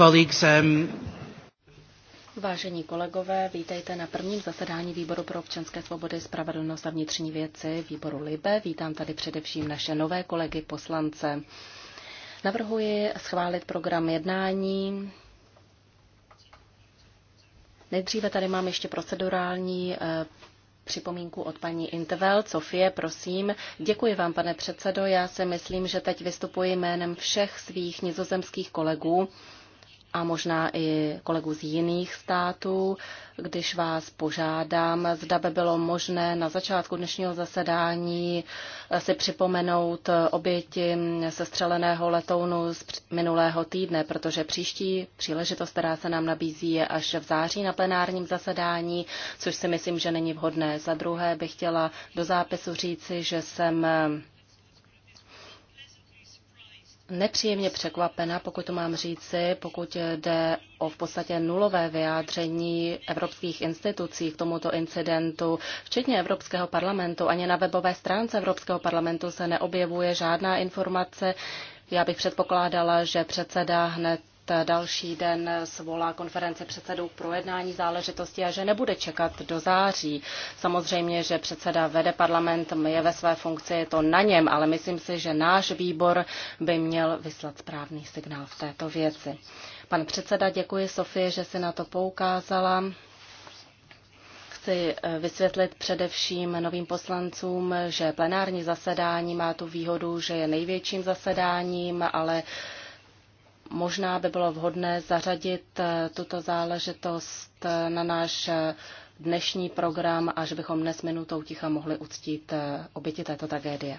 colleagues, um... Vážení kolegové, vítejte na prvním zasedání Výboru pro občanské svobody, spravedlnost a vnitřní věci Výboru LIBE. Vítám tady především naše nové kolegy poslance. Navrhuji schválit program jednání. Nejdříve tady mám ještě procedurální eh, připomínku od paní Intvel. Sofie, prosím. Děkuji vám, pane předsedo. Já si myslím, že teď vystupuji jménem všech svých nizozemských kolegů a možná i kolegů z jiných států, když vás požádám, zda by bylo možné na začátku dnešního zasedání si připomenout oběti sestřeleného letounu z minulého týdne, protože příští příležitost, která se nám nabízí, je až v září na plenárním zasedání, což si myslím, že není vhodné. Za druhé bych chtěla do zápisu říci, že jsem nepříjemně překvapena, pokud to mám říci, pokud jde o v podstatě nulové vyjádření evropských institucí k tomuto incidentu, včetně Evropského parlamentu. Ani na webové stránce Evropského parlamentu se neobjevuje žádná informace. Já bych předpokládala, že předseda hned další den svolá konference předsedů k projednání záležitosti a že nebude čekat do září. Samozřejmě, že předseda vede parlament, je ve své funkci, je to na něm, ale myslím si, že náš výbor by měl vyslat správný signál v této věci. Pan předseda, děkuji Sofie, že si na to poukázala chci eh, vysvětlit především novým poslancům, že plenární zasedání má tu výhodu, že je největším zasedáním, ale Možná by bylo vhodné zařadit eh, tuto záležitost eh, na náš eh, dnešní program a že bychom dnes minutou ticha mohli uctít oběti této tragédie.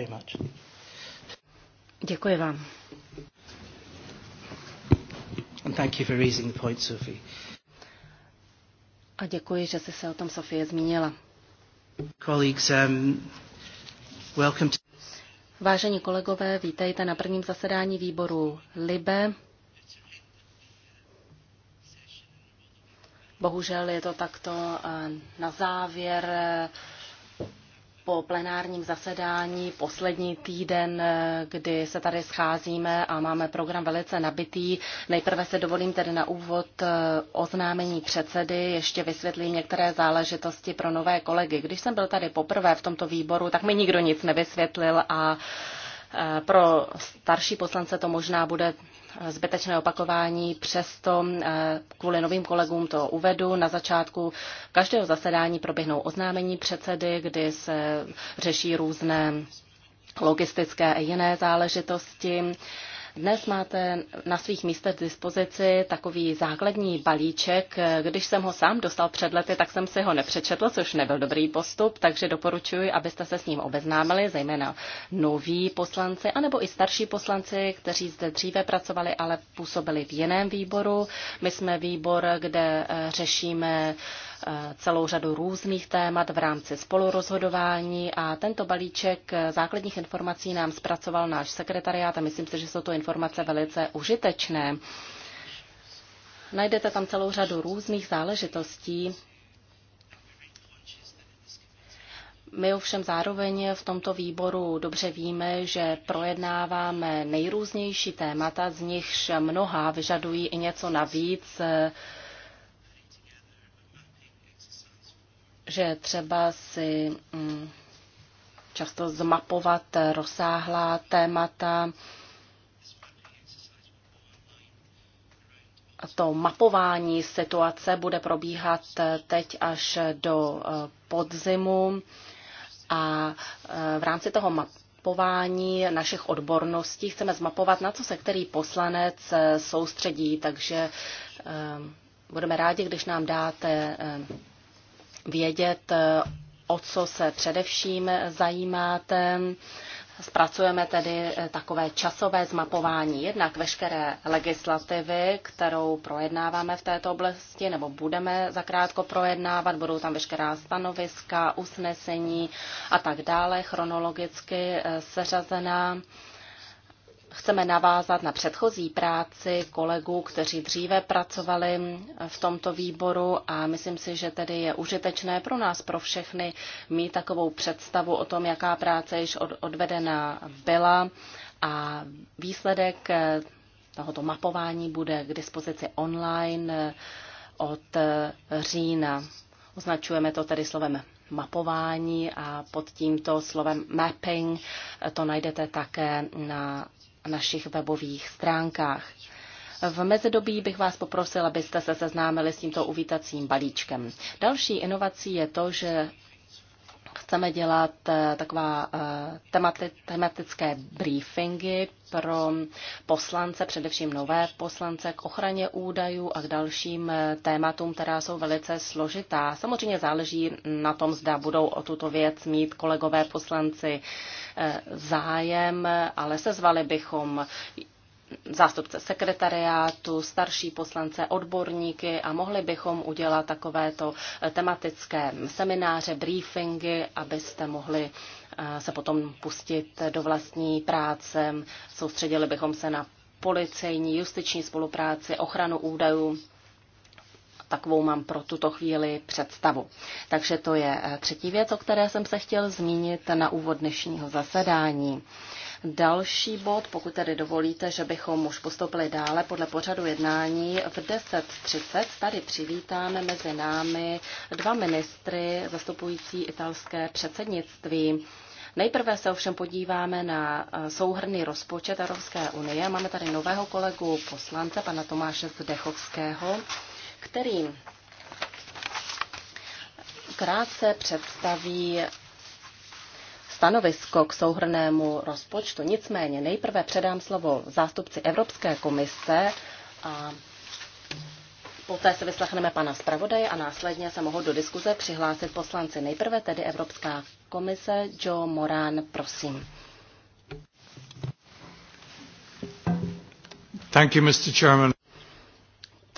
very much. Děkuji vám. And thank you for raising the point, Sophie. A děkuji, že jsi se o tom, Sofie, zmínila. Colleagues, um, welcome to... Vážení kolegové, vítejte na prvním zasedání výboru LIBE. Bohužel je to takto eh, na závěr eh, po plenárním zasedání poslední týden, eh, kdy se tady scházíme a máme program velice nabitý. Nejprve se dovolím tedy na úvod eh, oznámení předsedy, ještě vysvětlím některé záležitosti pro nové kolegy. Když jsem byl tady poprvé v tomto výboru, tak mi nikdo nic nevysvětlil a eh, pro starší poslance to možná bude zbytečné opakování, přesto eh, kvůli novým kolegům to uvedu. Na začátku každého zasedání proběhnou oznámení předsedy, kdy se řeší různé logistické a jiné záležitosti. Dnes máte na svých místech k dispozici takový základní balíček. Když jsem ho sám dostal před lety, tak jsem si ho nepřečetl, což nebyl dobrý postup, takže doporučuji, abyste se s ním obeznámili, zejména noví poslanci, anebo i starší poslanci, kteří zde dříve pracovali, ale působili v jiném výboru. My jsme výbor, kde eh, řešíme uh, Eh, celou řadu různých témat v rámci spolurozhodování a tento balíček eh, základních informací nám zpracoval náš sekretariát a myslím si, že jsou to informace velice užitečné. Najdete tam celou řadu různých záležitostí. My ovšem zároveň v tomto výboru dobře víme, že projednáváme nejrůznější témata, z nichž mnoha vyžadují i něco navíc eh, že třeba si mm, často zmapovat rozsáhlá témata. To mapování situace bude probíhat teď až do e, podzimu a e, v rámci toho mapování našich odborností chceme zmapovat, na co se který poslanec e, soustředí, takže budeme rádi, když nám dáte vědět, eh, o co se především zajímáte. Zpracujeme tedy eh, takové časové zmapování jednak veškeré legislativy, kterou projednáváme v této oblasti nebo budeme zakrátko projednávat, budou tam veškerá stanoviska, usnesení a tak dále, chronologicky eh, seřazená chceme navázat na předchozí práci kolegů, kteří dříve pracovali v tomto výboru a myslím si, že tedy je užitečné pro nás, pro všechny, mít takovou představu o tom, jaká práce již odvedena byla a výsledek eh, tohoto mapování bude k dispozici online eh, od eh, října. Označujeme to tedy slovem mapování a pod tímto slovem mapping to najdete také na našich webových stránkách. V mezidobí bych vás poprosil, abyste se seznámili s tímto uvítacím balíčkem. Další inovací je to, že chceme dělat eh, taková eh, tematické briefingy pro poslance, především nové poslance, k ochraně údajů a k dalším eh, tématům, která jsou velice složitá. Samozřejmě záleží na tom, zda budou o tuto věc mít kolegové poslanci zájem, ale sezvali bychom zástupce sekretariátu, starší poslance, odborníky a mohli bychom udělat takovéto eh, tematické semináře, briefingy, abyste mohli eh, se potom pustit do vlastní práce. Soustředili bychom se na policejní, justiční spolupráci, ochranu údajů. Takovou mám pro tuto chvíli představu. Takže to je eh, třetí věc, o které jsem se chtěl zmínit na úvod dnešního zasedání další bod, pokud tedy dovolíte, že bychom už postoupili dále podle pořadu jednání. V 10.30 tady přivítáme mezi námi dva ministry zastupující italské předsednictví. Nejprve se ovšem podíváme na eh, souhrný rozpočet Evropské unie. Máme tady nového kolegu poslance, pana Tomáše Zdechovského, který krátce představí stanovisko k souhrnému rozpočtu. Nicméně nejprve předám slovo zástupci Evropské komise a poté se vyslechneme pana zpravodaje a následně se mohou do diskuze přihlásit poslanci. Nejprve tedy Evropská komise Joe Moran, prosím. Thank you, Mr. Chairman.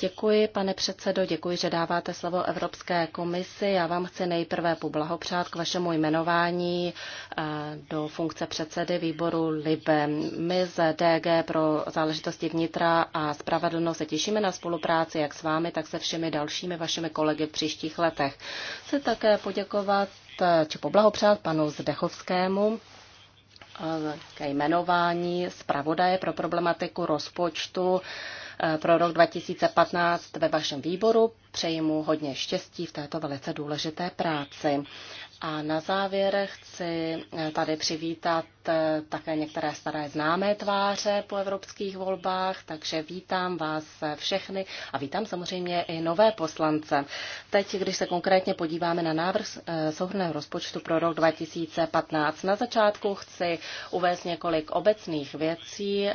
Děkuji, pane předsedo, děkuji, že dáváte slovo Evropské komisi. Já vám chci nejprve poblahopřát k vašemu jmenování eh, do funkce předsedy výboru LIBE. My z DG pro záležitosti vnitra a spravedlnost se těšíme na spolupráci jak s vámi, tak se všemi dalšími vašimi kolegy v příštích letech. Chci také poděkovat eh, či poblahopřát panu Zdechovskému, eh, ke jmenování zpravodaje pro problematiku rozpočtu Eh, pro rok 2015 ve vašem výboru. Přeji mu hodně štěstí v této velice důležité práci. A na závěr chci eh, tady přivítat eh, také některé staré známé tváře po evropských volbách, takže vítám vás všechny a vítám samozřejmě i nové poslance. Teď, když se konkrétně podíváme na návrh souhrného rozpočtu pro rok 2015, na začátku chci uvést několik obecných věcí,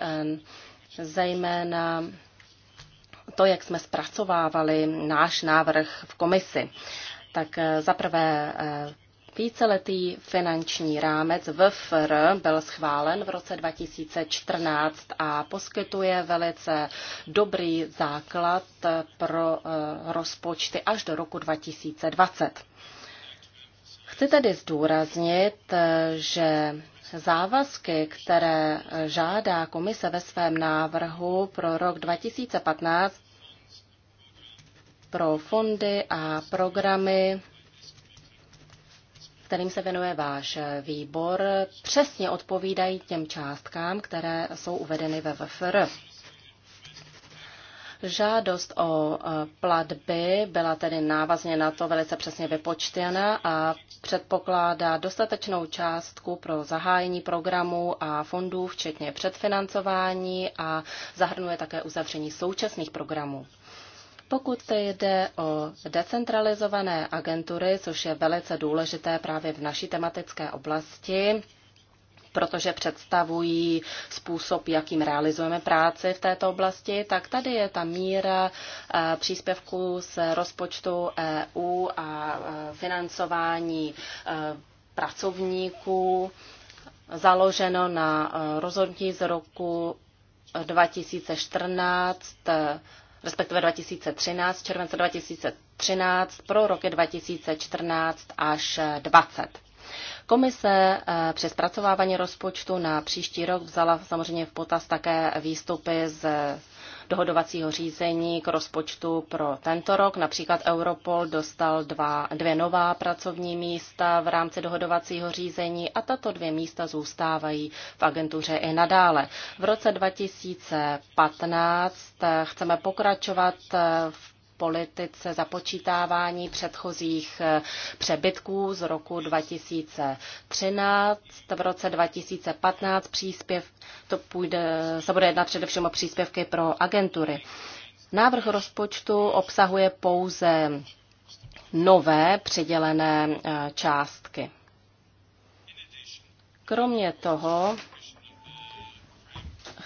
zejména to, jak jsme zpracovávali náš návrh v komisi. Tak eh, zaprvé eh, Víceletý finanční rámec VFR byl schválen v roce 2014 a poskytuje velice dobrý základ eh, pro rozpočty až do roku 2020. Chci tedy zdůraznit, že závazky, které žádá komise ve svém návrhu pro rok 2015 pro fondy a programy, kterým se věnuje váš výbor, přesně odpovídají těm částkám, které jsou uvedeny ve VFR. Žádost o e, platby byla tedy návazně na to velice přesně vypočtěna a předpokládá dostatečnou částku pro zahájení programů a fondů, včetně předfinancování a zahrnuje také uzavření současných programů. Pokud jde o decentralizované agentury, což je velice důležité právě v naší tematické oblasti, protože představují způsob, jakým realizujeme práci v této oblasti, tak tady je ta míra eh, příspěvku z rozpočtu EU a eh, financování eh, pracovníků založeno na rozhodnutí z roku 2014, respektive 2013, července 2013 pro roky 2014 až 20. Komise eh, při zpracovávání rozpočtu na příští rok vzala samozřejmě v potaz také výstupy z dohodovacího řízení k rozpočtu pro tento rok. Například Europol dostal dva, dvě nová pracovní místa v rámci dohodovacího řízení a tato dvě místa zůstávají v agentuře i nadále. V roce 2015 eh, chceme pokračovat eh, v politice započítávání předchozích eh, přebytků z roku 2013. V roce 2015 příspěv, to půjde, se bude jednat především o příspěvky pro agentury. Návrh rozpočtu obsahuje pouze nové přidělené eh, částky. Kromě toho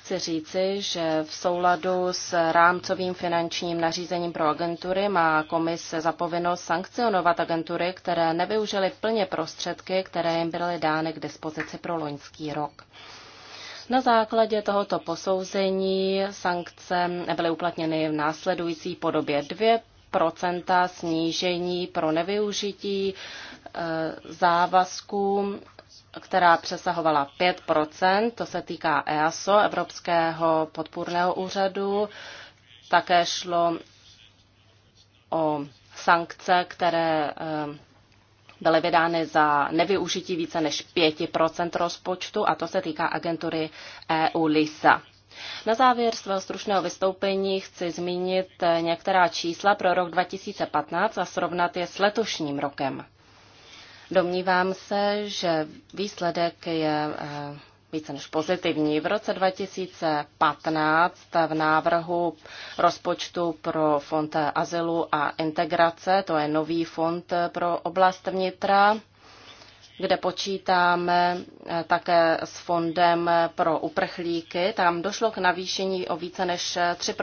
chci říci, že v souladu s rámcovým finančním nařízením pro agentury má komise zapovinnost sankcionovat agentury, které nevyužily plně prostředky, které jim byly dány k dispozici pro loňský rok. Na základě tohoto posouzení sankce byly uplatněny v následující podobě 2 snížení pro nevyužití eh, závazků která přesahovala 5 to se týká EASO, Evropského podpůrného úřadu. Také šlo o sankce, které eh, byly vydány za nevyužití více než 5 rozpočtu a to se týká agentury EU LISA. Na závěr svého stručného vystoupení chci zmínit eh, některá čísla pro rok 2015 a srovnat je s letošním rokem. Domnívám se, že výsledek je eh, více než pozitivní. V roce 2015 v návrhu rozpočtu pro fond azylu a integrace, to je nový fond pro oblast vnitra, kde počítáme eh, také s fondem pro uprchlíky. Tam došlo k navýšení o více než 3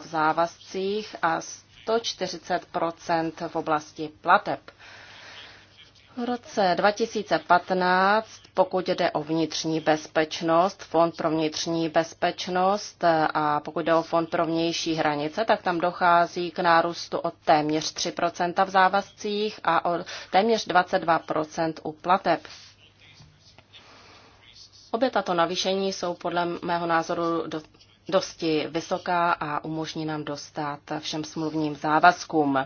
v závazcích a 140 v oblasti plateb. V roce 2015, pokud jde o vnitřní bezpečnost, Fond pro vnitřní bezpečnost a pokud jde o Fond pro vnější hranice, tak tam dochází k nárůstu od téměř 3 v závazcích a o téměř 22 u plateb. Obě tato navýšení jsou podle mého názoru do, dosti vysoká a umožní nám dostat všem smluvním závazkům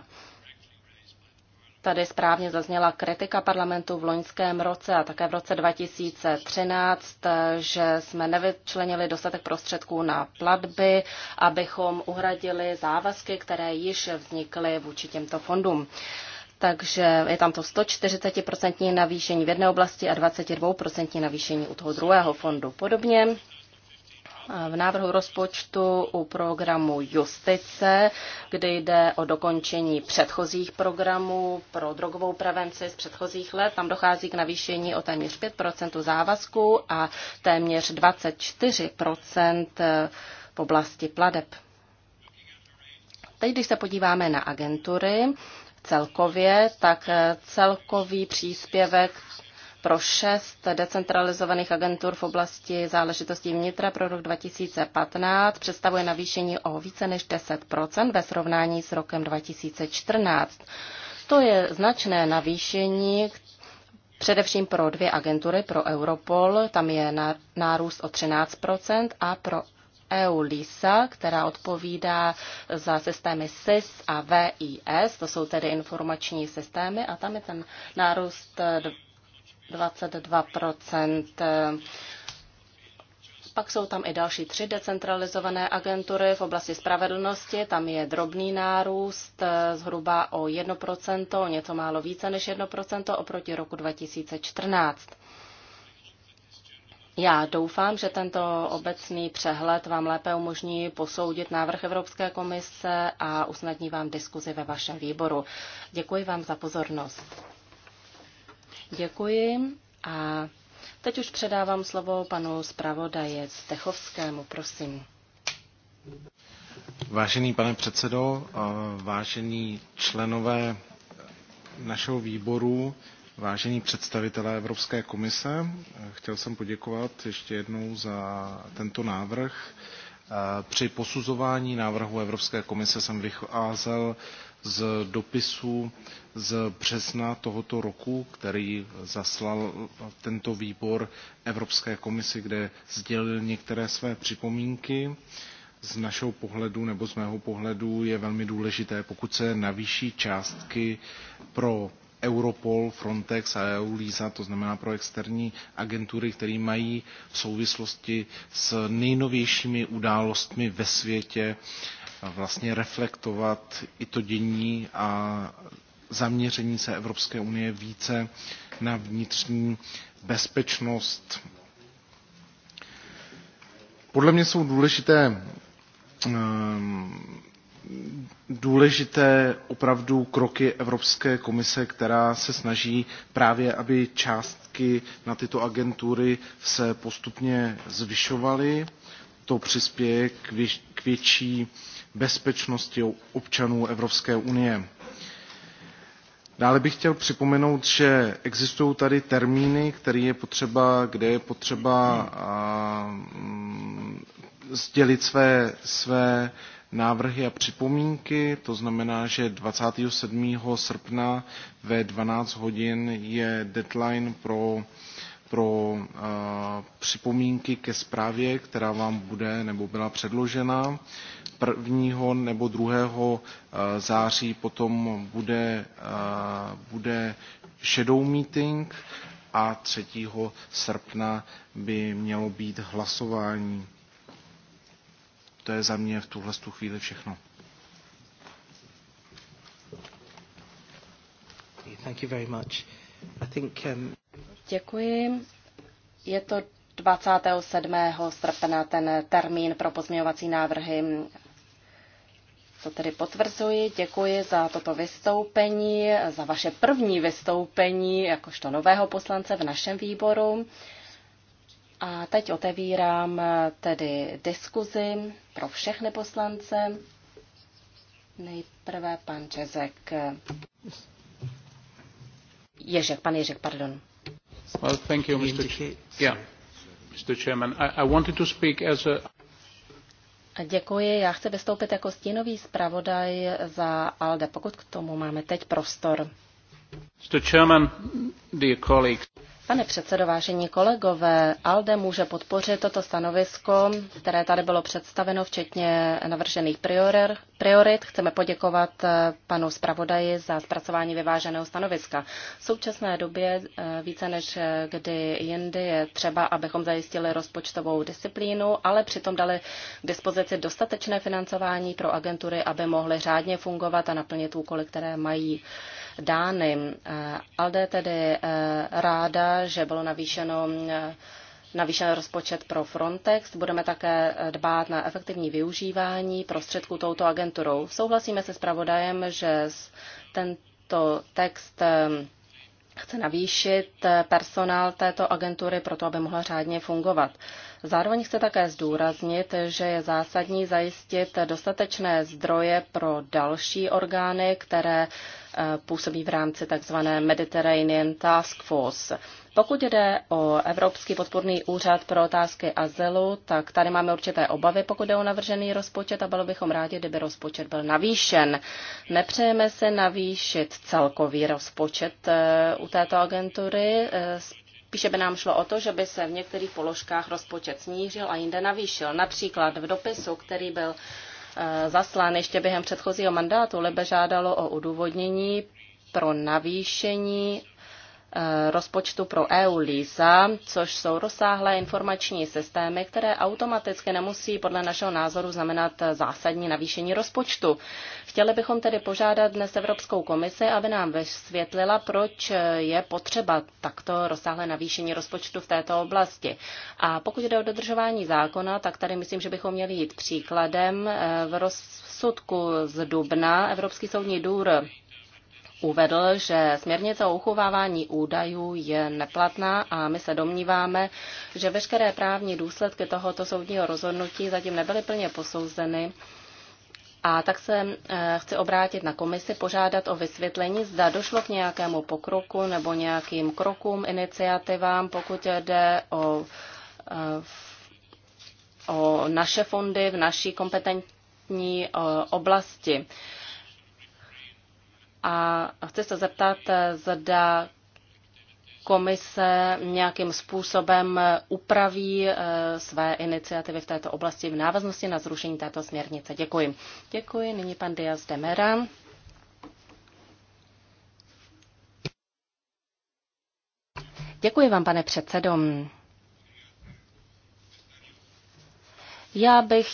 tady správně zazněla kritika parlamentu v loňském roce a také v roce 2013, že jsme nevyčlenili dostatek prostředků na platby, abychom uhradili závazky, které již vznikly vůči těmto fondům. Takže je tam to 140% navýšení v jedné oblasti a 22% navýšení u toho druhého fondu. Podobně v návrhu rozpočtu u programu Justice, kde jde o dokončení předchozích programů pro drogovou prevenci z předchozích let. Tam dochází k navýšení o téměř 5 závazků a téměř 24 v oblasti pladeb. Teď, když se podíváme na agentury, celkově, tak celkový příspěvek pro šest decentralizovaných agentur v oblasti záležitostí vnitra pro rok 2015 představuje navýšení o více než 10 ve srovnání s rokem 2014. To je značné navýšení, především pro dvě agentury, pro Europol, tam je nárůst o 13 a pro EULISA, která odpovídá za systémy SIS a VIS, to jsou tedy informační systémy, a tam je ten nárůst 22 pak jsou tam i další tři decentralizované agentury v oblasti spravedlnosti. Tam je drobný nárůst eh, zhruba o 1%, o něco málo více než 1% oproti roku 2014. Já doufám, že tento obecný přehled vám lépe umožní posoudit návrh Evropské komise a usnadní vám diskuzi ve vašem výboru. Děkuji vám za pozornost. Děkuji a teď už předávám slovo panu zpravodaje Stechovskému, prosím. Vážený pane předsedo, vážení členové našeho výboru, vážení představitelé Evropské komise, chtěl jsem poděkovat ještě jednou za tento návrh. Při posuzování návrhu Evropské komise jsem vycházel z dopisu z března tohoto roku, který zaslal tento výbor Evropské komisi, kde sdělil některé své připomínky. Z našeho pohledu nebo z mého pohledu je velmi důležité, pokud se navýší částky pro Europol, Frontex a EULISA, to znamená pro externí agentury, které mají v souvislosti s nejnovějšími událostmi ve světě uh, vlastně reflektovat i to dění a zaměření se Evropské unie více na vnitřní bezpečnost. Podle mě jsou důležité ehm, důležité opravdu kroky Evropské komise, která se snaží právě, aby částky na tyto agentury se postupně zvyšovaly. To přispěje k větší bezpečnosti občanů Evropské unie. Dále bych chtěl připomenout, že existují tady termíny, které je potřeba, kde je potřeba a, mm, sdělit své, své návrhy a připomínky. To znamená, že 27. srpna ve 12 hodin je deadline pro pro eh, připomínky ke zprávě, která vám bude nebo byla předložena. 1. nebo 2. Eh, září potom bude, eh, bude shadow meeting a 3. srpna by mělo být hlasování. To je za mě v tuhle tu chvíli všechno. Thank you very much. I think, um... Děkuji. Je to 27. srpna ten termín pro pozměňovací návrhy. To tedy potvrzuji. Děkuji za toto vystoupení, za vaše první vystoupení jakožto nového poslance v našem výboru. A teď otevírám tedy diskuzi pro všechny poslance. Nejprve pan Čezek. Ježek, pan Ježek, pardon. Well, thank you, Mr. yeah. Mr. Chairman. I, I wanted to speak as a... Děkuji. Já chci vystoupit jako stínový zpravodaj za ALDE, pokud k tomu máme teď prostor. Mr. Chairman, dear colleagues. Pane předsedo, vážení kolegové, ALDE může podpořit toto stanovisko, které tady bylo představeno, včetně navržených priorit. Chceme poděkovat eh, panu zpravodaji za zpracování vyváženého stanoviska. V současné době eh, více než eh, kdy jindy je třeba, abychom zajistili rozpočtovou disciplínu, ale přitom dali k dispozici dostatečné financování pro agentury, aby mohly řádně fungovat a naplnit úkoly, které mají dány. Alde tedy eh, ráda, že bylo navýšeno eh, navýšen rozpočet pro Frontex. Budeme také eh, dbát na efektivní využívání prostředků touto agenturou. Souhlasíme se pravodajem, že tento text chce navýšit personál této agentury proto, aby mohla řádně fungovat. Zároveň chce také zdůraznit, že je zásadní zajistit dostatečné zdroje pro další orgány, které působí v rámci tzv. Mediterranean Task Force. Pokud jde o Evropský podporný úřad pro otázky azylu, tak tady máme určité obavy, pokud jde o navržený rozpočet a bylo bychom rádi, kdyby rozpočet byl navýšen. Nepřejeme se navýšit celkový rozpočet eh, u této agentury. Eh, Spíše by nám šlo o to, že by se v některých položkách rozpočet snížil a jinde navýšil. Například v dopisu, který byl Eh, zaslán ještě během předchozího mandátu, lebe žádalo o udůvodnění pro navýšení rozpočtu pro EU LISA, což jsou rozsáhlé informační systémy, které automaticky nemusí podle našeho názoru znamenat zásadní navýšení rozpočtu. Chtěli bychom tedy požádat dnes Evropskou komisi, aby nám vysvětlila, proč je potřeba takto rozsáhlé navýšení rozpočtu v této oblasti. A pokud jde o dodržování zákona, tak tady myslím, že bychom měli jít příkladem. V rozsudku z Dubna Evropský soudní důr uvedl, že směrnice o uchovávání údajů je neplatná a my se domníváme, že veškeré právní důsledky tohoto soudního rozhodnutí zatím nebyly plně posouzeny. A tak se eh, chci obrátit na komisi, požádat o vysvětlení, zda došlo k nějakému pokroku nebo nějakým krokům, iniciativám, pokud jde o, eh, o naše fondy v naší kompetentní eh, oblasti a chci se zeptat, zda komise nějakým způsobem upraví eh, své iniciativy v této oblasti v návaznosti na zrušení této směrnice. Děkuji. Děkuji. Nyní pan Diaz Demera. Děkuji vám, pane předsedo. Já bych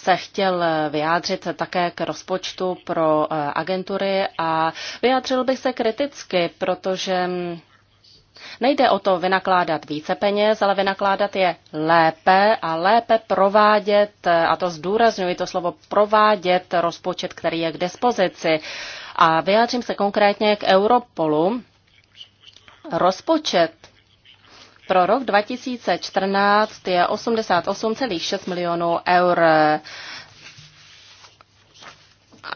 se chtěl vyjádřit také k rozpočtu pro eh, agentury a vyjádřil bych se kriticky, protože Nejde o to vynakládat více peněz, ale vynakládat je lépe a lépe provádět, a to zdůrazňuji to slovo provádět rozpočet, který je k dispozici. A vyjádřím se konkrétně k Europolu. Rozpočet pro rok 2014 je 88,6 milionů eur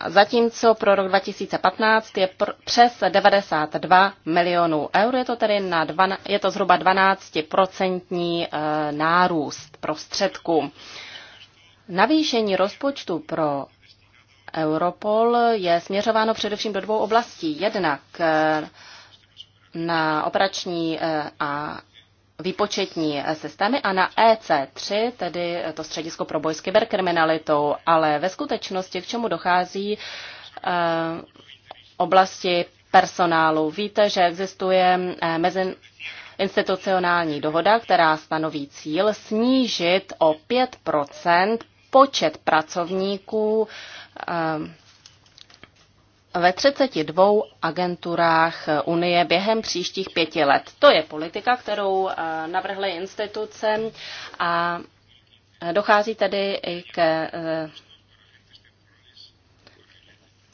zatímco pro rok 2015 je pr- přes 92 milionů eur, je to tedy na je to zhruba 12% eh, nárůst prostředků. Navýšení rozpočtu pro Europol je směřováno především do dvou oblastí. Jednak eh, na operační eh, a výpočetní systémy a na EC3, tedy to středisko pro boj s kyberkriminalitou, ale ve skutečnosti k čemu dochází eh, oblasti personálu. Víte, že existuje eh, mezi institucionální dohoda, která stanoví cíl snížit o 5 počet pracovníků eh, ve 32 agenturách Unie během příštích pěti let. To je politika, kterou eh, navrhly instituce a dochází tedy i k eh,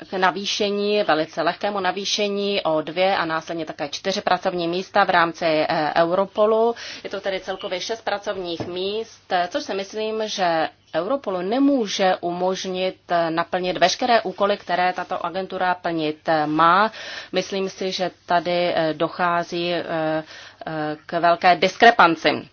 k navýšení, velice lehkému navýšení o dvě a následně také čtyři pracovní místa v rámci eh, Europolu. Je to tedy celkově šest pracovních míst, eh, což si myslím, že Europolu nemůže umožnit eh, naplnit veškeré úkoly, které tato agentura plnit má. Myslím si, že tady dochází k velké diskrepanci.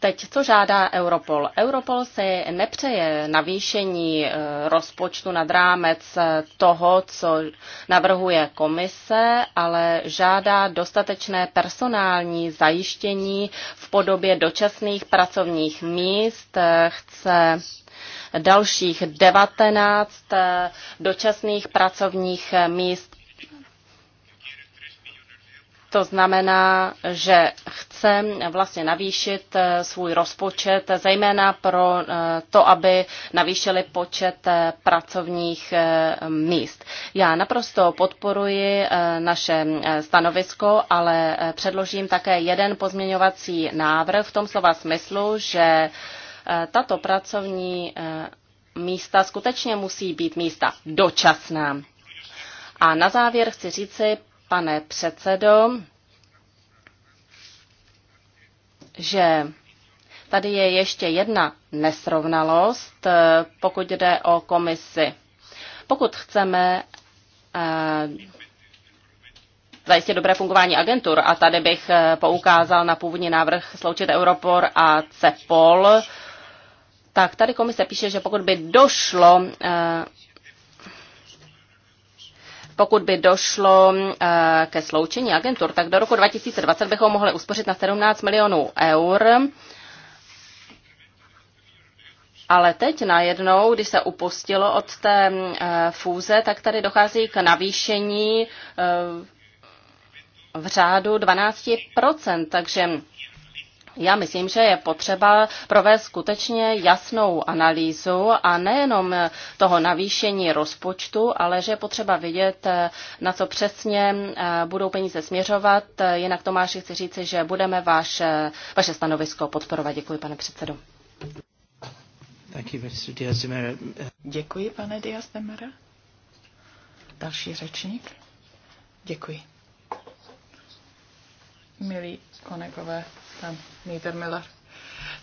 Teď, co žádá Europol? Europol se nepřeje navýšení eh, rozpočtu nad rámec eh, toho, co navrhuje komise, ale žádá dostatečné personální zajištění v podobě dočasných pracovních míst. Eh, chce dalších 19 dočasných pracovních míst to znamená, že chce vlastně navýšit eh, svůj rozpočet, zejména pro eh, to, aby navýšili počet eh, pracovních míst. Já naprosto podporuji naše stanovisko, ale předložím také jeden pozměňovací návrh v tom slova smyslu, že tato pracovní místa skutečně musí být místa dočasná. A na závěr chci říci, pane předsedo, že tady je ještě jedna nesrovnalost, eh, pokud jde o komisi. Pokud chceme eh, zajistit dobré fungování agentur, a tady bych eh, poukázal na původní návrh sloučit Europor a CEPOL, tak tady komise píše, že pokud by došlo pokud by došlo eh, ke sloučení agentur, tak do roku 2020 bychom mohli uspořit na 17 milionů eur. Ale teď najednou, když se upustilo od té eh, fůze, tak tady dochází k navýšení eh, v řádu 12%. Takže já myslím, že je potřeba provést skutečně jasnou analýzu a nejenom toho navýšení rozpočtu, ale že je potřeba vidět, eh, na co přesně eh, budou peníze směřovat. Jinak Tomáši chci říci, že budeme váš, vaše stanovisko podporovat. Děkuji, pane předsedo. Děkuji, pane Diaz Demera. Další řečník. Děkuji milí konekové, pan Miller.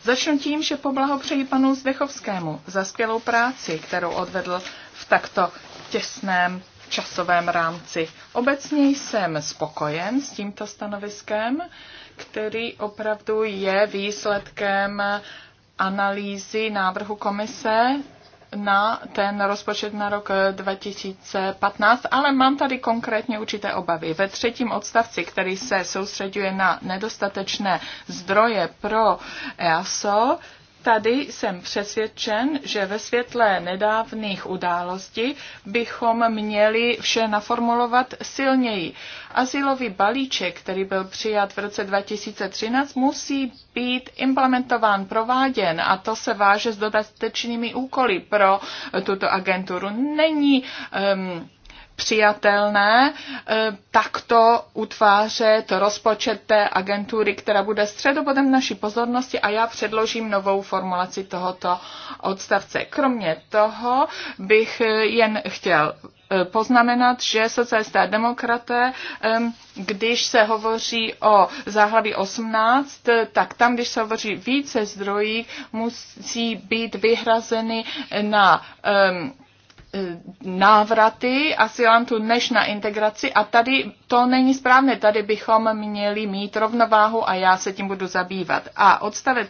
Začnu tím, že poblahopřeji panu Zdechovskému za skvělou práci, kterou odvedl v takto těsném časovém rámci. Obecně jsem spokojen s tímto stanoviskem, který opravdu je výsledkem analýzy návrhu komise na ten rozpočet na rok 2015, eh, ale mám tady konkrétně určité obavy. Ve třetím odstavci, který se soustředuje na nedostatečné zdroje pro EASO, Tady jsem přesvědčen, že ve světle nedávných událostí bychom měli vše naformulovat silněji. Asilový balíček, který byl přijat v roce 2013, musí být implementován, prováděn a to se váže s dodatečnými úkoly pro tuto agenturu. Není um, přijatelné eh, takto utvářet rozpočet té agentury, která bude středobodem naší pozornosti a já předložím novou formulaci tohoto odstavce. Kromě toho bych eh, jen chtěl eh, poznamenat, že socialisté a demokraté, když se hovoří o záhlaví 18, tak tam, když se hovoří více zdrojí, musí být vyhrazeny na um, Eh, návraty asilantů než na integraci a tady to není správné, tady bychom měli mít rovnováhu a já se tím budu zabývat. A odstavec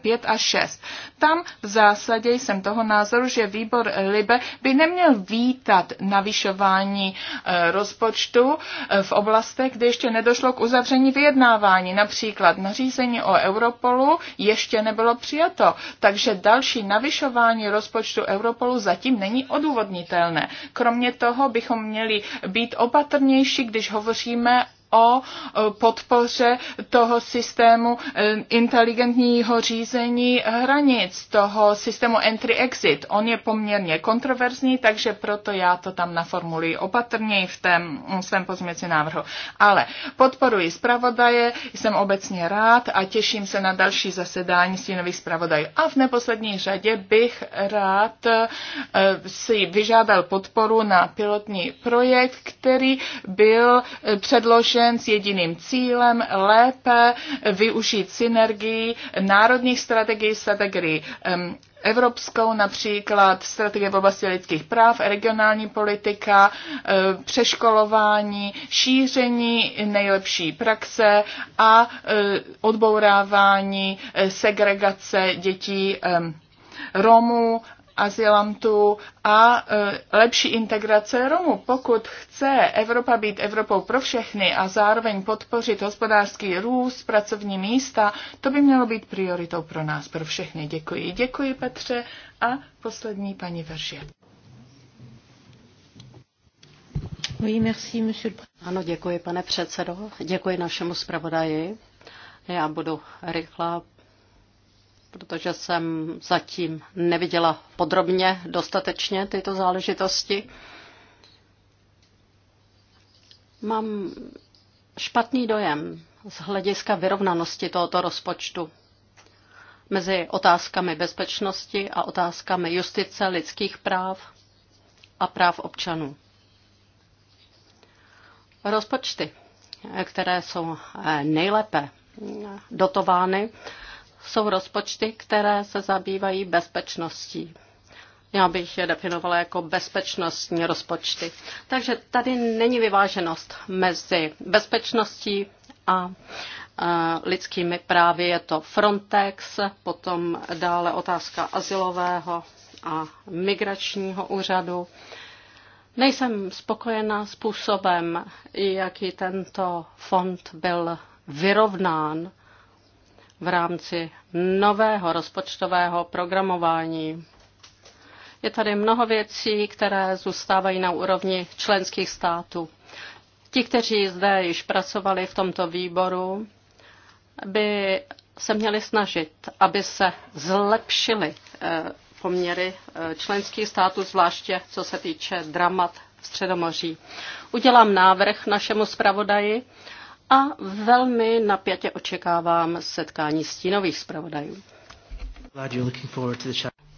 5 a 6. Tam v zásadě jsem toho názoru, že výbor Libe by neměl vítat navyšování eh, rozpočtu eh, v oblastech, kde ještě nedošlo k uzavření vyjednávání. Například nařízení o Europolu ještě nebylo přijato, takže další navyšování rozpočtu Europolu zatím není odůvodněné neodůvodnitelné. Kromě toho bychom měli být opatrnější, když hovoříme o podpoře toho systému e, inteligentního řízení hranic, toho systému entry-exit. On je poměrně kontroverzní, takže proto já to tam naformuluji opatrněji v tém mm, svém pozměci návrhu. Ale podporuji zpravodaje, jsem obecně rád a těším se na další zasedání stínových zpravodajů. A v neposlední řadě bych rád e, si vyžádal podporu na pilotní projekt, který byl e, předložen založen s jediným cílem lépe využít synergii národních strategií, strategií evropskou, například strategie v oblasti lidských práv, regionální politika, e, přeškolování, šíření nejlepší praxe a e, odbourávání e, segregace dětí Romů azylantů a e, lepší integrace Romů. Pokud chce Evropa být Evropou pro všechny a zároveň podpořit hospodářský růst, pracovní místa, to by mělo být prioritou pro nás, pro všechny. Děkuji. Děkuji, Petře. A poslední paní Verže. Ano, děkuji, pane předsedo. Děkuji našemu zpravodaji. Já budu rychlá, protože jsem zatím neviděla podrobně dostatečně tyto záležitosti. Mám špatný dojem z hlediska vyrovnanosti tohoto rozpočtu mezi otázkami bezpečnosti a otázkami justice, lidských práv a práv občanů. Rozpočty, které jsou eh, nejlépe dotovány, jsou rozpočty, které se zabývají bezpečností. Já bych je definovala jako bezpečnostní rozpočty. Takže tady není vyváženost mezi bezpečností a lidskými právy. Je to Frontex, potom dále otázka asilového a migračního úřadu. Nejsem spokojena způsobem, jaký tento fond byl vyrovnán v rámci nového rozpočtového programování. Je tady mnoho věcí, které zůstávají na úrovni členských států. Ti, kteří zde již pracovali v tomto výboru, by se měli snažit, aby se zlepšily eh, poměry eh, členských států, zvláště co se týče dramat v Středomoří. Udělám návrh našemu zpravodaji, a velmi napjatě očekávám setkání stínových zpravodajů.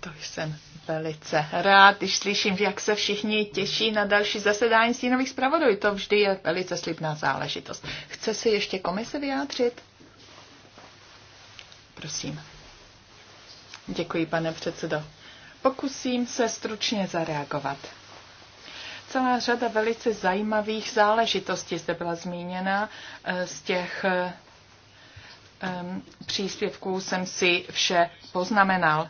To jsem velice rád, když slyším, jak se všichni těší na další zasedání stínových zpravodajů. To vždy je velice slibná záležitost. Chce se ještě komise vyjádřit? Prosím. Děkuji, pane předsedo. Pokusím se stručně zareagovat. Celá řada velice zajímavých záležitostí zde byla zmíněna. Eh, z těch eh, příspěvků jsem si vše poznamenal.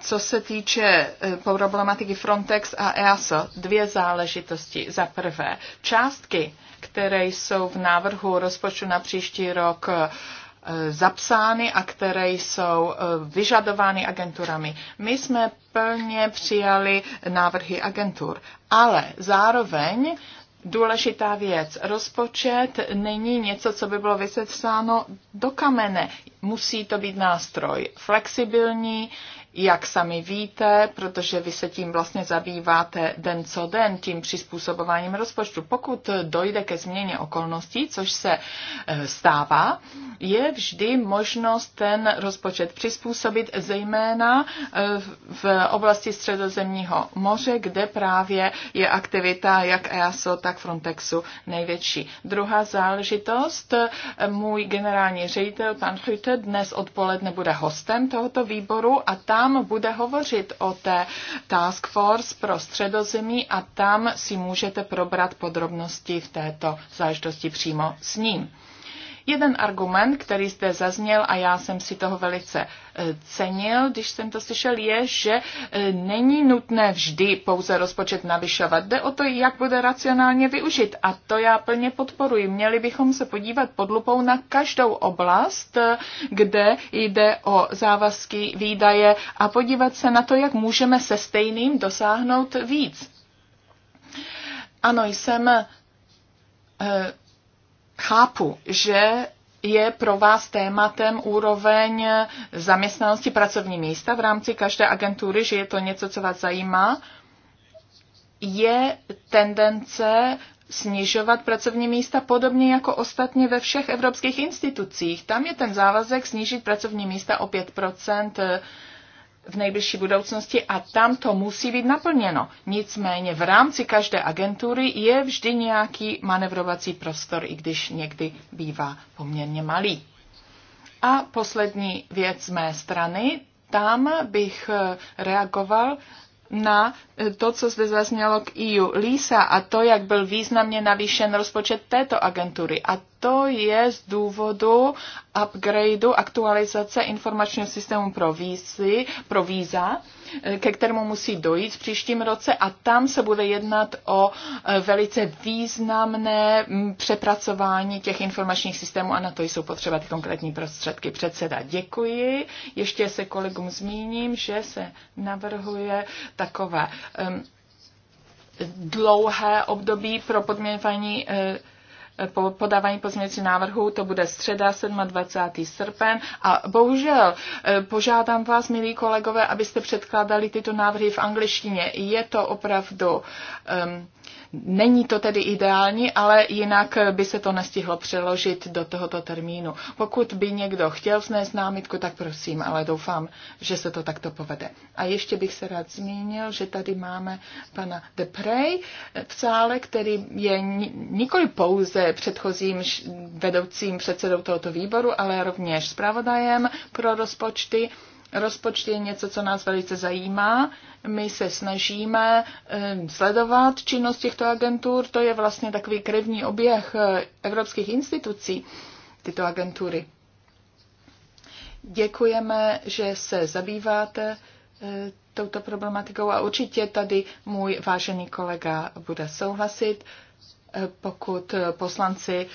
Co se týče eh, problematiky Frontex a EASO, dvě záležitosti. Za prvé, částky, které jsou v návrhu rozpočtu na příští rok Eh, zapsány a které jsou eh, vyžadovány agenturami. My jsme plně přijali návrhy agentur, ale zároveň důležitá věc. Rozpočet není něco, co by bylo vysetřáno do kamene. Musí to být nástroj flexibilní, jak sami víte, protože vy se tím vlastně zabýváte den co den, tím přizpůsobováním rozpočtu. Pokud dojde ke změně okolností, což se e, stává, je vždy možnost ten rozpočet přizpůsobit, zejména e, v oblasti Středozemního moře, kde právě je aktivita jak EASO, tak Frontexu největší. Druhá záležitost, e, můj generální ředitel, pan Hüte, dnes odpoledne bude hostem tohoto výboru a tam tam bude hovořit o té task force pro středozemí a tam si můžete probrat podrobnosti v této záležitosti přímo s ním. Jeden argument, který zde zazněl a já jsem si toho velice e, cenil, když jsem to slyšel, je, že e, není nutné vždy pouze rozpočet navyšovat. Jde o to, jak bude racionálně využit. A to já plně podporuji. Měli bychom se podívat pod lupou na každou oblast, e, kde jde o závazky, výdaje a podívat se na to, jak můžeme se stejným dosáhnout víc. Ano, jsem chápu, že je pro vás tématem úroveň zaměstnanosti pracovní místa v rámci každé agentury, že je to něco, co vás zajímá. Je tendence snižovat pracovní místa podobně jako ostatně ve všech evropských institucích. Tam je ten závazek snížit pracovní místa o 5 v nejbližší budoucnosti a tam to musí být naplněno. Nicméně v rámci každé agentury je vždy nějaký manevrovací prostor, i když někdy bývá poměrně malý. A poslední věc z mé strany, tam bych eh, reagoval na eh, to, co zde zaznělo k EU LISA a to, jak byl významně navýšen rozpočet této agentury. A to je z důvodu upgradeu aktualizace informačního systému pro, vízy, pro víza, ke kterému musí dojít v příštím roce a tam se bude jednat o eh, velice významné mm, přepracování těch informačních systémů a na to jsou potřeba ty konkrétní prostředky. Předseda, děkuji. Ještě se kolegům zmíním, že se navrhuje takové um, dlouhé období pro podměňování uh, po podávání pozměnící návrhů, to bude středa 27. srpen a bohužel e, požádám vás, milí kolegové, abyste předkládali tyto návrhy v angličtině. Je to opravdu um, Není to tedy ideální, ale jinak by se to nestihlo přeložit do tohoto termínu. Pokud by někdo chtěl vznést námitku, tak prosím, ale doufám, že se to takto povede. A ještě bych se rád zmínil, že tady máme pana Deprej v sále, který je nikoli pouze předchozím vedoucím předsedou tohoto výboru, ale rovněž zpravodajem pro rozpočty. Rozpočty je něco, co nás velice zajímá. My se snažíme eh, sledovat činnost těchto agentur. To je vlastně takový krevní oběh eh, evropských institucí, tyto agentury. Děkujeme, že se zabýváte eh, touto problematikou a určitě tady můj vážený kolega bude souhlasit, pokud poslanci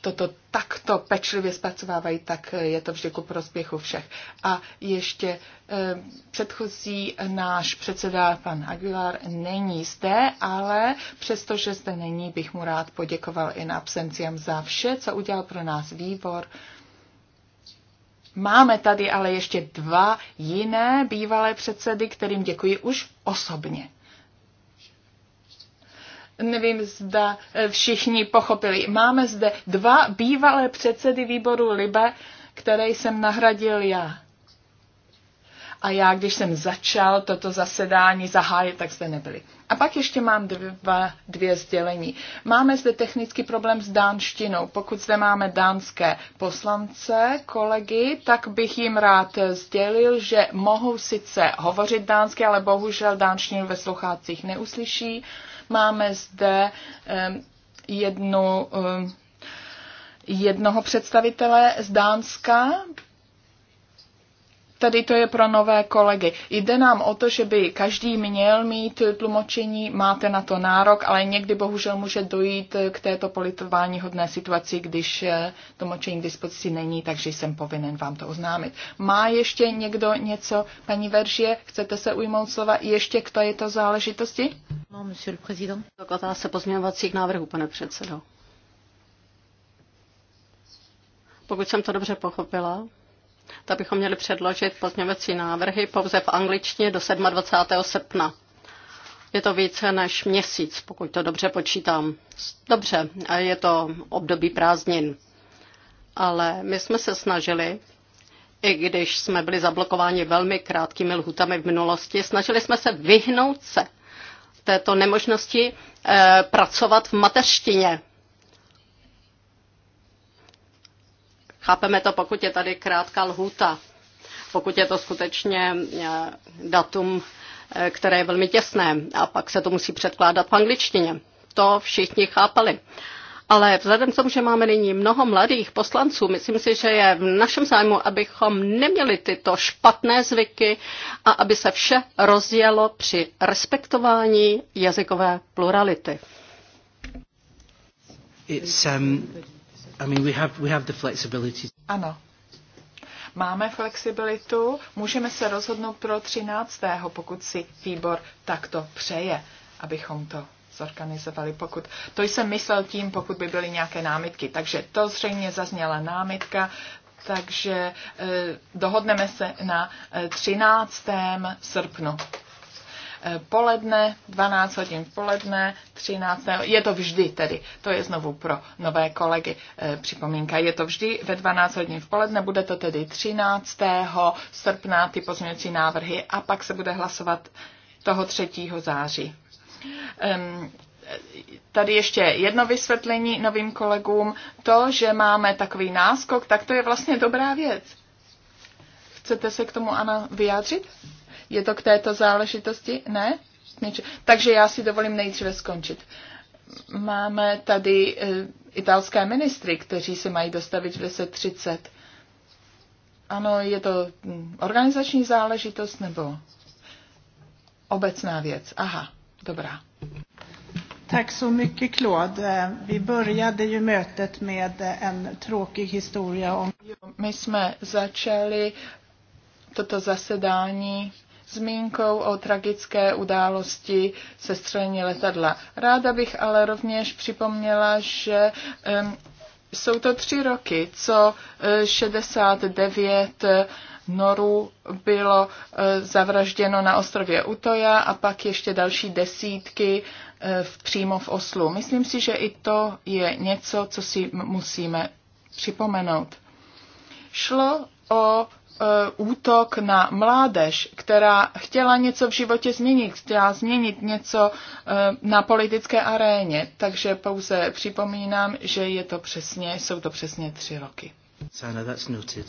toto takto pečlivě zpracovávají, tak je to vždy ku prospěchu všech. A ještě eh, předchozí náš předseda, pan Aguilar, není zde, ale přestože zde není, bych mu rád poděkoval i na absenciám za vše, co udělal pro nás výbor. Máme tady ale ještě dva jiné bývalé předsedy, kterým děkuji už osobně nevím, zda eh, všichni pochopili. Máme zde dva bývalé předsedy výboru Libe, které jsem nahradil já. A já, když jsem začal toto zasedání zahájit, tak zde nebyli. A pak ještě mám dva, dvě sdělení. Máme zde technický problém s dánštinou. Pokud zde máme dánské poslance, kolegy, tak bych jim rád sdělil, že mohou sice hovořit dánsky, ale bohužel dánštinu ve sluchácích neuslyší. Uh, Máme zde ehm, jednu ehm, jednoho představitele z Dánska, Tady to je pro nové kolegy. Jde nám o to, že by každý měl mít tlumočení, máte na to nárok, ale někdy bohužel může dojít k této politování hodné situaci, když eh, tlumočení k dispozici není, takže jsem povinen vám to oznámit. Má ještě někdo něco? Paní Veržie, chcete se ujmout slova ještě k této záležitosti? No, monsieur le président. Dokladá se pozměňovacích návrhů, pane předsedo. Pokud jsem to dobře pochopila, tak bychom měli předložit pozměňovací návrhy pouze v angličtině do 27. srpna. Je to více než měsíc, pokud to dobře počítám. Dobře, je to období prázdnin. Ale my jsme se snažili, i když jsme byli zablokováni velmi krátkými lhutami v minulosti, snažili jsme se vyhnout se této nemožnosti eh, pracovat v mateřštině. Chápeme to, pokud je tady krátká lhůta, pokud je to skutečně eh, datum, eh, které je velmi těsné a pak se to musí předkládat v angličtině. To všichni chápali. Ale vzhledem k tomu, že máme nyní mnoho mladých poslanců, myslím si, že je v našem zájmu, abychom neměli tyto špatné zvyky a aby se vše rozjelo při respektování jazykové plurality. It's, um, ano. Máme flexibilitu, můžeme se rozhodnout pro 13. pokud si výbor takto přeje, abychom to zorganizovali. Pokud, to jsem myslel tím, pokud by byly nějaké námitky. Takže to zřejmě zazněla námitka, takže eh, dohodneme se na eh, 13. srpnu. Eh, poledne, 12 hodin v poledne, 13. Je to vždy tedy, to je znovu pro nové kolegy eh, připomínka, je to vždy ve 12 hodin v poledne, bude to tedy 13. srpna ty pozměňovací návrhy a pak se bude hlasovat toho 3. září. Um, tady ještě jedno vysvětlení novým kolegům. To, že máme takový náskok, tak to je vlastně dobrá věc. Chcete se k tomu, Ana, vyjádřit? Je to k této záležitosti? Ne? Takže já si dovolím nejdříve skončit. Máme tady eh, italské ministry, kteří se mají dostavit v 10.30. Ano, je to hm, organizační záležitost nebo obecná věc? Aha, dobrá. Tack så mycket Claude. Vi började ju mötet med en tråkig historia om... My jsme začali toto zasedání zmínkou o tragické události sestřelení letadla. Ráda bych ale rovněž připomněla, že jsou to tři roky, co 69 e, Norů bylo e, zavražděno na ostrově Utoja a pak ještě další desítky e, v, přímo v Oslu. Myslím si, že i to je něco, co si musíme připomenout. Šlo o Eh, útok na mládež, která chtěla něco v životě změnit, chtěla změnit něco eh, na politické aréně. Takže pouze připomínám, že je to přesně, jsou to přesně tři roky. Sana, that's noted.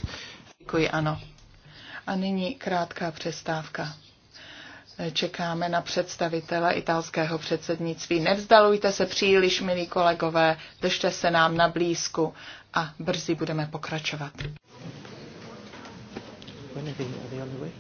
Děkuji, ano. A nyní krátká přestávka. Čekáme na představitele italského předsednictví. Nevzdalujte se příliš, milí kolegové, držte se nám na blízku a brzy budeme pokračovat. When are they, are they way?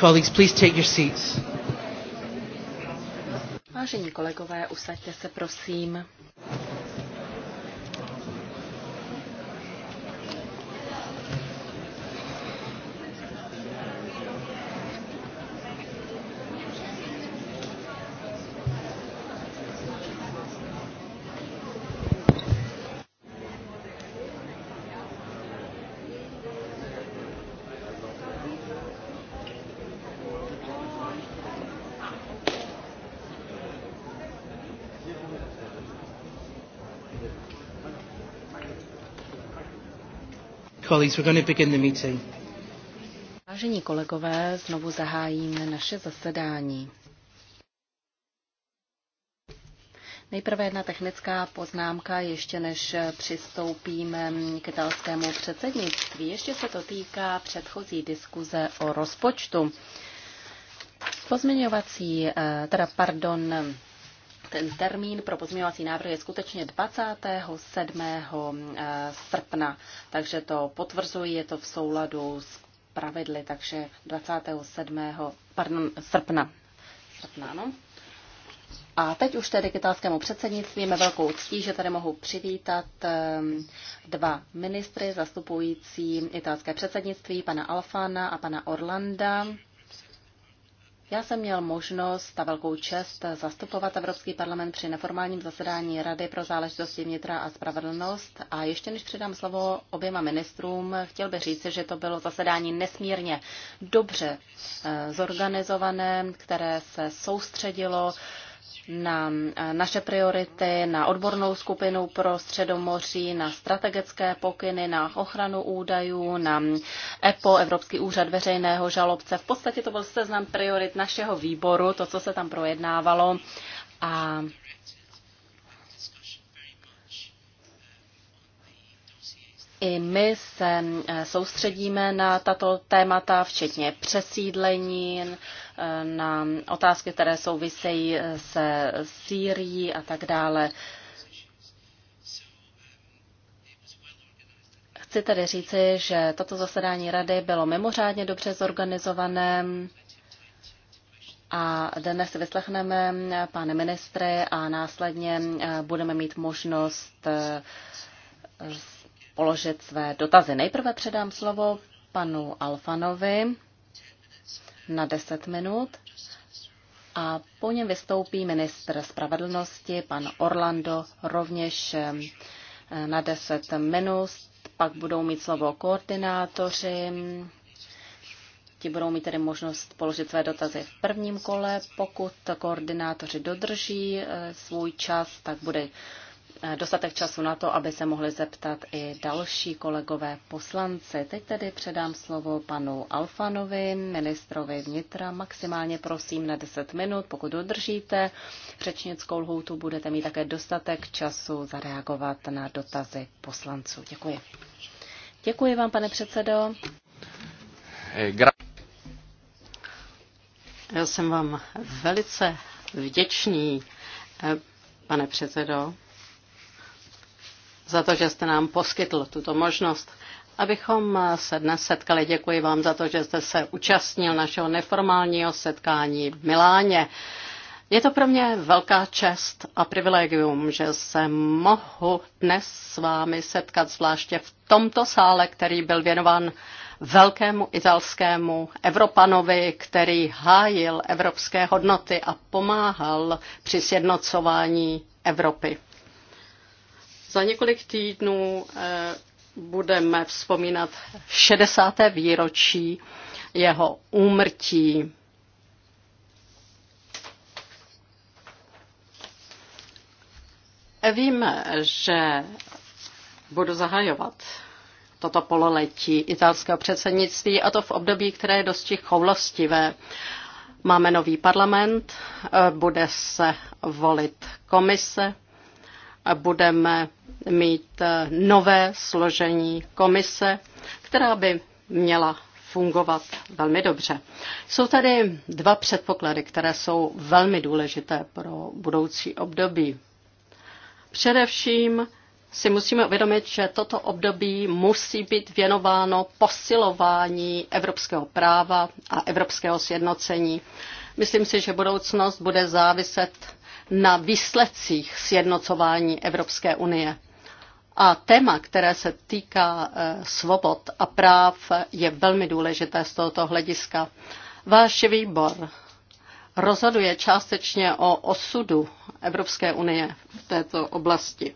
Colleagues, please take your seats. Vážení kolegové, usaďte se prosím. colleagues, we're going to begin the meeting. Vážení kolegové, znovu zahájíme naše zasedání. Nejprve jedna technická poznámka, ještě než přistoupíme k italskému předsednictví. Ještě se to týká předchozí diskuze o rozpočtu. Pozměňovací, eh, teda pardon, ten termín pro pozměňovací návrh je skutečně 27. Eh, srpna, takže to potvrzuji, je to v souladu s pravidly, takže 27. Pardon, srpna. srpna no? A teď už tedy k italskému předsednictví je velkou ctí, že tady mohu přivítat eh, dva ministry zastupující italské předsednictví, pana Alfana a pana Orlanda. Já jsem měl možnost a velkou čest zastupovat Evropský parlament při neformálním zasedání Rady pro záležitosti vnitra a spravedlnost. A ještě než předám slovo oběma ministrům, chtěl bych říct, že to bylo zasedání nesmírně dobře eh, zorganizované, které se soustředilo na eh, naše priority, na odbornou skupinu pro Středomoří, na strategické pokyny, na ochranu údajů, na EPO, Evropský úřad veřejného žalobce. V podstatě to byl seznam priorit našeho výboru, to, co se tam projednávalo. A I my se eh, soustředíme na tato témata, včetně přesídlení, eh, na otázky, které souvisejí eh, se Sýrií a tak dále. Chci tedy říci, že toto zasedání rady bylo mimořádně dobře zorganizované a dnes vyslechneme pány ministry a následně budeme mít možnost položit své dotazy. Nejprve předám slovo panu Alfanovi na 10 minut a po něm vystoupí ministr spravedlnosti, pan Orlando, rovněž eh, na 10 minut. Pak budou mít slovo koordinátoři, ti budou mít tedy možnost položit své dotazy v prvním kole. Pokud koordinátoři dodrží eh, svůj čas, tak bude Eh, dostatek času na to, aby se mohli zeptat i další kolegové poslanci. Teď tedy předám slovo panu Alfanovi, ministrovi vnitra. Maximálně prosím na 10 minut. Pokud dodržíte řečnickou lhoutu, budete mít také dostatek času zareagovat na dotazy poslanců. Děkuji. Děkuji vám, pane předsedo. Eh, Já jsem vám velice vděčný, eh, pane předsedo, za to, že jste nám poskytl tuto možnost, abychom se dnes setkali. Děkuji vám za to, že jste se účastnil našeho neformálního setkání v Miláně. Je to pro mě velká čest a privilegium, že se mohu dnes s vámi setkat, zvláště v tomto sále, který byl věnován velkému italskému Evropanovi, který hájil evropské hodnoty a pomáhal při sjednocování Evropy. Za několik týdnů eh, budeme vzpomínat 60. výročí jeho úmrtí. Víme, že budu zahajovat toto pololetí italského předsednictví a to v období, které je dosti choulostivé. Máme nový parlament, eh, bude se volit komise, budeme mít eh, nové složení komise, která by měla fungovat velmi dobře. Jsou tady dva předpoklady, které jsou velmi důležité pro budoucí období. Především si musíme uvědomit, že toto období musí být věnováno posilování evropského práva a evropského sjednocení. Myslím si, že budoucnost bude záviset na výsledcích sjednocování Evropské unie. A téma, které se týká eh, svobod a práv, je velmi důležité z tohoto hlediska. Váš výbor rozhoduje částečně o osudu Evropské unie v této oblasti.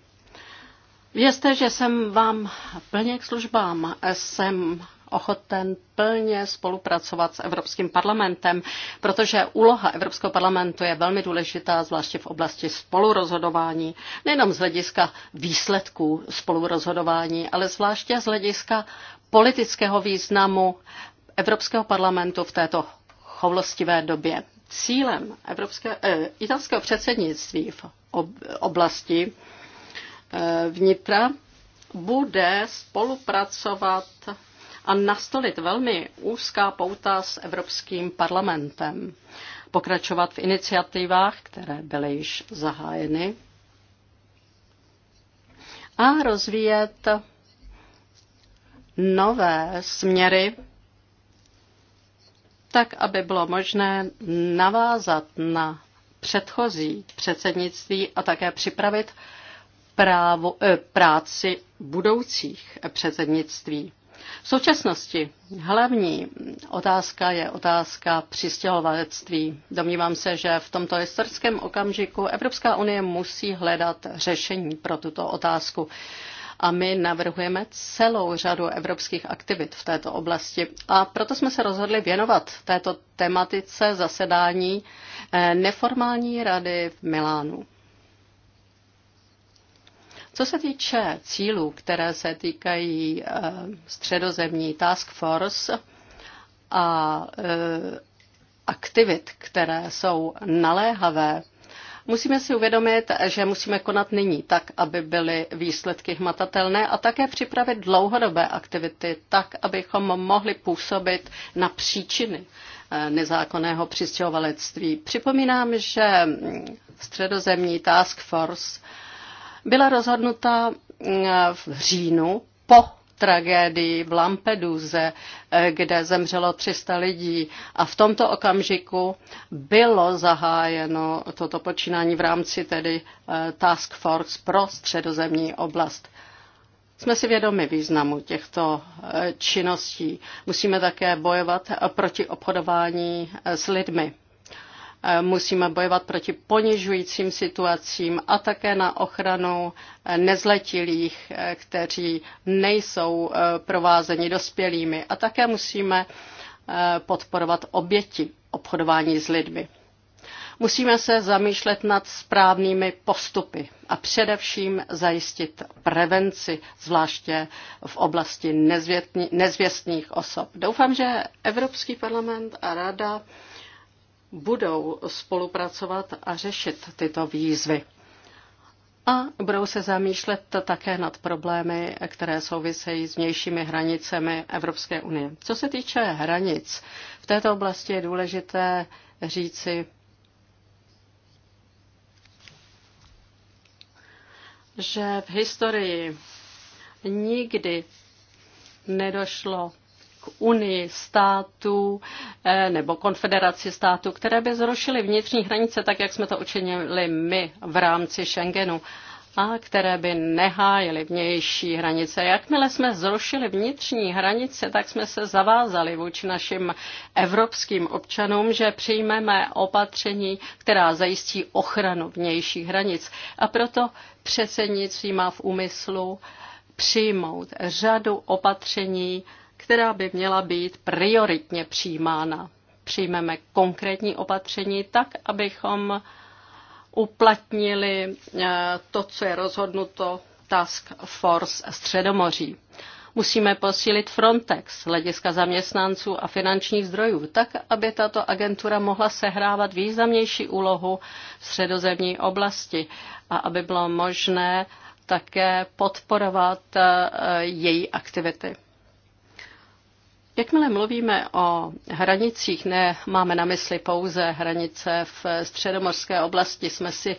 Vězte, že jsem vám plně k službám. Jsem ochoten plně spolupracovat s Evropským parlamentem, protože úloha Evropského parlamentu je velmi důležitá, zvláště v oblasti spolurozhodování, nejenom z hlediska výsledků spolurozhodování, ale zvláště z hlediska politického významu Evropského parlamentu v této choulostivé době. Cílem Evropské, eh, italského předsednictví v ob, oblasti eh, vnitra bude spolupracovat a nastolit velmi úzká pouta s Evropským parlamentem, pokračovat v iniciativách, které byly již zahájeny a rozvíjet nové směry, tak aby bylo možné navázat na předchozí předsednictví a také připravit právo, eh, práci budoucích předsednictví. V současnosti hlavní otázka je otázka přistěhovalectví. Domnívám se, že v tomto historickém okamžiku Evropská unie musí hledat řešení pro tuto otázku a my navrhujeme celou řadu evropských aktivit v této oblasti. A proto jsme se rozhodli věnovat této tematice zasedání eh, neformální rady v Milánu. Co se týče cílů, které se týkají eh, středozemní task force a eh, aktivit, které jsou naléhavé, Musíme si uvědomit, že musíme konat nyní tak, aby byly výsledky hmatatelné a také připravit dlouhodobé aktivity tak, abychom mohli působit na příčiny eh, nezákonného přistěhovalectví. Připomínám, že mm, středozemní task force byla rozhodnuta mm, v říjnu po tragédii v Lampeduze, eh, kde zemřelo 300 lidí. A v tomto okamžiku bylo zahájeno toto počínání v rámci tedy eh, Task Force pro středozemní oblast. Jsme si vědomi významu těchto eh, činností. Musíme také bojovat proti obchodování s lidmi. E, musíme bojovat proti ponižujícím situacím a také na ochranu e, nezletilých, e, kteří nejsou provázeni dospělými. A také musíme podporovat oběti obchodování s lidmi. Musíme se zamýšlet nad správnými postupy a především zajistit prevenci, zvláště v oblasti nezvěstných osob. Doufám, že Evropský parlament a Rada budou spolupracovat a řešit tyto výzvy. A budou se zamýšlet také nad problémy, které souvisejí s vnějšími hranicemi Evropské unie. Co se týče hranic, v této oblasti je důležité říci, že v historii nikdy nedošlo k unii států eh, nebo konfederaci států, které by zrušily vnitřní hranice, tak jak jsme to učinili my v rámci Schengenu a které by nehájily vnější hranice. Jakmile jsme zrušili vnitřní hranice, tak jsme se zavázali vůči našim evropským občanům, že přijmeme opatření, která zajistí ochranu vnějších hranic. A proto předsednictví má v úmyslu přijmout řadu opatření, která by měla být prioritně přijímána. Přijmeme konkrétní opatření tak, abychom uplatnili eh, to, co je rozhodnuto Task Force Středomoří. Musíme posílit Frontex, hlediska zaměstnanců a finančních zdrojů, tak, aby tato agentura mohla sehrávat významnější úlohu v středozemní oblasti a aby bylo možné také podporovat eh, její aktivity. Jakmile mluvíme o hranicích, ne máme na mysli pouze hranice v středomorské oblasti, jsme si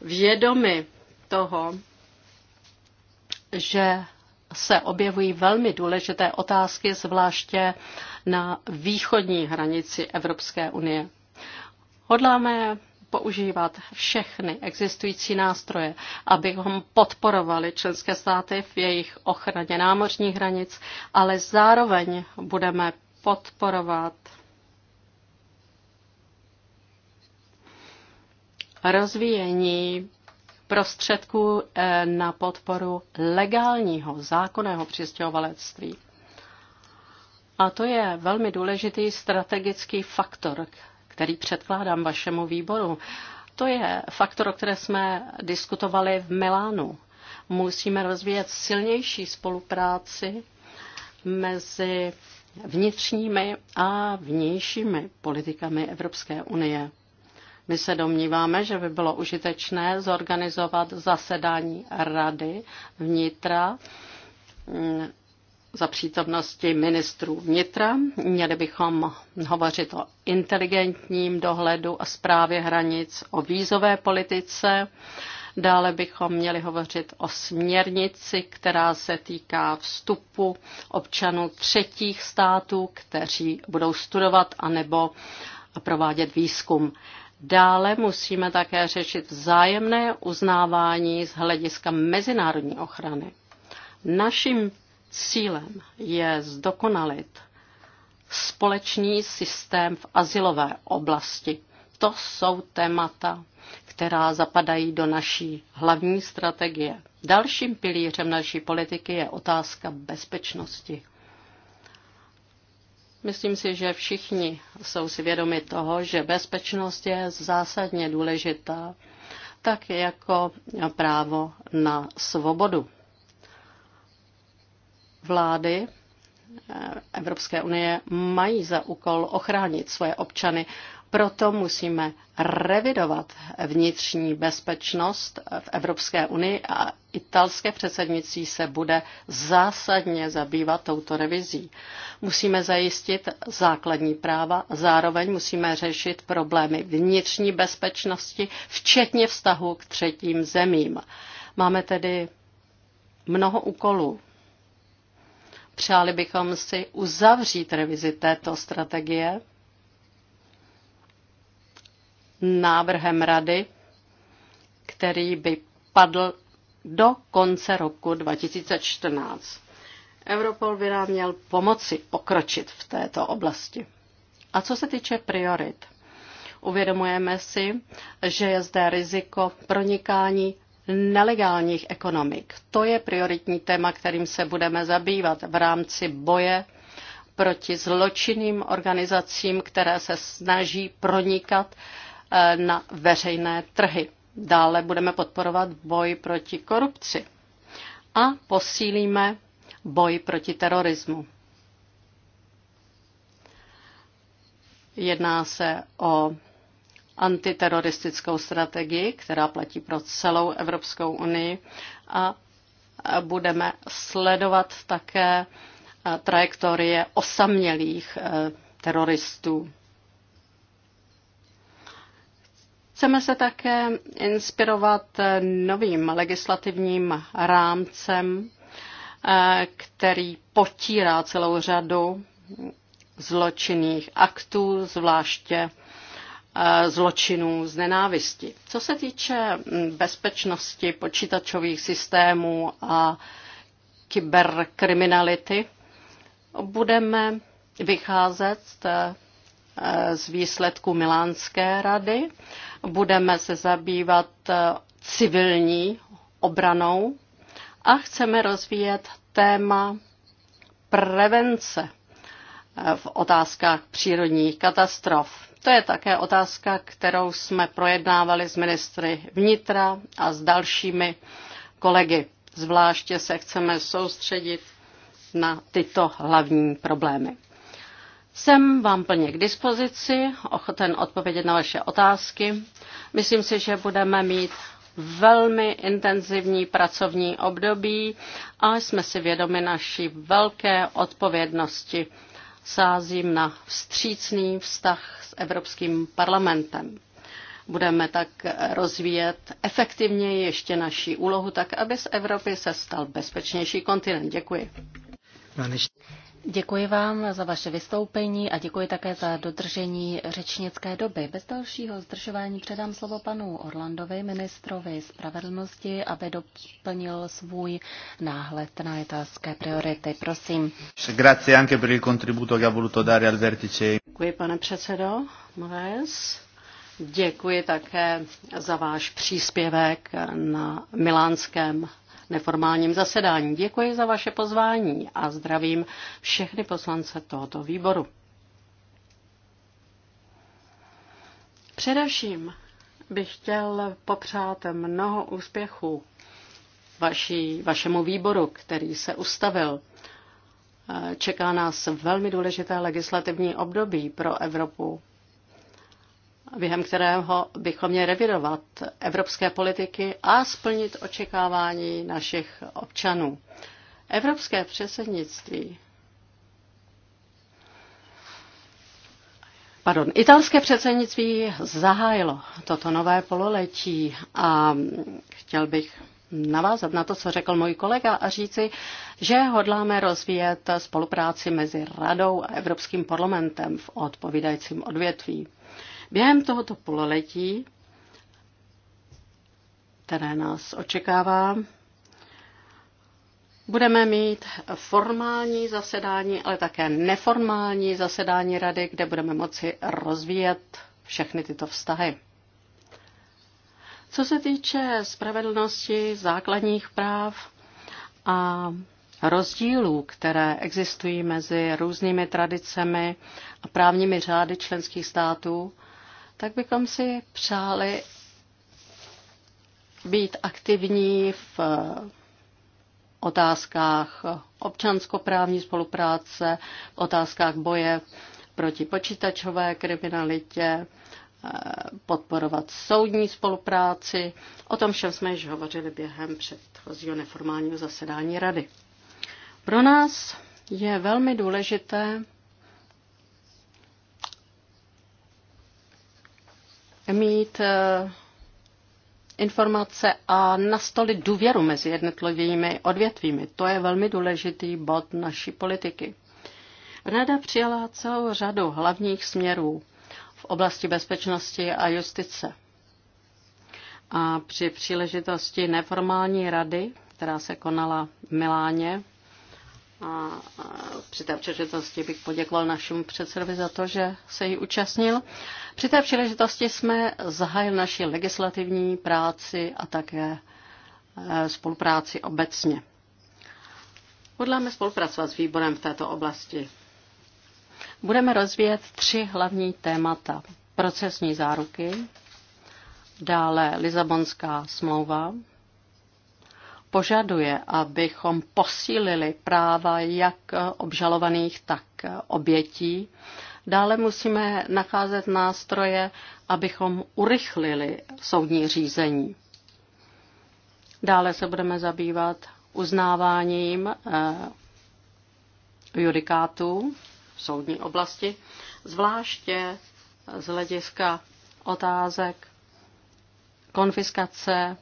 vědomi toho, že se objevují velmi důležité otázky, zvláště na východní hranici Evropské unie. Hodláme používat všechny existující nástroje, abychom podporovali členské státy v jejich ochraně námořních hranic, ale zároveň budeme podporovat rozvíjení prostředků eh, na podporu legálního zákonného přistěhovalectví. A to je velmi důležitý strategický faktor, který předkládám vašemu výboru, to je faktor, o které jsme diskutovali v Milánu. Musíme rozvíjet silnější spolupráci mezi vnitřními a vnějšími politikami Evropské unie. My se domníváme, že by bylo užitečné zorganizovat zasedání Rady vnitra mm, za přítomnosti ministrů vnitra. Měli bychom hovořit o inteligentním dohledu a zprávě hranic, o vízové politice. Dále bychom měli hovořit o směrnici, která se týká vstupu občanů třetích států, kteří budou studovat anebo provádět výzkum. Dále musíme také řešit vzájemné uznávání z hlediska mezinárodní ochrany. Naším Cílem je zdokonalit společný systém v asilové oblasti. To jsou témata, která zapadají do naší hlavní strategie. Dalším pilířem naší politiky je otázka bezpečnosti. Myslím si, že všichni jsou si vědomi toho, že bezpečnost je zásadně důležitá, tak jako právo na svobodu vlády eh, Evropské unie mají za úkol ochránit svoje občany. Proto musíme revidovat vnitřní bezpečnost v Evropské unii a italské předsednictví se bude zásadně zabývat touto revizí. Musíme zajistit základní práva, zároveň musíme řešit problémy vnitřní bezpečnosti, včetně vztahu k třetím zemím. Máme tedy mnoho úkolů Přáli bychom si uzavřít revizi této strategie návrhem rady, který by padl do konce roku 2014. Europol by nám měl pomoci pokročit v této oblasti. A co se týče priorit, uvědomujeme si, že je zde riziko pronikání nelegálních ekonomik. To je prioritní téma, kterým se budeme zabývat v rámci boje proti zločinným organizacím, které se snaží pronikat eh, na veřejné trhy. Dále budeme podporovat boj proti korupci a posílíme boj proti terorismu. Jedná se o antiteroristickou strategii, která platí pro celou Evropskou unii a budeme sledovat také e, trajektorie osamělých e, teroristů. Chceme se také inspirovat e, novým legislativním rámcem, který potírá celou řadu zločinných aktů, zvláště Eh, zločinů z nenávisti. Co se týče mm, bezpečnosti počítačových systémů a kyberkriminality, budeme vycházet eh, z výsledku Milánské rady, budeme se zabývat eh, civilní obranou a chceme rozvíjet téma prevence v otázkách přírodních katastrof. To je také otázka, kterou jsme projednávali s ministry vnitra a s dalšími kolegy. Zvláště se chceme soustředit na tyto hlavní problémy. Jsem vám plně k dispozici, ochoten odpovědět na vaše otázky. Myslím si, že budeme mít velmi intenzivní pracovní období a jsme si vědomi naší velké odpovědnosti sázím na vstřícný vztah s Evropským parlamentem. Budeme tak rozvíjet efektivněji ještě naší úlohu, tak aby z Evropy se stal bezpečnější kontinent. Děkuji. Děkuji vám za vaše vystoupení a děkuji také za dodržení řečnické doby. Bez dalšího zdržování předám slovo panu Orlandovi, ministrovi spravedlnosti, aby doplnil svůj náhled na italské priority. Prosím. Grazie anche per il contributo che ha voluto dare al vertice. Děkuji, pane předsedo Moraes. Děkuji také za váš příspěvek na milánském neformálním zasedání. Děkuji za vaše pozvání a zdravím všechny poslance tohoto výboru. Především bych chtěl popřát mnoho úspěchů vaši, vašemu výboru, který se ustavil. Čeká nás velmi důležité legislativní období pro Evropu během kterého bychom měli revidovat evropské politiky a splnit očekávání našich občanů. Evropské předsednictví Pardon, italské předsednictví zahájilo toto nové pololetí a chtěl bych navázat na to, co řekl můj kolega a říci, že hodláme rozvíjet spolupráci mezi Radou a Evropským parlamentem v odpovídajícím odvětví. Během tohoto pololetí, které nás očekává, Budeme mít formální zasedání, ale také neformální zasedání rady, kde budeme moci rozvíjet všechny tyto vztahy. Co se týče spravedlnosti, základních práv a rozdílů, které existují mezi různými tradicemi a právními řády členských států, tak bychom si přáli být aktivní v eh, otázkách občanskoprávní spolupráce, v otázkách boje proti počítačové kriminalitě, eh, podporovat soudní spolupráci. O tom všem jsme již hovořili během předchozího neformálního zasedání rady. Pro nás je velmi důležité mít eh, informace a nastolit důvěru mezi jednotlivými odvětvími. To je velmi důležitý bod naší politiky. Rada přijala celou řadu hlavních směrů v oblasti bezpečnosti a justice. A při příležitosti neformální rady, která se konala v Miláně a při té příležitosti bych poděkoval našemu předsedovi za to, že se jí účastnil. Při té příležitosti jsme zahájili naši legislativní práci a také e, spolupráci obecně. Hodláme spolupracovat s výborem v této oblasti. Budeme rozvíjet tři hlavní témata. Procesní záruky, dále Lisabonská smlouva požaduje, abychom posílili práva jak obžalovaných, tak obětí. Dále musíme nacházet nástroje, abychom urychlili soudní řízení. Dále se budeme zabývat uznáváním eh, judikátů v soudní oblasti, zvláště z hlediska otázek konfiskace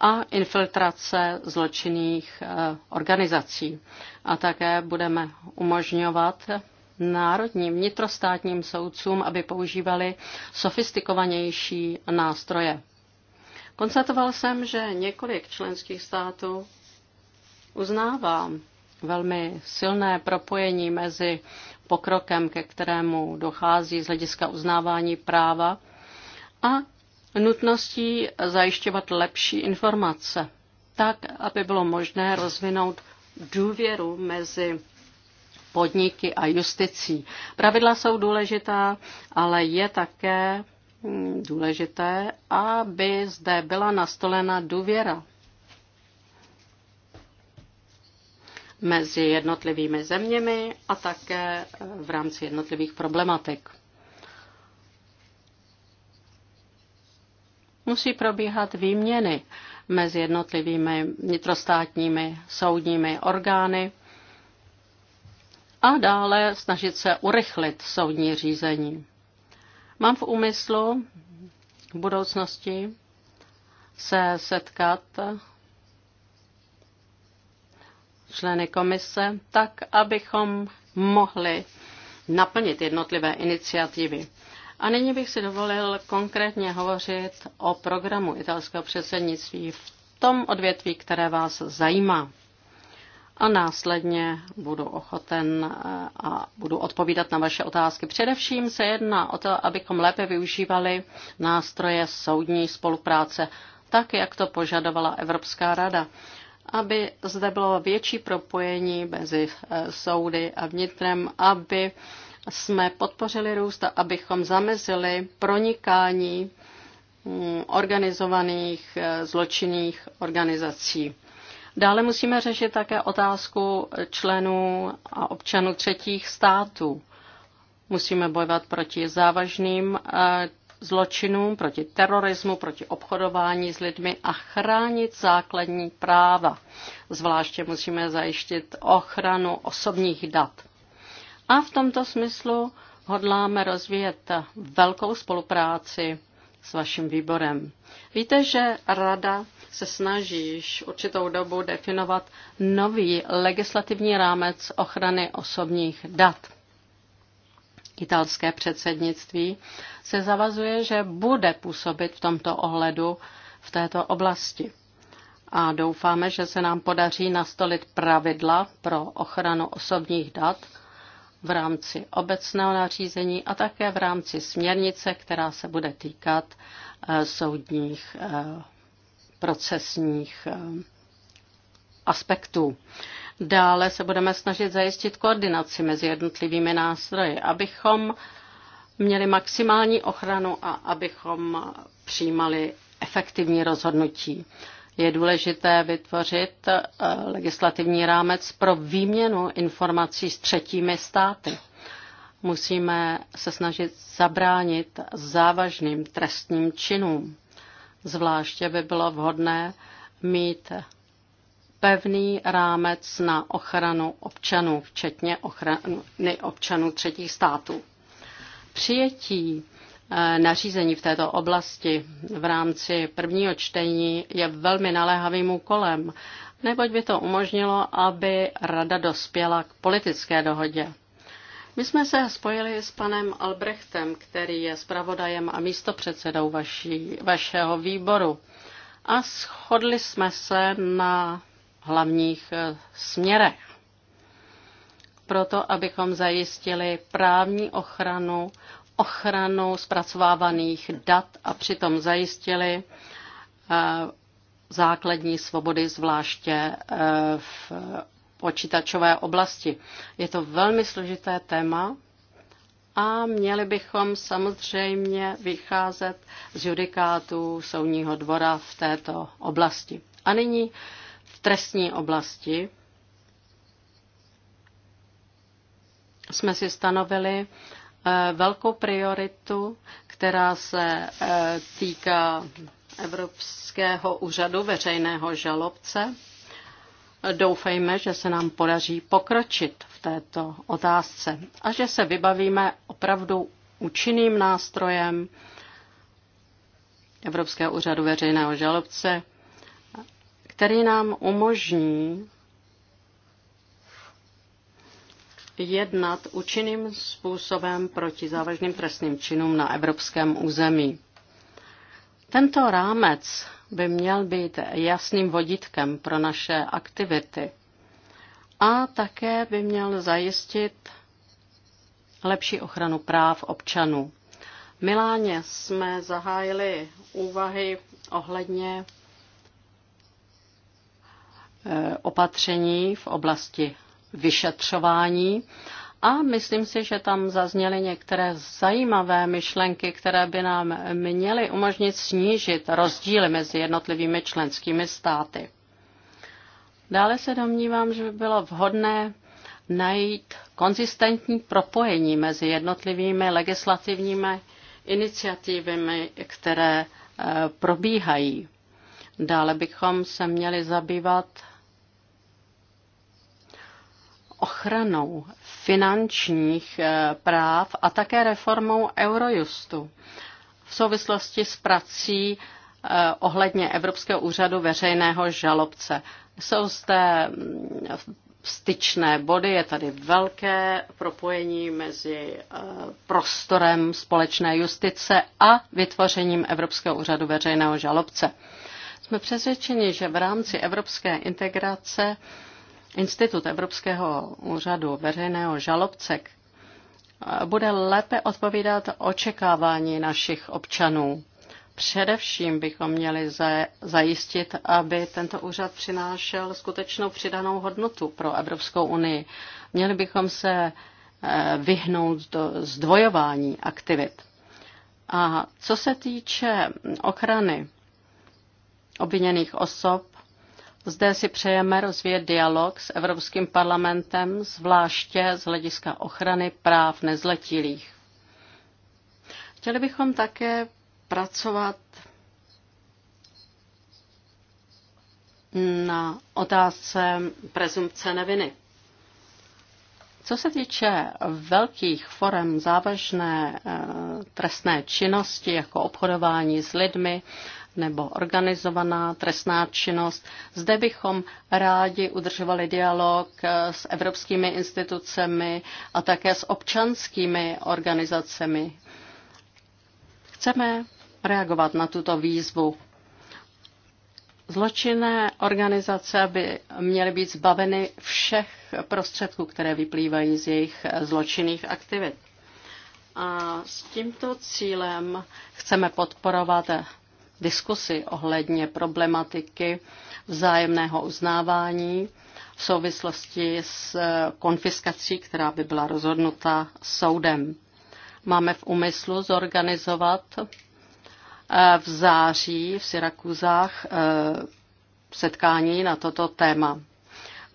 a infiltrace zločinných eh, organizací. A také budeme umožňovat národním vnitrostátním soudcům, aby používali sofistikovanější nástroje. Konstatoval jsem, že několik členských států uznává velmi silné propojení mezi pokrokem, ke kterému dochází z hlediska uznávání práva a nutností zajišťovat lepší informace, tak, aby bylo možné rozvinout důvěru mezi podniky a justicí. Pravidla jsou důležitá, ale je také mm, důležité, aby zde byla nastolena důvěra mezi jednotlivými zeměmi a také v rámci jednotlivých problematik. musí probíhat výměny mezi jednotlivými vnitrostátními soudními orgány a dále snažit se urychlit soudní řízení. Mám v úmyslu v budoucnosti se setkat členy komise, tak abychom mohli naplnit jednotlivé iniciativy. A nyní bych si dovolil konkrétně hovořit o programu italského předsednictví v tom odvětví, které vás zajímá. A následně budu ochoten eh, a budu odpovídat na vaše otázky. Především se jedná o to, abychom lépe využívali nástroje soudní spolupráce, tak jak to požadovala Evropská rada aby zde bylo větší propojení mezi eh, soudy a vnitrem, aby jsme podpořili růst, abychom zamezili pronikání mm, organizovaných eh, zločinných organizací. Dále musíme řešit také otázku členů a občanů třetích států. Musíme bojovat proti závažným eh, zločinům, proti terorismu, proti obchodování s lidmi a chránit základní práva. Zvláště musíme zajištit ochranu osobních dat. A v tomto smyslu hodláme rozvíjet velkou spolupráci s vaším výborem. Víte, že Rada se snaží již určitou dobu definovat nový legislativní rámec ochrany osobních dat. Italské předsednictví se zavazuje, že bude působit v tomto ohledu v této oblasti. A doufáme, že se nám podaří nastolit pravidla pro ochranu osobních dat, v rámci obecného nařízení a také v rámci směrnice, která se bude týkat eh, soudních eh, procesních eh, aspektů. Dále se budeme snažit zajistit koordinaci mezi jednotlivými nástroji, abychom měli maximální ochranu a abychom přijímali efektivní rozhodnutí je důležité vytvořit eh, legislativní rámec pro výměnu informací s třetími státy. Musíme se snažit zabránit závažným trestním činům. Zvláště by bylo vhodné mít pevný rámec na ochranu občanů, včetně ochrany občanů třetích států. Přijetí Eh, nařízení v této oblasti v rámci prvního čtení je velmi naléhavým úkolem, neboť by to umožnilo, aby Rada dospěla k politické dohodě. My jsme se spojili s panem Albrechtem, který je zpravodajem a místopředsedou vaší, vašeho výboru a shodli jsme se na hlavních eh, směrech. Proto, abychom zajistili právní ochranu ochranu zpracovávaných dat a přitom zajistili eh, základní svobody, zvláště eh, v počítačové oblasti. Je to velmi složité téma a měli bychom samozřejmě vycházet z judikátů soudního dvora v této oblasti. A nyní v trestní oblasti jsme si stanovili Eh, velkou prioritu, která se eh, týká Evropského úřadu veřejného žalobce. Doufejme, že se nám podaří pokročit v této otázce a že se vybavíme opravdu účinným nástrojem Evropského úřadu veřejného žalobce, který nám umožní jednat účinným způsobem proti závažným trestným činům na evropském území. Tento rámec by měl být jasným vodítkem pro naše aktivity a také by měl zajistit lepší ochranu práv občanů. V Miláně jsme zahájili úvahy ohledně e, opatření v oblasti vyšetřování a myslím si, že tam zazněly některé zajímavé myšlenky, které by nám měly umožnit snížit rozdíly mezi jednotlivými členskými státy. Dále se domnívám, že by bylo vhodné najít konzistentní propojení mezi jednotlivými legislativními iniciativami, které eh, probíhají. Dále bychom se měli zabývat ochranou finančních eh, práv a také reformou Eurojustu v souvislosti s prací eh, ohledně Evropského úřadu veřejného žalobce. Jsou zde mm, styčné body, je tady velké propojení mezi eh, prostorem společné justice a vytvořením Evropského úřadu veřejného žalobce. Jsme přesvědčeni, že v rámci evropské integrace institut Evropského úřadu veřejného žalobce bude lépe odpovídat očekávání našich občanů. Především bychom měli zajistit, aby tento úřad přinášel skutečnou přidanou hodnotu pro Evropskou unii. Měli bychom se eh, vyhnout do zdvojování aktivit. A co se týče ochrany obviněných osob, zde si přejeme rozvíjet dialog s Evropským parlamentem, zvláště z hlediska ochrany práv nezletilých. Chtěli bychom také pracovat na otázce prezumpce neviny. Co se týče velkých forem závažné eh, trestné činnosti, jako obchodování s lidmi nebo organizovaná trestná činnost. Zde bychom rádi udržovali dialog eh, s evropskými institucemi a také s občanskými organizacemi. Chceme reagovat na tuto výzvu. Zločinné organizace by měly být zbaveny všech prostředků, které vyplývají z jejich eh, zločinných aktivit. A s tímto cílem chceme podporovat diskusi ohledně problematiky vzájemného uznávání v souvislosti s eh, konfiskací, která by byla rozhodnuta soudem. Máme v úmyslu zorganizovat eh, v září v Syrakuzách eh, setkání na toto téma.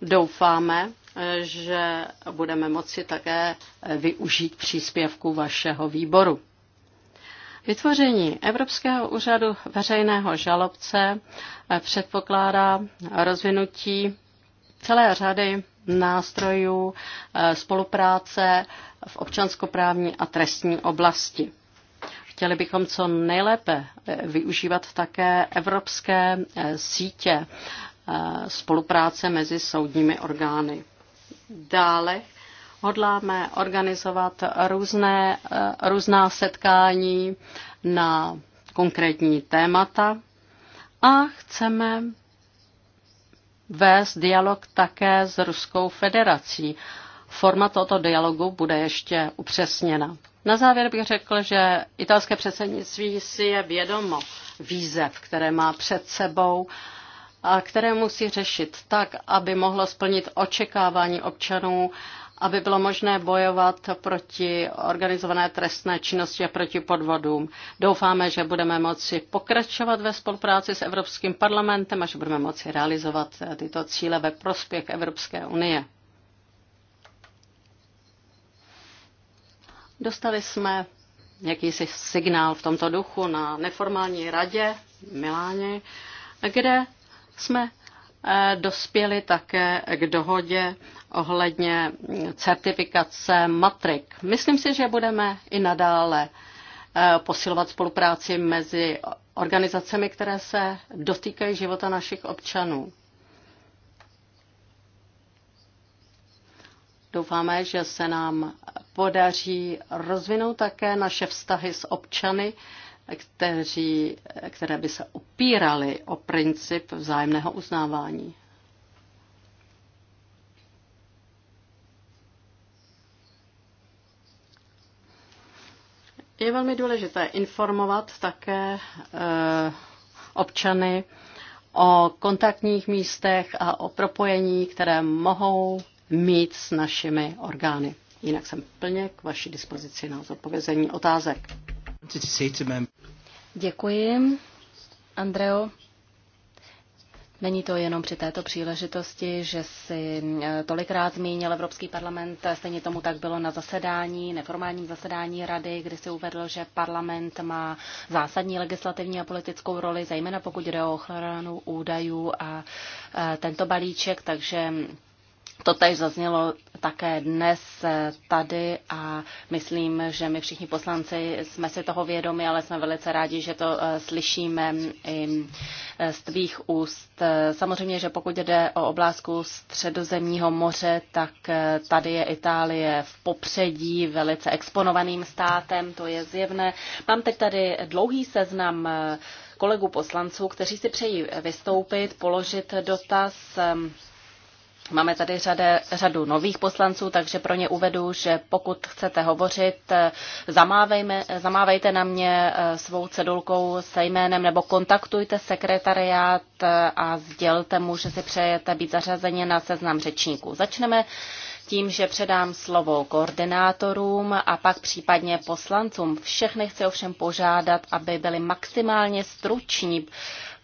Doufáme, že budeme moci také využít příspěvku vašeho výboru. Vytvoření Evropského úřadu veřejného žalobce eh, předpokládá rozvinutí celé řady nástrojů eh, spolupráce v občanskoprávní a trestní oblasti. Chtěli bychom co nejlépe eh, využívat také evropské sítě spolupráce mezi soudními orgány. Dále hodláme organizovat různé, eh, různá setkání na konkrétní témata a chceme vést dialog také s Ruskou federací. Forma tohoto dialogu bude ještě upřesněna. Na závěr bych řekl, že italské předsednictví si je vědomo výzev, které má před sebou a které musí řešit tak, aby mohlo splnit očekávání občanů aby bylo možné bojovat proti organizované trestné činnosti a proti podvodům. Doufáme, že budeme moci pokračovat ve spolupráci s Evropským parlamentem a že budeme moci realizovat tyto cíle ve prospěch Evropské unie. Dostali jsme jakýsi signál v tomto duchu na neformální radě v Miláně, kde jsme Eh, dospěli také k dohodě ohledně certifikace matrik. Myslím si, že budeme i nadále eh, posilovat spolupráci mezi organizacemi, které se dotýkají života našich občanů. Doufáme, že se nám podaří rozvinout také naše vztahy s občany kteří, které by se opíraly o princip vzájemného uznávání. Je velmi důležité informovat také eh, občany o kontaktních místech a o propojení, které mohou mít s našimi orgány. Jinak jsem plně k vaší dispozici na zodpovězení otázek. Děkuji, Andreo. Není to jenom při této příležitosti, že si eh, tolikrát zmínil Evropský parlament, stejně tomu tak bylo na zasedání, neformálním zasedání rady, kdy si uvedl, že parlament má zásadní legislativní a politickou roli, zejména pokud jde o ochranu údajů a eh, tento balíček, takže to tady zaznělo také dnes eh, tady a myslím, že my všichni poslanci jsme si toho vědomi, ale jsme velice rádi, že to eh, slyšíme mm, i eh, z tvých úst. Samozřejmě, že pokud jde o oblázku středozemního moře, tak tady je Itálie v popředí velice exponovaným státem, to je zjevné. Mám teď tady dlouhý seznam kolegů poslanců, kteří si přejí vystoupit, položit dotaz ehm, Máme tady řade, řadu nových poslanců, takže pro ně uvedu, že pokud chcete hovořit, eh, eh, zamávejte na mě eh, svou cedulkou se jménem nebo kontaktujte sekretariát a sdělte mu, že si přejete být zařazeni na seznam řečníků. Začneme tím, že předám slovo koordinátorům a pak případně poslancům. Všechny chci ovšem požádat, aby byli maximálně struční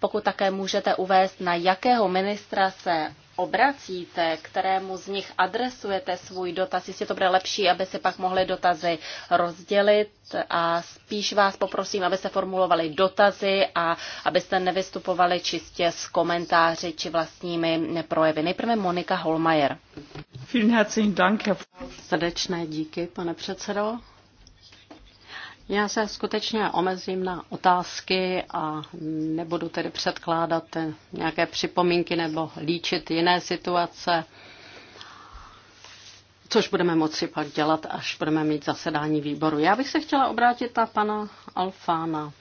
pokud také můžete uvést, na jakého ministra se obracíte, kterému z nich adresujete svůj dotaz, jestli to bude lepší, aby se pak mohly dotazy rozdělit a spíš vás poprosím, aby se formulovali dotazy a abyste nevystupovali čistě s komentáři či vlastními projevy. Nejprve Monika Holmajer. Srdečné díky, pane předsedo. Já se skutečně omezím na otázky a nebudu tedy předkládat nějaké připomínky nebo líčit jiné situace, což budeme moci pak dělat, až budeme mít zasedání výboru. Já bych se chtěla obrátit na pana Alfána.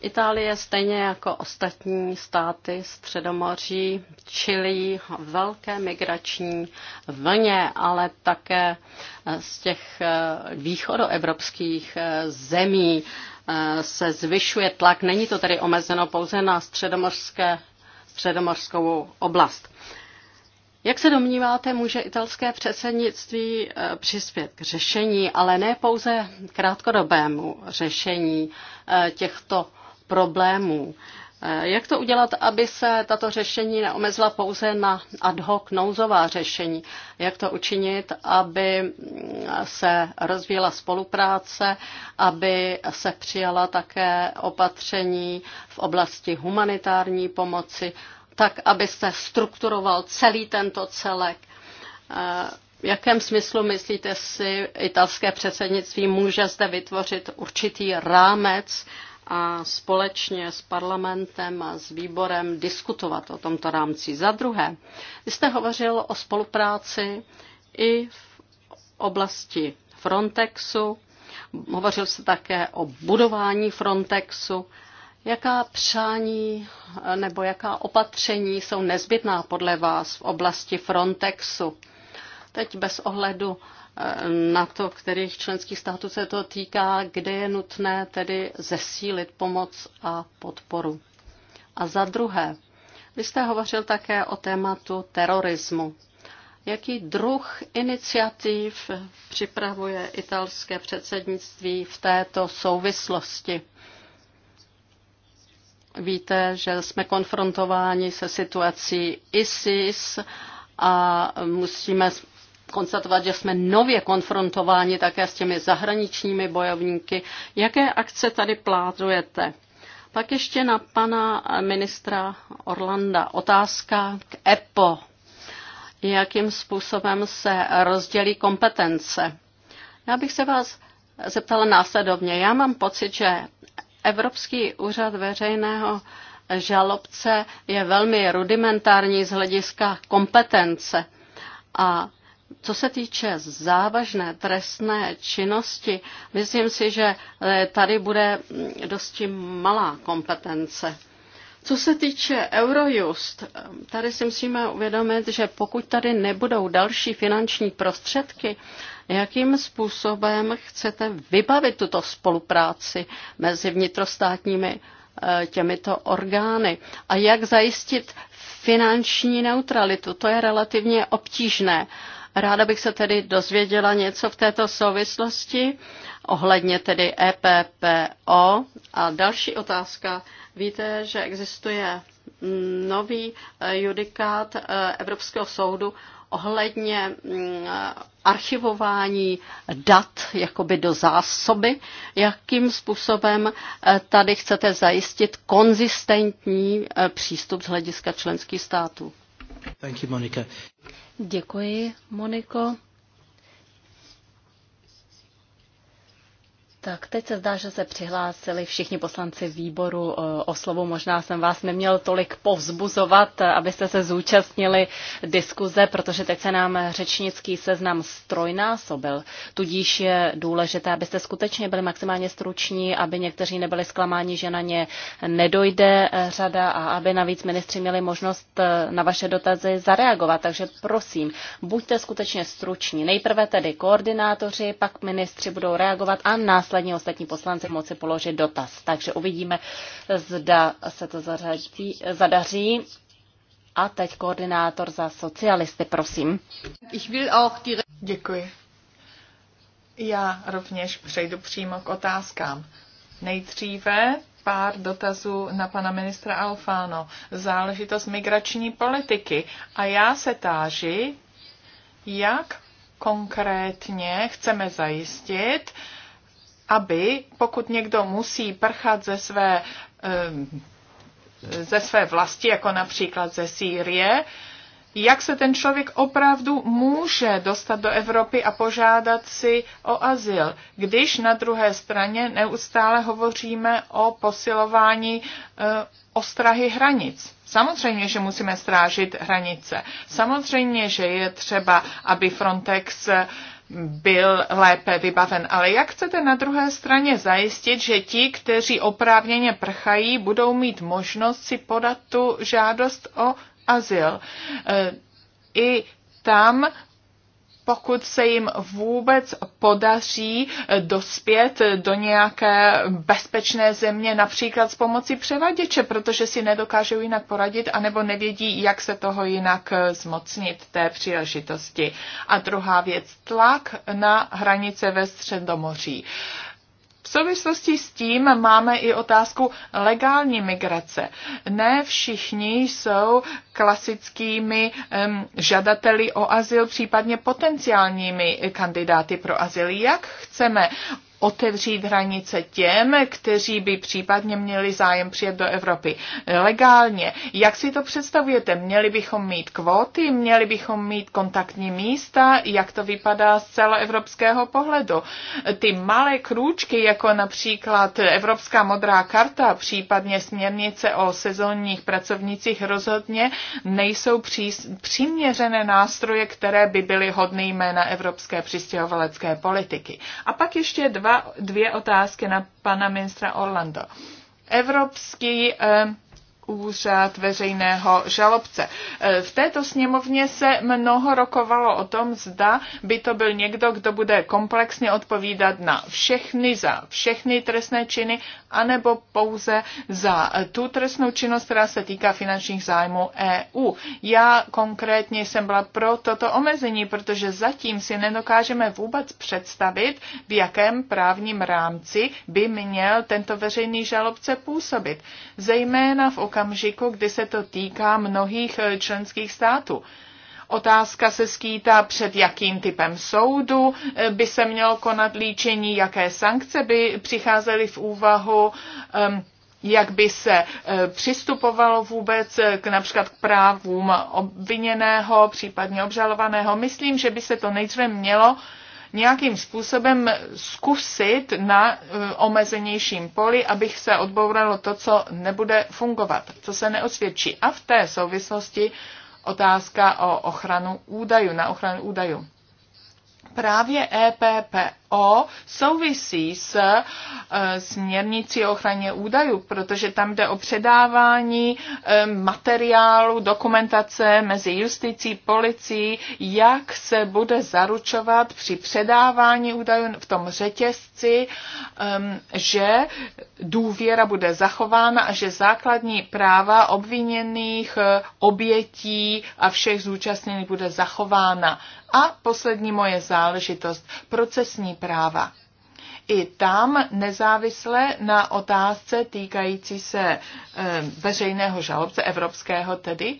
Itálie stejně jako ostatní státy Středomoří čilí velké migrační vlně, ale také eh, z těch eh, východoevropských eh, zemí se zvyšuje tlak. Není to tedy omezeno pouze na středomořské, středomorskou oblast. Jak se domníváte, může italské předsednictví přispět k řešení, ale ne pouze krátkodobému řešení těchto problémů. Eh, jak to udělat, aby se tato řešení neomezila pouze na ad hoc nouzová řešení? Jak to učinit, aby mm, se rozvíjela spolupráce, aby se přijala také opatření v oblasti humanitární pomoci, tak, aby se strukturoval celý tento celek? Eh, v jakém smyslu myslíte si, italské předsednictví může zde vytvořit určitý rámec, a společně s parlamentem a s výborem diskutovat o tomto rámci. Za druhé, vy jste hovořil o spolupráci i v oblasti Frontexu, hovořil jste také o budování Frontexu. Jaká přání nebo jaká opatření jsou nezbytná podle vás v oblasti Frontexu? Teď bez ohledu na to, kterých členských států se to týká, kde je nutné tedy zesílit pomoc a podporu. A za druhé, vy jste hovořil také o tématu terorismu. Jaký druh iniciativ připravuje italské předsednictví v této souvislosti? Víte, že jsme konfrontováni se situací ISIS a musíme konstatovat, že jsme nově konfrontováni také s těmi zahraničními bojovníky. Jaké akce tady plánujete? Pak ještě na pana ministra Orlanda otázka k EPO. Jakým způsobem se rozdělí kompetence? Já bych se vás zeptala následovně. Já mám pocit, že Evropský úřad veřejného žalobce je velmi rudimentární z hlediska kompetence. A co se týče závažné trestné činnosti, myslím si, že eh, tady bude mm, dosti malá kompetence. Co se týče Eurojust, eh, tady si musíme uvědomit, že pokud tady nebudou další finanční prostředky, jakým způsobem chcete vybavit tuto spolupráci mezi vnitrostátními eh, těmito orgány a jak zajistit finanční neutralitu. To je relativně obtížné. Ráda bych se tedy dozvěděla něco v této souvislosti ohledně tedy EPPO. A další otázka. Víte, že existuje nový eh, judikát eh, Evropského soudu ohledně mm, archivování dat jakoby do zásoby, jakým způsobem eh, tady chcete zajistit konzistentní přístup z hlediska členských států. Thank you, Monika. Děkuji, Moniko. Tak teď se zdá, že se přihlásili všichni poslanci výboru eh, o slovu Možná jsem vás neměl tolik povzbuzovat, eh, abyste se zúčastnili diskuze, protože teď se nám řečnický seznam strojnásobil. Tudíž je důležité, abyste skutečně byli maximálně struční, aby někteří nebyli zklamáni, že na ně nedojde eh, řada a aby navíc ministři měli možnost na vaše dotazy zareagovat. Takže prosím, buďte skutečně struční. Nejprve tedy koordinátoři, pak ministři budou reagovat a následně následně ostatní poslanci moci položit dotaz. Takže uvidíme, zda se to zařadí, zadaří. A teď koordinátor za socialisty, prosím. Ich will auch die... Děkuji. Já rovněž přejdu přímo k otázkám. Nejdříve pár dotazů na pana ministra Alfáno. Záležitost migrační politiky. A já se táži, jak konkrétně chceme zajistit, aby pokud někdo musí prchat ze své, ze své vlasti, jako například ze Sýrie, jak se ten člověk opravdu může dostat do Evropy a požádat si o azyl, když na druhé straně neustále hovoříme o posilování eh, ostrahy hranic. Samozřejmě, že musíme strážit hranice. Samozřejmě, že je třeba, aby Frontex eh, byl lépe vybaven. Ale jak chcete na druhé straně zajistit, že ti, kteří oprávněně prchají, budou mít možnost si podat tu žádost o azyl? E, I tam pokud se jim vůbec podaří eh, dospět do nějaké bezpečné země, například s pomocí převaděče, protože si nedokážou jinak poradit, anebo nevědí, jak se toho jinak eh, zmocnit té příležitosti. A druhá věc, tlak na hranice ve Středomoří. V souvislosti s tím máme i otázku legální migrace. Ne všichni jsou klasickými um, žadateli o azyl, případně potenciálními kandidáty pro azyl. Jak chceme otevřít hranice těm, kteří by případně měli zájem přijet do Evropy legálně. Jak si to představujete? Měli bychom mít kvóty, měli bychom mít kontaktní místa, jak to vypadá z celoevropského pohledu? Ty malé krůčky, jako například Evropská modrá karta, případně směrnice o sezónních pracovnicích rozhodně nejsou přiměřené nástroje, které by byly hodné jména evropské přistěhovalecké politiky. A pak ještě dva dva, dvě otázky na pana ministra Orlando. Evropský eh, úřad veřejného žalobce. E, v této sněmovně se mnoho rokovalo o tom, zda by to byl někdo, kdo bude komplexně odpovídat na všechny za všechny trestné činy, anebo pouze za tu trestnou činnost, která se týká finančních zájmů EU. Já konkrétně jsem byla pro toto omezení, protože zatím si nedokážeme vůbec představit, v jakém právním rámci by měl tento veřejný žalobce působit. Zejména v okamžiku, okamžiku, kdy se to týká mnohých eh, členských států. Otázka se skýtá, před jakým typem soudu eh, by se mělo konat líčení, jaké sankce by přicházely v úvahu, ehm, jak by se eh, přistupovalo vůbec k například k právům obviněného, případně obžalovaného. Myslím, že by se to nejdříve mělo nějakým způsobem zkusit na e, omezenějším poli, abych se odbouralo to, co nebude fungovat, co se neosvědčí. A v té souvislosti otázka o ochranu údajů, na ochranu údajů. Právě EPPO o souvisí s eh, směrnicí o ochraně údajů, protože tam jde o předávání eh, materiálu, dokumentace mezi justicí, policií, jak se bude zaručovat při předávání údajů v tom řetězci, ehm, že důvěra bude zachována a že základní práva obviněných, eh, obětí a všech zúčastněných bude zachována. A poslední moje záležitost, procesní práva práva. I tam nezávisle na otázce týkající se eh, veřejného žalobce, evropského tedy,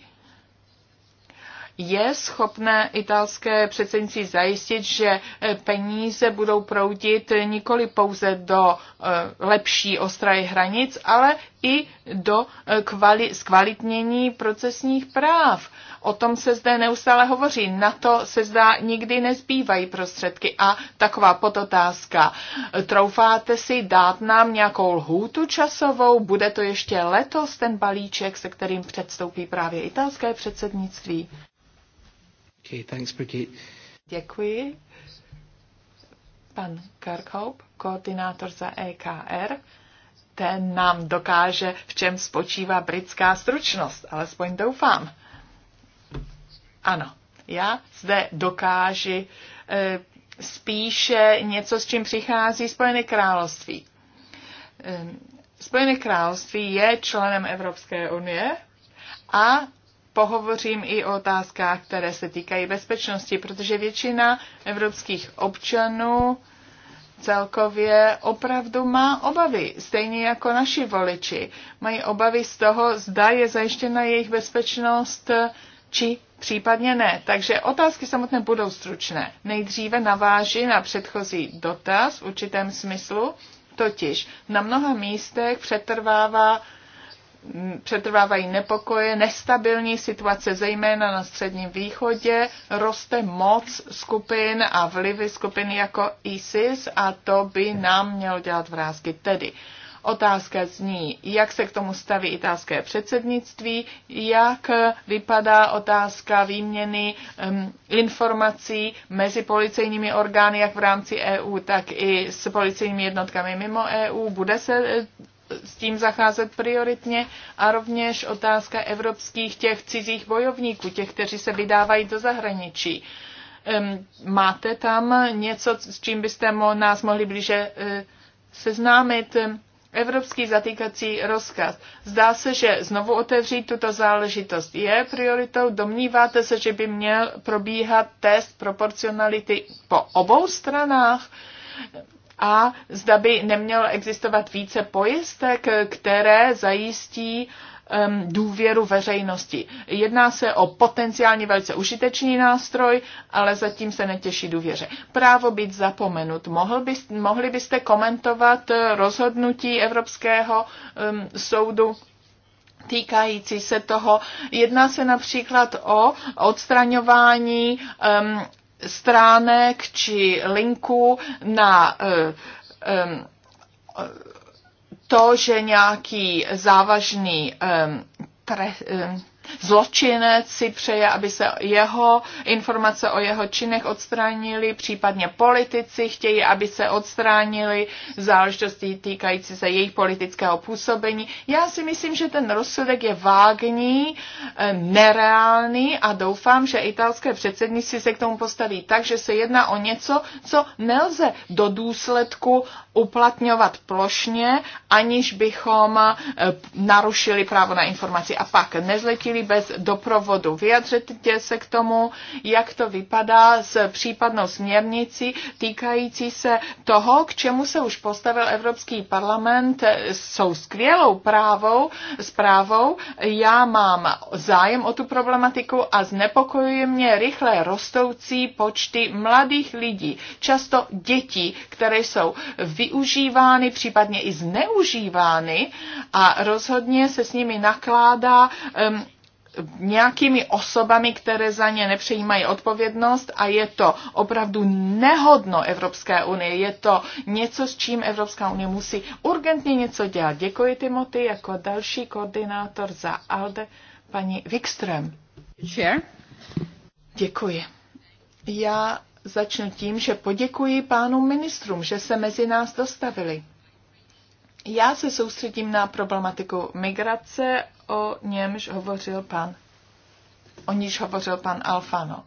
je schopné italské předsednictví zajistit, že eh, peníze budou proudit nikoli pouze do eh, lepší ostraje hranic, ale i do eh, kvali- zkvalitnění procesních práv. O tom se zde neustále hovoří. Na to se zdá nikdy nezbývají prostředky. A taková podotázka. Troufáte si dát nám nějakou lhůtu časovou? Bude to ještě letos ten balíček, se kterým předstoupí právě italské předsednictví? Okay, thanks, Brigitte. Děkuji. Pan Kirkhope, koordinátor za EKR, ten nám dokáže, v čem spočívá britská stručnost, alespoň doufám. Ano, já zde dokáži e, spíše něco, s čím přichází Spojené království. E, Spojené království je členem Evropské unie a pohovořím i o otázkách, které se týkají bezpečnosti, protože většina evropských občanů celkově opravdu má obavy, stejně jako naši voliči. Mají obavy z toho, zda je zajištěna jejich bezpečnost či případně ne. Takže otázky samotné budou stručné. Nejdříve naváží na předchozí dotaz v určitém smyslu, totiž na mnoha místech přetrvává přetrvávají nepokoje, nestabilní situace, zejména na Středním východě, roste moc skupin a vlivy skupin jako ISIS a to by nám mělo dělat vrázky. Tedy otázka zní, jak se k tomu staví italské předsednictví, jak vypadá otázka výměny um, informací mezi policejními orgány, jak v rámci EU, tak i s policejními jednotkami mimo EU. Bude se s tím zacházet prioritně a rovněž otázka evropských těch cizích bojovníků, těch, kteří se vydávají do zahraničí. Máte tam něco, s čím byste nás mohli blíže e, seznámit? Evropský zatýkací rozkaz. Zdá se, že znovu otevřít tuto záležitost je prioritou. Domníváte se, že by měl probíhat test proporcionality po obou stranách? a zda by nemělo existovat více pojistek, které zajistí um, důvěru veřejnosti. Jedná se o potenciálně velice užitečný nástroj, ale zatím se netěší důvěře. Právo být zapomenut. Mohl by, mohli byste komentovat rozhodnutí Evropského um, soudu? týkající se toho. Jedná se například o odstraňování um, stránek či linku na eh, to, že nějaký závažný tre, zločinec si přeje, aby se jeho informace o jeho činech odstranili, případně politici chtějí, aby se odstránili záležitosti týkající se jejich politického působení. Já si myslím, že ten rozsudek je vágní, eh, nereálný a doufám, že italské předsednictví se k tomu postaví tak, že se jedná o něco, co nelze do důsledku uplatňovat plošně, aniž bychom eh, narušili právo na informaci. A pak nezletili bez doprovodu. Vyjadřete se k tomu, jak to vypadá s případnou směrnicí týkající se toho, k čemu se už postavil Evropský parlament, jsou eh, skvělou právou, zprávou. Já mám zájem o tu problematiku a znepokojuje mě rychle rostoucí počty mladých lidí, často dětí, které jsou vy využívány, případně i zneužívány a rozhodně se s nimi nakládá um, nějakými osobami, které za ně nepřejímají odpovědnost a je to opravdu nehodno Evropské unie. Je to něco, s čím Evropská unie musí urgentně něco dělat. Děkuji Timothy jako další koordinátor za ALDE, paní Wikström. Děkuji. Já začnu tím, že poděkuji pánům ministrům, že se mezi nás dostavili. Já se soustředím na problematiku migrace, o němž hovořil pan, o níž hovořil pan Alfano.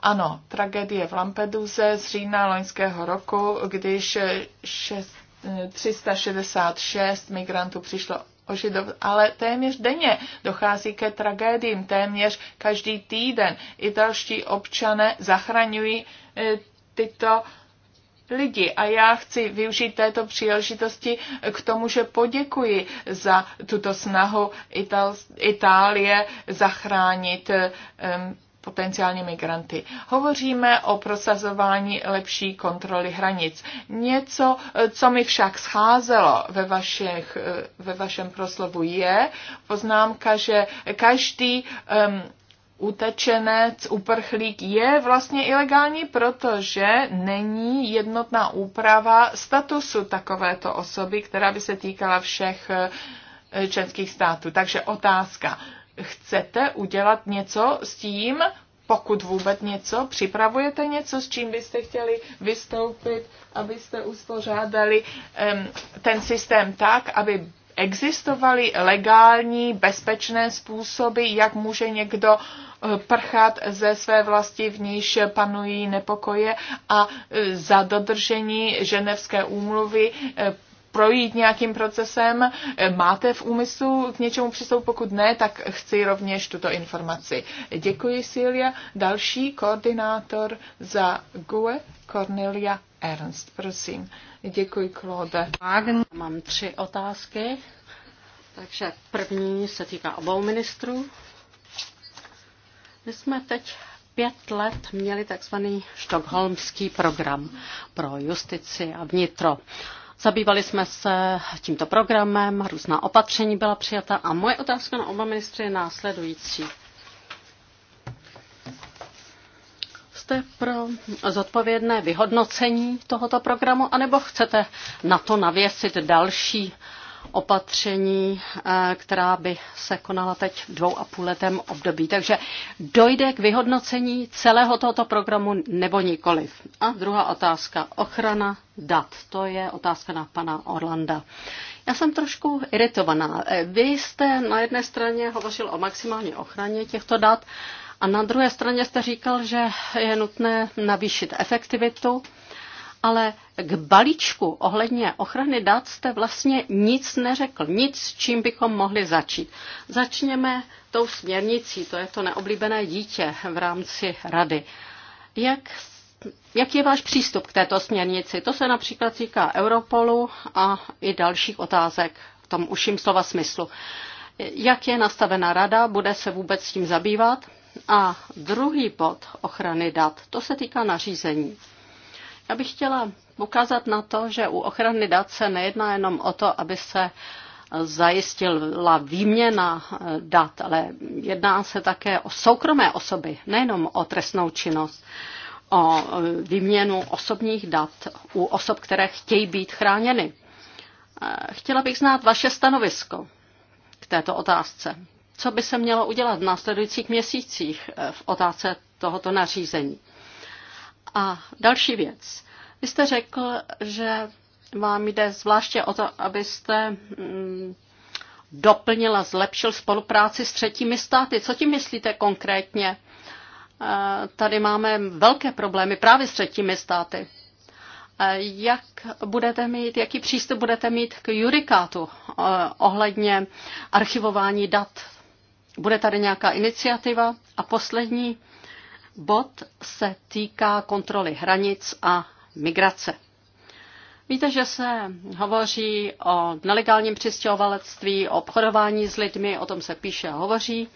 Ano, tragédie v Lampeduze z října loňského roku, když šest, 366 migrantů přišlo židov, ale téměř denně dochází ke tragédiím, téměř každý týden italští občané zachraňují e, tyto lidi. A já chci využít této příležitosti k tomu, že poděkuji za tuto snahu Itál- Itálie zachránit e, potenciální migranty. Hovoříme o prosazování lepší kontroly hranic. Něco, co mi však scházelo ve, vašich, eh, ve vašem proslovu, je poznámka, že každý um, utečenec, uprchlík je vlastně ilegální, protože není jednotná úprava statusu takovéto osoby, která by se týkala všech eh, členských států. Takže otázka chcete udělat něco s tím, pokud vůbec něco, připravujete něco, s čím byste chtěli vystoupit, abyste uspořádali um, ten systém tak, aby existovaly legální, bezpečné způsoby, jak může někdo eh, prchat ze své vlasti, v níž panují nepokoje a eh, za dodržení ženevské úmluvy eh, projít nějakým procesem, máte v úmyslu k něčemu přistoupit, pokud ne, tak chci rovněž tuto informaci. Děkuji, Silvia. Další koordinátor za GUE, Cornelia Ernst, prosím. Děkuji, Claude. Mám tři otázky. Takže první se týká obou ministrů. My jsme teď pět let měli takzvaný štokholmský program pro justici a vnitro. Zabývali jsme se tímto programem, různá opatření byla přijata a moje otázka na oba ministry je následující. Jste pro zodpovědné vyhodnocení tohoto programu, anebo chcete na to navěsit další opatření, eh, která by se konala teď v dvou a půl letem období. Takže dojde k vyhodnocení celého tohoto programu nebo nikoliv. A druhá otázka, ochrana dat. To je otázka na pana Orlanda. Já jsem trošku iritovaná. Eh, vy jste na jedné straně hovořil o maximální ochraně těchto dat a na druhé straně jste říkal, že je nutné navýšit efektivitu ale k balíčku ohledně ochrany dat jste vlastně nic neřekl, nic, čím bychom mohli začít. Začněme tou směrnicí, to je to neoblíbené dítě v rámci rady. Jak Jak je váš přístup k této směrnici? To se například týká Europolu a i dalších otázek v tom uším slova smyslu. Jak je nastavena rada? Bude se vůbec s tím zabývat? A druhý bod ochrany dat, to se týká nařízení. Já bych chtěla ukázat na to, že u ochrany dat se nejedná jenom o to, aby se zajistila výměna eh, dat, ale jedná se také o soukromé osoby, nejenom o trestnou činnost, o eh, výměnu osobních dat u osob, které chtějí být chráněny. Eh, chtěla bych znát vaše stanovisko k této otázce. Co by se mělo udělat v následujících měsících v otázce tohoto nařízení? A další věc. Vy jste řekl, že vám jde zvláště o to, abyste mm, doplnil a zlepšil spolupráci s třetími státy. Co tím myslíte konkrétně? E, tady máme velké problémy právě s třetími státy. E, jak budete mít, jaký přístup budete mít k jurikátu e, ohledně archivování dat? Bude tady nějaká iniciativa? A poslední bod se týká kontroly hranic a migrace. Víte, že se hovoří o nelegálním přistěhovalectví, o obchodování s lidmi, o tom se píše a hovoří.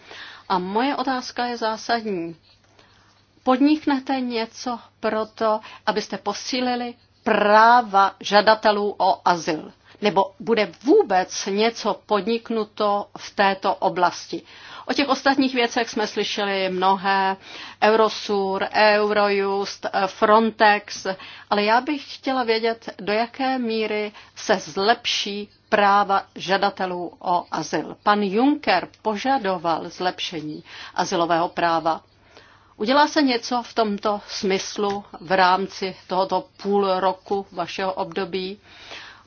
A moje otázka je zásadní. Podniknete něco pro to, abyste posílili práva žadatelů o azyl? Nebo bude vůbec něco podniknuto v této oblasti? O těch ostatních věcech jsme slyšeli mnohé. Eurosur, Eurojust, Frontex, ale já bych chtěla vědět, do jaké míry se zlepší práva žadatelů o azyl. Pan Juncker požadoval zlepšení azylového práva. Udělá se něco v tomto smyslu v rámci tohoto půl roku vašeho období?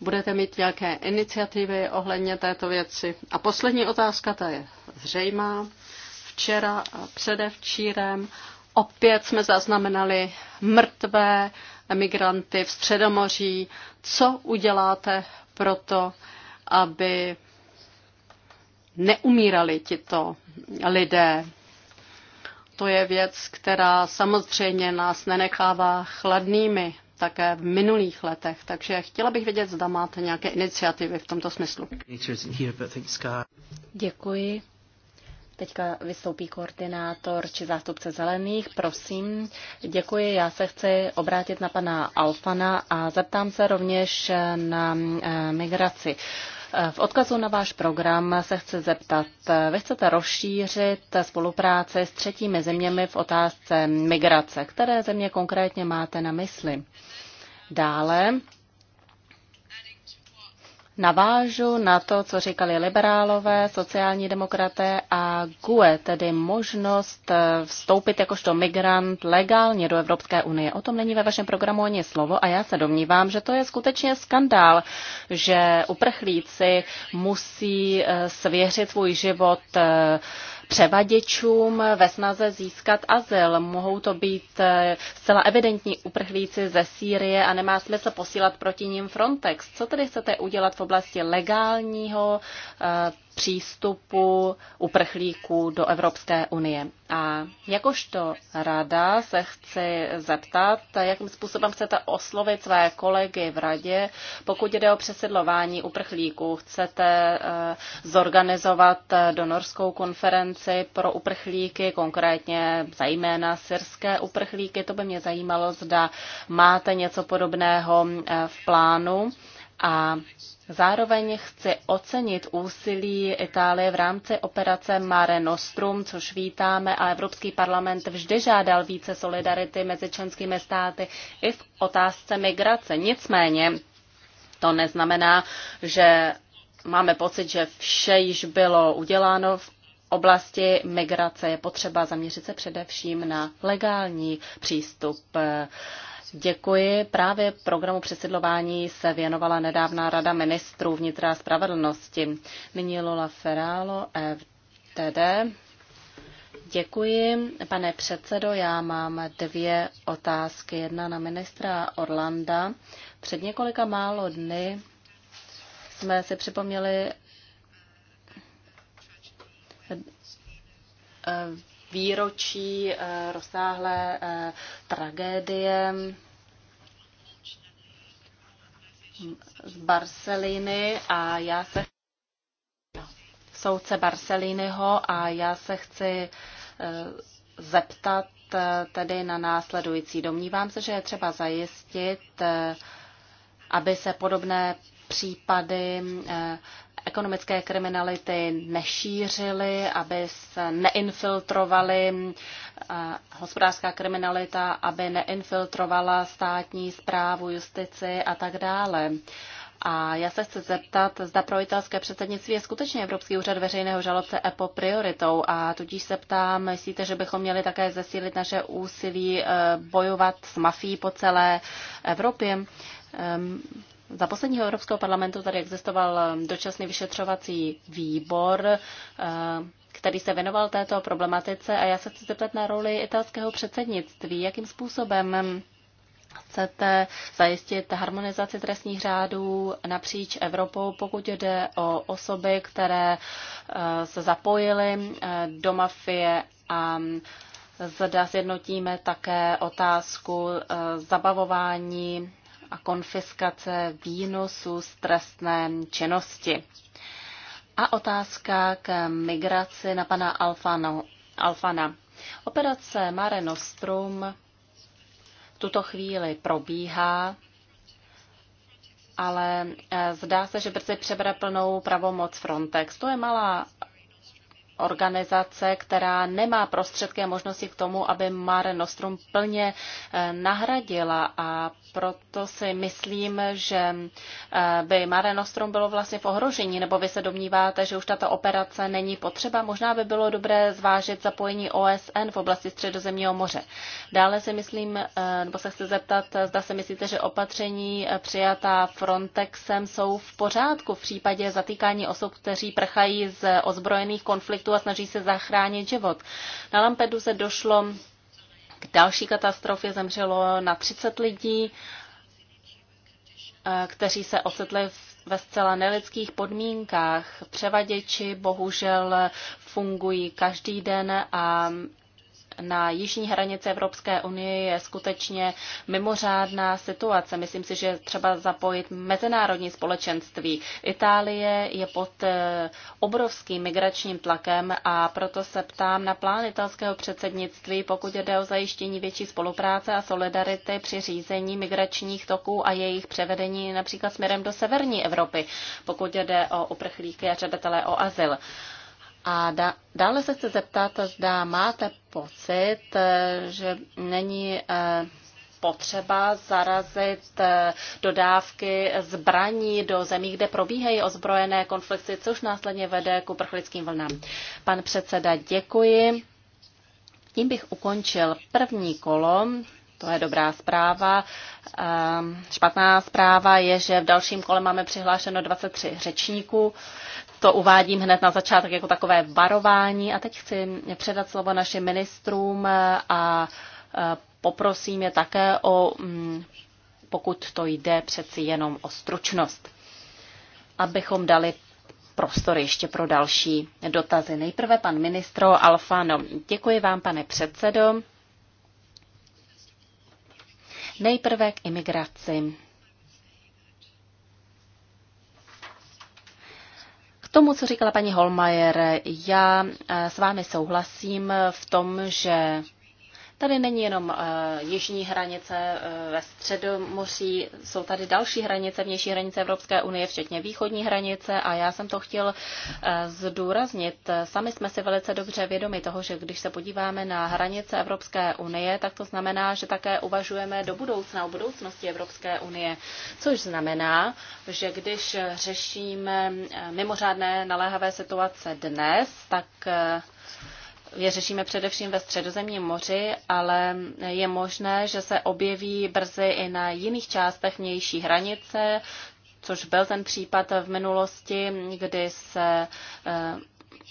Budete mít nějaké iniciativy ohledně této věci? A poslední otázka, ta je zřejmá. Včera předevčírem opět jsme zaznamenali mrtvé emigranty v Středomoří. Co uděláte pro to, aby neumírali tito lidé? To je věc, která samozřejmě nás nenechává chladnými také v minulých letech. Takže chtěla bych vědět, zda máte nějaké iniciativy v tomto smyslu. Děkuji. Teďka vystoupí koordinátor či zástupce zelených. Prosím, děkuji. Já se chci obrátit na pana Alfana a zeptám se rovněž na eh, migraci. Eh, v odkazu na váš program se chci zeptat, eh, vy chcete rozšířit spolupráce s třetími zeměmi v otázce migrace. Které země konkrétně máte na mysli? Dále navážu na to, co říkali liberálové, sociální demokraté a GUE, tedy možnost eh, vstoupit jakožto migrant legálně do Evropské unie. O tom není ve vašem programu ani slovo a já se domnívám, že to je skutečně skandál, že uprchlíci musí eh, svěřit svůj život eh, převaděčům ve snaze získat azyl. Mohou to být eh, zcela evidentní uprchlíci ze Sýrie a nemá smysl posílat proti ním Frontex. Co tedy chcete udělat v oblasti legálního eh, přístupu uprchlíků do Evropské unie. A jakožto rada se chci zeptat, jakým způsobem chcete oslovit své kolegy v radě, pokud jde o přesedlování uprchlíků. Chcete eh, zorganizovat eh, donorskou konferenci pro uprchlíky, konkrétně zejména syrské uprchlíky. To by mě zajímalo, zda máte něco podobného eh, v plánu. A Zároveň chci ocenit úsilí Itálie v rámci operace Mare Nostrum, což vítáme a Evropský parlament vždy žádal více solidarity mezi členskými státy i v otázce migrace. Nicméně to neznamená, že máme pocit, že vše již bylo uděláno v oblasti migrace. Je potřeba zaměřit se především na legální přístup Děkuji. Právě programu přesidlování se věnovala nedávná rada ministrů vnitra a spravedlnosti. Nyní Lola Ferálo, FTD. Děkuji, pane předsedo. Já mám dvě otázky. Jedna na ministra Orlanda. Před několika málo dny jsme si připomněli eh, výročí eh, rozsáhlé eh, tragédie z Barceliny a já se soudce Barcelínyho a já se chci eh, zeptat tedy na následující. Domnívám se, že je třeba zajistit, aby se podobné případy ekonomické kriminality nešířily, aby se neinfiltrovaly eh, hospodářská kriminalita, aby neinfiltrovala státní zprávu, justici a tak dále. A já se chci zeptat, zda pro italské předsednictví je skutečně Evropský úřad veřejného žalobce EPO prioritou a tudíž se ptám, myslíte, že bychom měli také zesílit naše úsilí eh, bojovat s mafií po celé Evropě? Ehm, za posledního Evropského parlamentu tady existoval eh, dočasný vyšetřovací výbor, eh, který se věnoval této problematice a já se chci zeptat na roli italského předsednictví. Jakým způsobem hm, chcete zajistit harmonizaci trestních řádů napříč Evropou, pokud jde o osoby, které eh, se zapojily do mafie a hm, zda sjednotíme také otázku zabavování a konfiskace výnosů z trestné činnosti. A otázka k migraci na pana Alfano, Alfana. Operace Mare Nostrum v tuto chvíli probíhá, ale eh, zdá se, že brzy přebere plnou pravomoc Frontex. To je malá organizace, která nemá prostředky a možnosti k tomu, aby Mare Nostrum plně eh, nahradila a proto si myslím, že eh, by Mare Nostrum bylo vlastně v ohrožení, nebo vy se domníváte, že už tato operace není potřeba. Možná by bylo dobré zvážit zapojení OSN v oblasti Středozemního moře. Dále si myslím, eh, nebo se chci zeptat, zda si myslíte, že opatření přijatá Frontexem jsou v pořádku v případě zatýkání osob, kteří prchají z ozbrojených konfliktů konfliktu a snaží se zachránit život. Na Lampeduze došlo k další katastrofě, zemřelo na 30 lidí, eh, kteří se ocitli ve zcela nelidských podmínkách. Převaděči bohužel fungují každý den a na jižní hranici Evropské unie je skutečně mimořádná situace. Myslím si, že třeba zapojit mezinárodní společenství. Itálie je pod eh, obrovským migračním tlakem a proto se ptám na plán italského předsednictví, pokud jde o zajištění větší spolupráce a solidarity při řízení migračních toků a jejich převedení například směrem do severní Evropy, pokud jde o uprchlíky a řadatelé o azyl. A da, dále se chci zeptat, zda máte pocit, eh, že není eh, potřeba zarazit eh, dodávky zbraní do zemí, kde probíhají ozbrojené konflikty, což následně vede k uprchlickým vlnám. Pan předseda, děkuji. Tím bych ukončil první kolo. To je dobrá zpráva. Ehm, špatná zpráva je, že v dalším kole máme přihlášeno 23 řečníků to uvádím hned na začátek jako takové varování. A teď chci předat slovo našim ministrům a poprosím je také o, mm, pokud to jde, přeci jenom o stručnost, abychom dali prostor ještě pro další dotazy. Nejprve pan ministro Alfano. Děkuji vám, pane předsedo. Nejprve k imigraci. tomu, co říkala paní Holmajer, já eh, s vámi souhlasím v tom, že Tady není jenom eh, jižní hranice eh, ve středomoří, jsou tady další hranice, vnější hranice Evropské unie, včetně východní hranice a já jsem to chtěl eh, zdůraznit. Sami jsme si velice dobře vědomi toho, že když se podíváme na hranice Evropské unie, tak to znamená, že také uvažujeme do budoucna, o budoucnosti Evropské unie, což znamená, že když řešíme mimořádné naléhavé situace dnes, tak je řešíme především ve středozemním moři, ale je možné, že se objeví brzy i na jiných částech vnější hranice, což byl ten případ v minulosti, kdy se eh,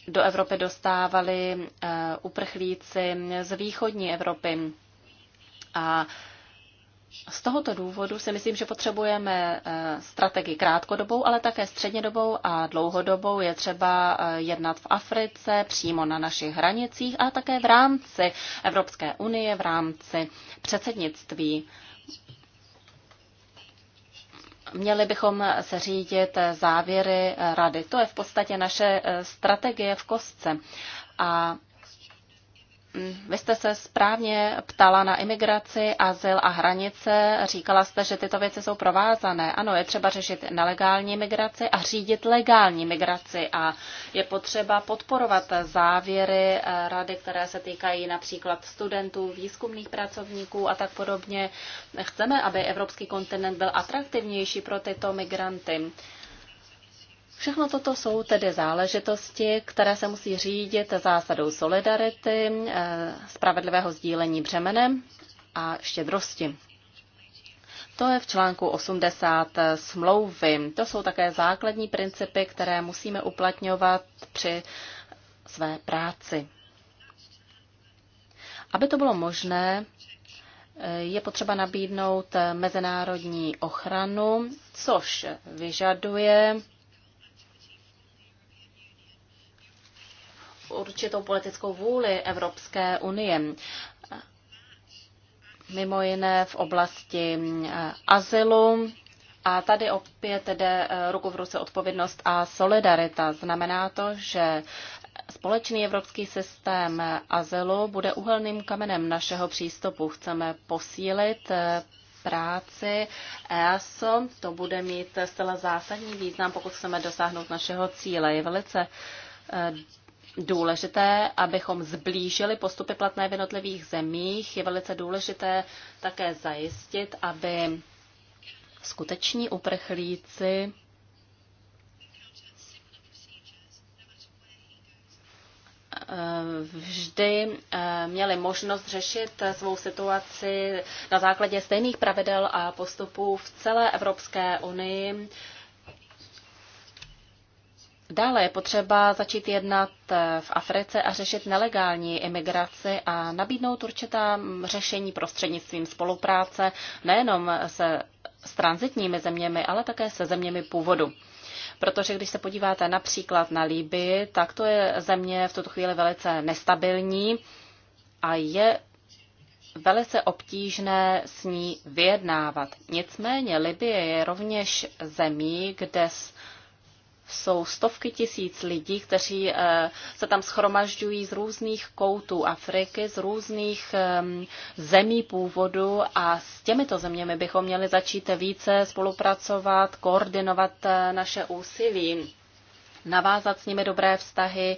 do Evropy dostávali eh, uprchlíci z východní Evropy. A z tohoto důvodu si myslím, že potřebujeme eh, strategii krátkodobou, ale také střednědobou a dlouhodobou. Je třeba eh, jednat v Africe, přímo na našich hranicích a také v rámci Evropské unie, v rámci předsednictví. Měli bychom se řídit eh, závěry rady. To je v podstatě naše strategie v kostce. A vy jste se správně ptala na imigraci, azyl a hranice. Říkala jste, že tyto věci jsou provázané. Ano, je třeba řešit nelegální migraci a řídit legální migraci. A je potřeba podporovat závěry eh, rady, které se týkají například studentů, výzkumných pracovníků a tak podobně. Chceme, aby evropský kontinent byl atraktivnější pro tyto migranty. Všechno toto jsou tedy záležitosti, které se musí řídit zásadou solidarity, eh, spravedlivého sdílení břemenem a štědrosti. To je v článku 80 eh, smlouvy. To jsou také základní principy, které musíme uplatňovat při své práci. Aby to bylo možné, eh, je potřeba nabídnout mezinárodní ochranu, což vyžaduje určitou politickou vůli Evropské unie. Mimo jiné v oblasti eh, azylu. A tady opět jde eh, ruku v ruce odpovědnost a solidarita. Znamená to, že Společný evropský systém eh, azylu bude uhelným kamenem našeho přístupu. Chceme posílit práci EASO. To bude mít zcela zásadní význam, pokud chceme dosáhnout našeho cíle. Je velice důležité, abychom zblížili postupy platné v jednotlivých zemích. Je velice důležité také zajistit, aby skuteční uprchlíci vždy eh, měli možnost řešit svou situaci na základě stejných pravidel a postupů v celé Evropské unii Dále je potřeba začít jednat eh, v Africe a řešit nelegální imigraci a nabídnout určitá mm, řešení prostřednictvím spolupráce nejenom se s transitními zeměmi, ale také se zeměmi původu. Protože když se podíváte například na Líbii, tak to je země v tuto chvíli velice nestabilní a je velice obtížné s ní vyjednávat. Nicméně Libie je rovněž zemí, kde jsou stovky tisíc lidí, kteří eh, se tam schromažďují z různých koutů Afriky, z různých ehm, zemí původu a s těmito zeměmi bychom měli začít více spolupracovat, koordinovat eh, naše úsilí, navázat s nimi dobré vztahy,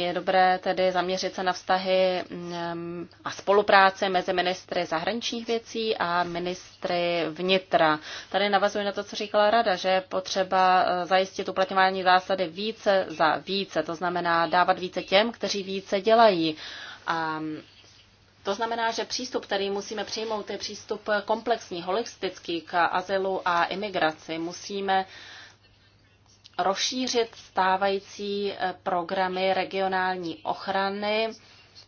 je dobré tedy zaměřit se na vztahy mm, a spolupráce mezi ministry zahraničních věcí a ministry vnitra. Tady navazuje na to, co říkala Rada, že je potřeba eh, zajistit uplatňování zásady více za více, to znamená dávat více těm, kteří více dělají. A mm, to znamená, že přístup, který musíme přijmout, je přístup komplexní, holistický k azylu a imigraci. Musíme uh, rozšířit stávající eh, programy regionální ochrany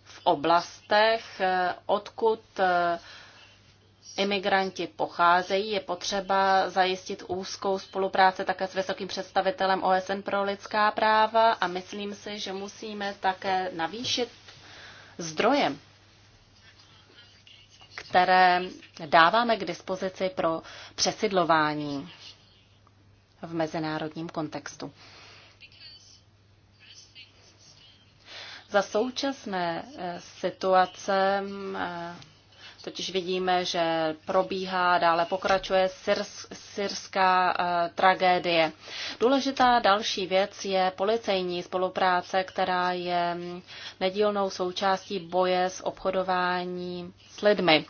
v oblastech, eh, odkud eh, imigranti pocházejí. Je potřeba zajistit úzkou spolupráci také s vysokým představitelem OSN pro lidská práva a myslím si, že musíme také navýšit zdroje, které dáváme k dispozici pro přesidlování v mezinárodním kontextu. Za současné eh, situace eh, totiž vidíme, že probíhá, dále pokračuje syrská eh, tragédie. Důležitá další věc je policejní spolupráce, která je nedílnou součástí boje s obchodováním s lidmi.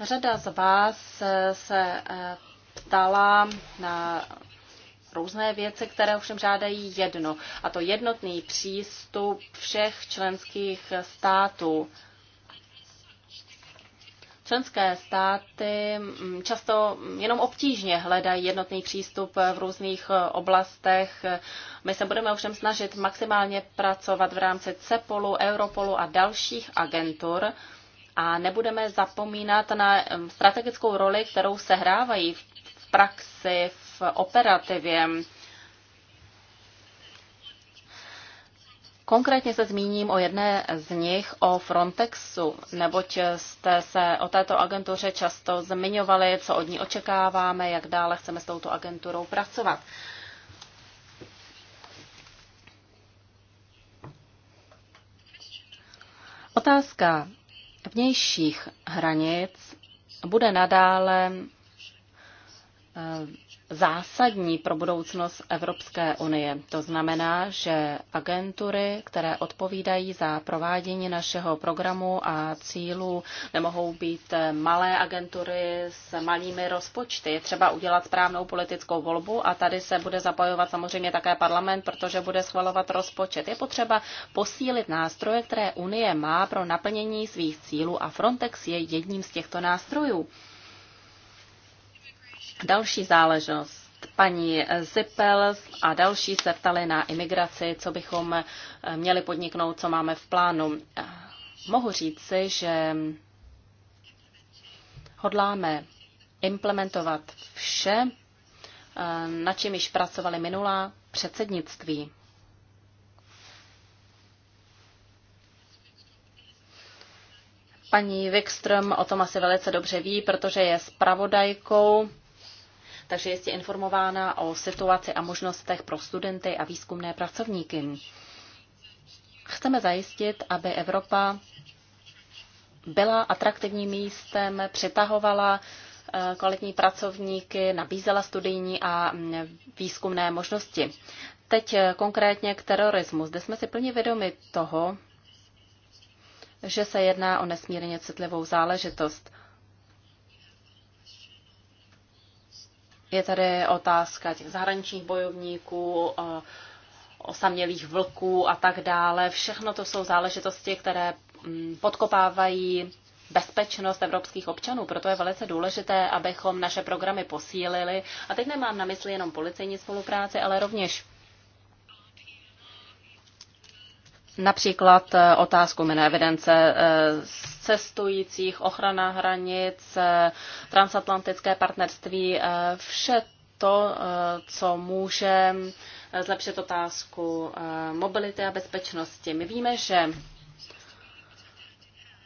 Řada z vás se ptala na různé věci, které ovšem žádají jedno, a to jednotný přístup všech členských států. Členské státy mm, často jenom obtížně hledají jednotný přístup v různých oblastech. My se budeme ovšem snažit maximálně pracovat v rámci CEPOLu, Europolu a dalších agentur a nebudeme zapomínat na mm, strategickou roli, kterou sehrávají v praxi, v operativě. Konkrétně se zmíním o jedné z nich, o Frontexu, neboť jste se o této agentuře často zmiňovali, co od ní očekáváme, jak dále chceme s touto agenturou pracovat. Otázka vnějších hranic bude nadále Eh, zásadní pro budoucnost Evropské unie. To znamená, že agentury, které odpovídají za provádění našeho programu a cílů, nemohou být eh, malé agentury s malými rozpočty. Je třeba udělat správnou politickou volbu a tady se bude zapojovat samozřejmě také parlament, protože bude schvalovat rozpočet. Je potřeba posílit nástroje, které Unie má pro naplnění svých cílů a Frontex je jedním z těchto nástrojů. Další záležitost. Paní Zipel a další se ptali na imigraci, co bychom eh, měli podniknout, co máme v plánu. Eh, mohu říci, že hodláme implementovat vše, eh, na čem již pracovali minulá předsednictví. Paní Wikström o tom asi velice dobře ví, protože je spravodajkou takže jistě informována o situaci a možnostech pro studenty a výzkumné pracovníky. Chceme zajistit, aby Evropa byla atraktivním místem, přitahovala eh, kvalitní pracovníky, nabízela studijní a mm, výzkumné možnosti. Teď eh, konkrétně k terorismu. Zde jsme si plně vědomi toho, že se jedná o nesmírně citlivou záležitost. Je tady otázka těch zahraničních bojovníků, osamělých vlků a tak dále. Všechno to jsou záležitosti, které mm, podkopávají bezpečnost evropských občanů. Proto je velice důležité, abychom naše programy posílili. A teď nemám na mysli jenom policejní spolupráci, ale rovněž Například eh, otázku jmené evidence eh, cestujících, ochrana hranic, eh, transatlantické partnerství, vše to, co může zlepšit otázku mobility a bezpečnosti. My víme, že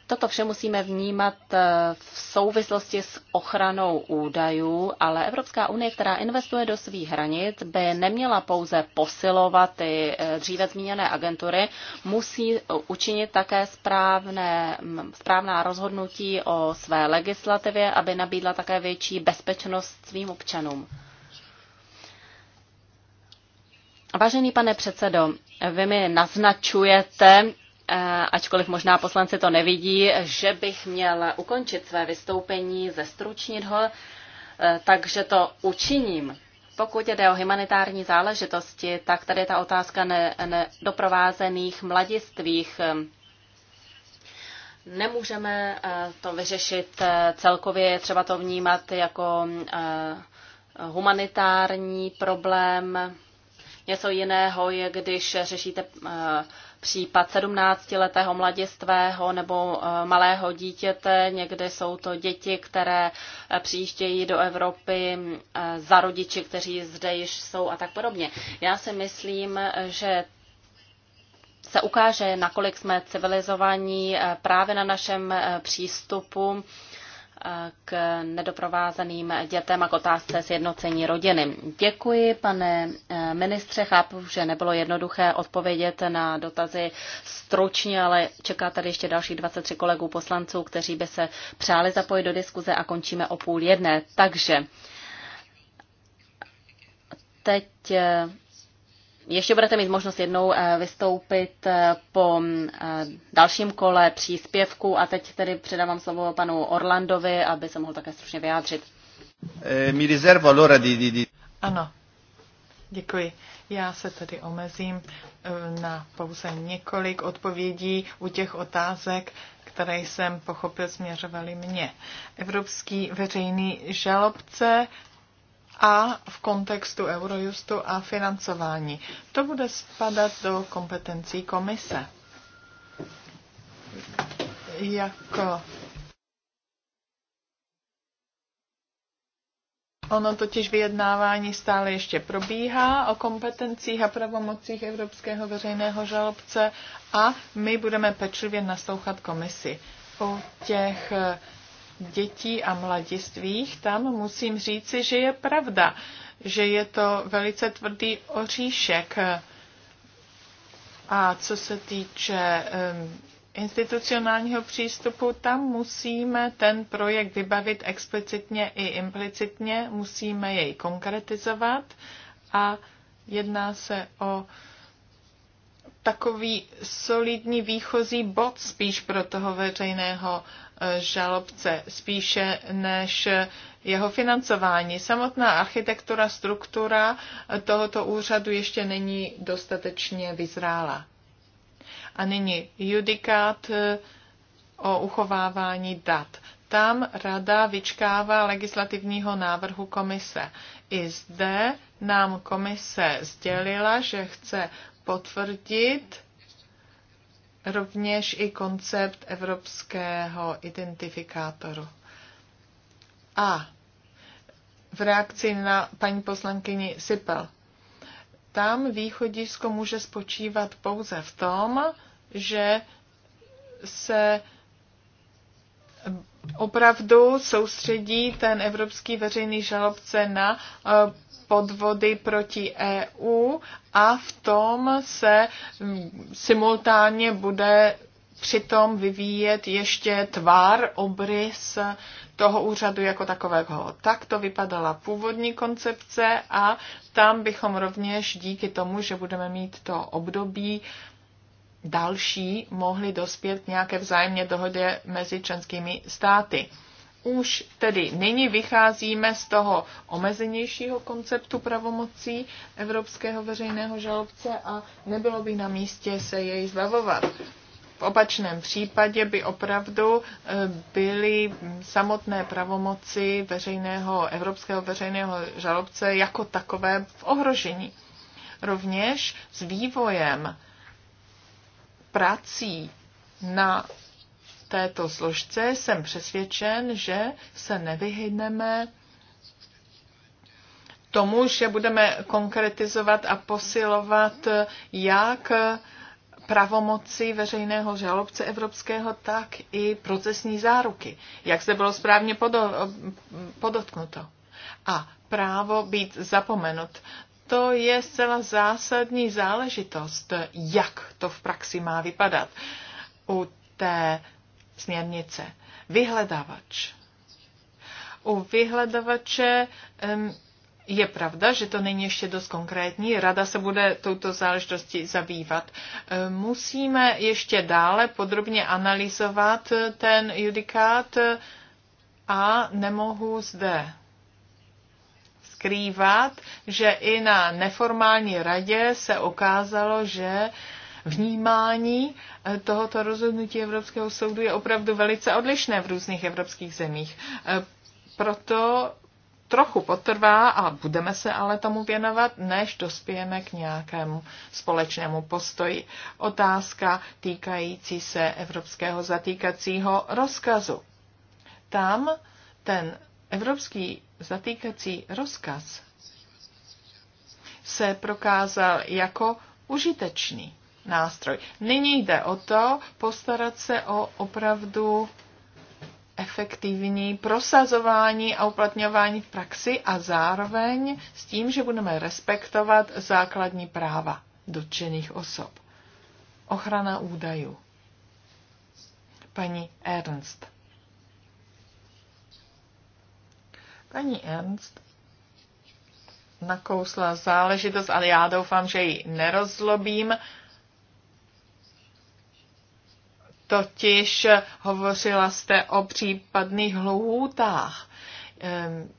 Toto vše musíme vnímat eh, v souvislosti s ochranou údajů, ale Evropská unie, která investuje do svých hranic, by neměla pouze posilovat ty eh, dříve zmíněné agentury, musí eh, učinit také správné, správná rozhodnutí o své legislativě, aby nabídla také větší bezpečnost svým občanům. Vážený pane předsedo, vy mi naznačujete, Eh, ačkoliv možná poslanci to nevidí, že bych měl ukončit své vystoupení, zestručnit ho, eh, takže to učiním. Pokud jde o humanitární záležitosti, tak tady je ta otázka ne, mladistvích. mladistvých. Nemůžeme eh, to vyřešit celkově, je třeba to vnímat jako humanitární problém. Něco jiného je, když řešíte případ 17-letého mladistvého nebo eh, malého dítěte. Někdy jsou to děti, které eh, přijíždějí do Evropy eh, za rodiči, kteří zde již jsou a tak podobně. Já si myslím, že se ukáže, nakolik jsme civilizovaní právě na našem přístupu k nedoprovázeným dětem a k otázce sjednocení rodiny. Děkuji, pane eh, ministře. Chápu, že nebylo jednoduché odpovědět na dotazy stručně, ale čeká tady ještě dalších 23 kolegů poslanců, kteří by se přáli zapojit do diskuze a končíme o půl jedné. Takže teď eh, ještě budete mít možnost jednou eh, vystoupit eh, po eh, dalším kole příspěvku a teď tedy předávám slovo panu Orlandovi, aby se mohl také stručně vyjádřit. Mi rezervo allora di, di... Ano, děkuji. Já se tedy omezím na pouze několik odpovědí u těch otázek, které jsem pochopil směřovaly mě. Evropský veřejný žalobce, a v kontextu Eurojustu a financování. To bude spadat do kompetencí komise. Jako Ono totiž vyjednávání stále ještě probíhá o kompetencích a pravomocích Evropského veřejného žalobce a my budeme pečlivě naslouchat komisi o těch dětí a mladistvých, tam musím říci, že je pravda, že je to velice tvrdý oříšek. A co se týče institucionálního přístupu, tam musíme ten projekt vybavit explicitně i implicitně, musíme jej konkretizovat a jedná se o takový solidní výchozí bod spíš pro toho veřejného žalobce spíše než jeho financování. Samotná architektura, struktura tohoto úřadu ještě není dostatečně vyzrála. A nyní judikát eh, o uchovávání dat. Tam rada vyčkává legislativního návrhu komise. I zde nám komise sdělila, že chce potvrdit rovněž i koncept evropského identifikátoru. A v reakci na paní poslankyni Sipel. Tam východisko může spočívat pouze v tom, že se opravdu soustředí ten evropský veřejný žalobce na eh, podvody proti EU a v tom se mm, simultánně bude přitom vyvíjet ještě tvár, obrys toho úřadu jako takového. Tak to vypadala původní koncepce a tam bychom rovněž díky tomu, že budeme mít to období další mohli dospět k nějaké vzájemně dohodě mezi členskými státy. Už tedy nyní vycházíme z toho omezenějšího konceptu pravomocí Evropského veřejného žalobce a nebylo by na místě se jej zbavovat. V opačném případě by opravdu eh, byly samotné pravomoci veřejného, evropského veřejného žalobce jako takové v ohrožení. Rovněž s vývojem prací na této složce jsem přesvědčen, že se nevyhyneme tomu, že budeme konkretizovat a posilovat jak pravomoci veřejného žalobce evropského, tak i procesní záruky, jak se bylo správně podotknuto. A právo být zapomenut to je zcela zásadní záležitost, jak to v praxi má vypadat u té směrnice. Vyhledavač. U vyhledavače je pravda, že to není ještě dost konkrétní. Rada se bude touto záležitostí zabývat. Musíme ještě dále podrobně analyzovat ten judikát a nemohu zde skrývat, že i na neformální radě se ukázalo, že vnímání eh, tohoto rozhodnutí Evropského soudu je opravdu velice odlišné v různých evropských zemích. Eh, proto trochu potrvá a budeme se ale tomu věnovat, než dospějeme k nějakému společnému postoji. Otázka týkající se evropského zatýkacího rozkazu. Tam ten Evropský zatýkací rozkaz se prokázal jako užitečný nástroj. Nyní jde o to postarat se o opravdu efektivní prosazování a uplatňování v praxi a zároveň s tím, že budeme respektovat základní práva dotčených osob. Ochrana údajů. Paní Ernst Paní Ernst nakousla záležitost, ale já doufám, že ji nerozlobím. Totiž hovořila jste o případných lhůtách. Ehm,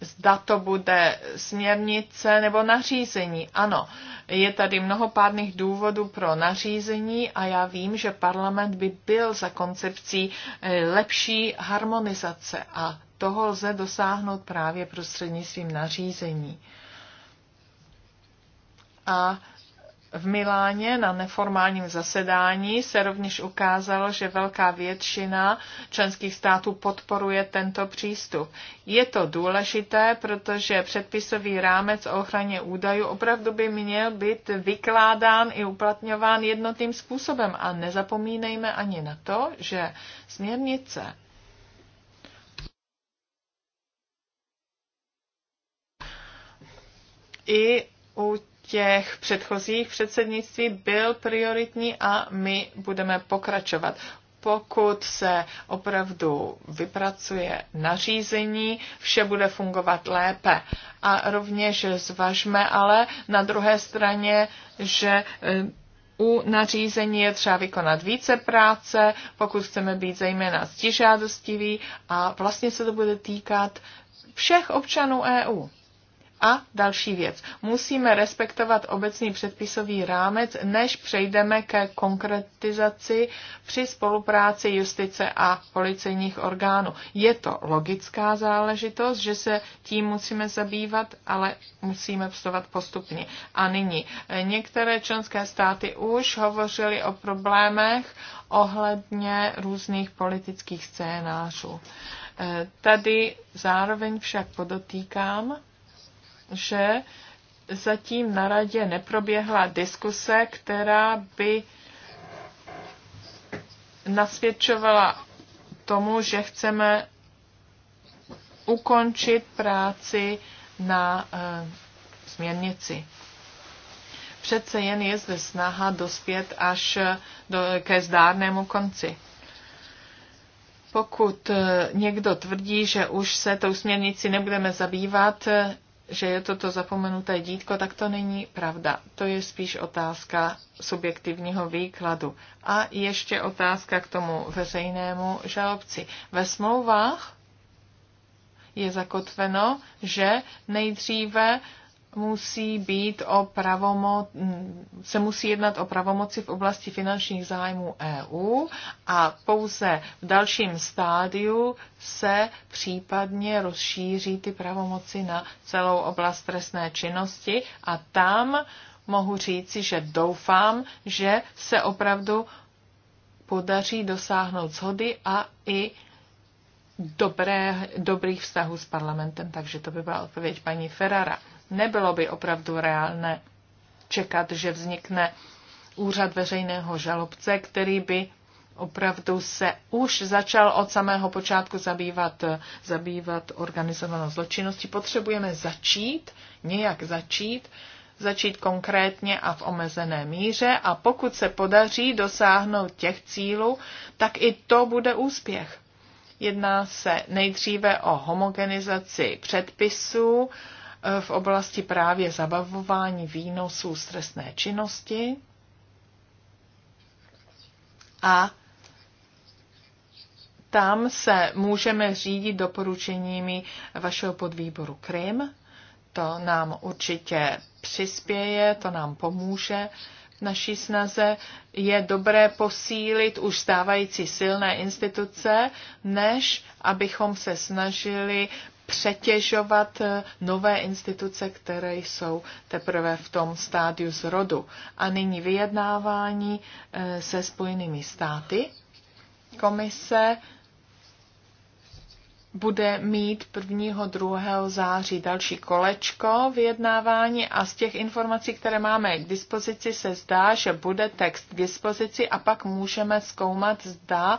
zda to bude směrnice nebo nařízení. Ano, je tady mnoho pádných důvodů pro nařízení a já vím, že parlament by byl za koncepcí eh, lepší harmonizace a toho lze dosáhnout právě prostřednictvím nařízení. A v Miláně na neformálním zasedání se rovněž ukázalo, že velká většina členských států podporuje tento přístup. Je to důležité, protože předpisový rámec o ochraně údajů opravdu by měl být vykládán i uplatňován jednotným způsobem. A nezapomínejme ani na to, že směrnice i u těch předchozích předsednictví byl prioritní a my budeme pokračovat. Pokud se opravdu vypracuje nařízení, vše bude fungovat lépe. A rovněž zvažme ale na druhé straně, že eh, u nařízení je třeba vykonat více práce, pokud chceme být zejména stižádostiví a vlastně se to bude týkat všech občanů EU. A další věc. Musíme respektovat obecný předpisový rámec, než přejdeme ke konkretizaci při spolupráci justice a policejních orgánů. Je to logická záležitost, že se tím musíme zabývat, ale musíme vstovat postupně. A nyní eh, některé členské státy už hovořily o problémech ohledně různých politických scénářů. Eh, Tady zároveň však podotýkám, že zatím na radě neproběhla diskuse, která by nasvědčovala tomu, že chceme ukončit práci na e, směrnici. Přece jen je zde snaha dospět až do, ke zdárnému konci. Pokud eh, někdo tvrdí, že už se tou směrnici nebudeme zabývat, eh, že je toto zapomenuté dítko, tak to není pravda. To je spíš otázka subjektivního výkladu. A ještě otázka k tomu veřejnému žalobci. Ve smlouvách je zakotveno, že nejdříve musí být o pravomo, mm, se musí jednat o pravomoci v oblasti finančních zájmů EU a pouze v dalším stádiu se případně rozšíří ty pravomoci na celou oblast trestné činnosti a tam mohu říci, že doufám, že se opravdu podaří dosáhnout shody a i dobré, dobrých vztahů s parlamentem. Takže to by byla odpověď paní Ferrara. Nebylo by opravdu reálné čekat, že vznikne úřad veřejného žalobce, který by opravdu se už začal od samého počátku zabývat, zabývat organizovanou zločinností. Potřebujeme začít, nějak začít, začít konkrétně a v omezené míře a pokud se podaří dosáhnout těch cílů, tak i to bude úspěch. Jedná se nejdříve o homogenizaci předpisů, v oblasti právě zabavování výnosů z trestné činnosti a tam se můžeme řídit doporučeními vašeho podvýboru Krim. To nám určitě přispěje, to nám pomůže v naší snaze je dobré posílit už stávající silné instituce, než abychom se snažili přetěžovat eh, nové instituce, které jsou teprve v tom stádiu zrodu. A nyní vyjednávání eh, se Spojenými státy. Komise bude mít 1. 2. září další kolečko vyjednávání a z těch informací, které máme k dispozici, se zdá, že bude text k dispozici a pak můžeme zkoumat, zda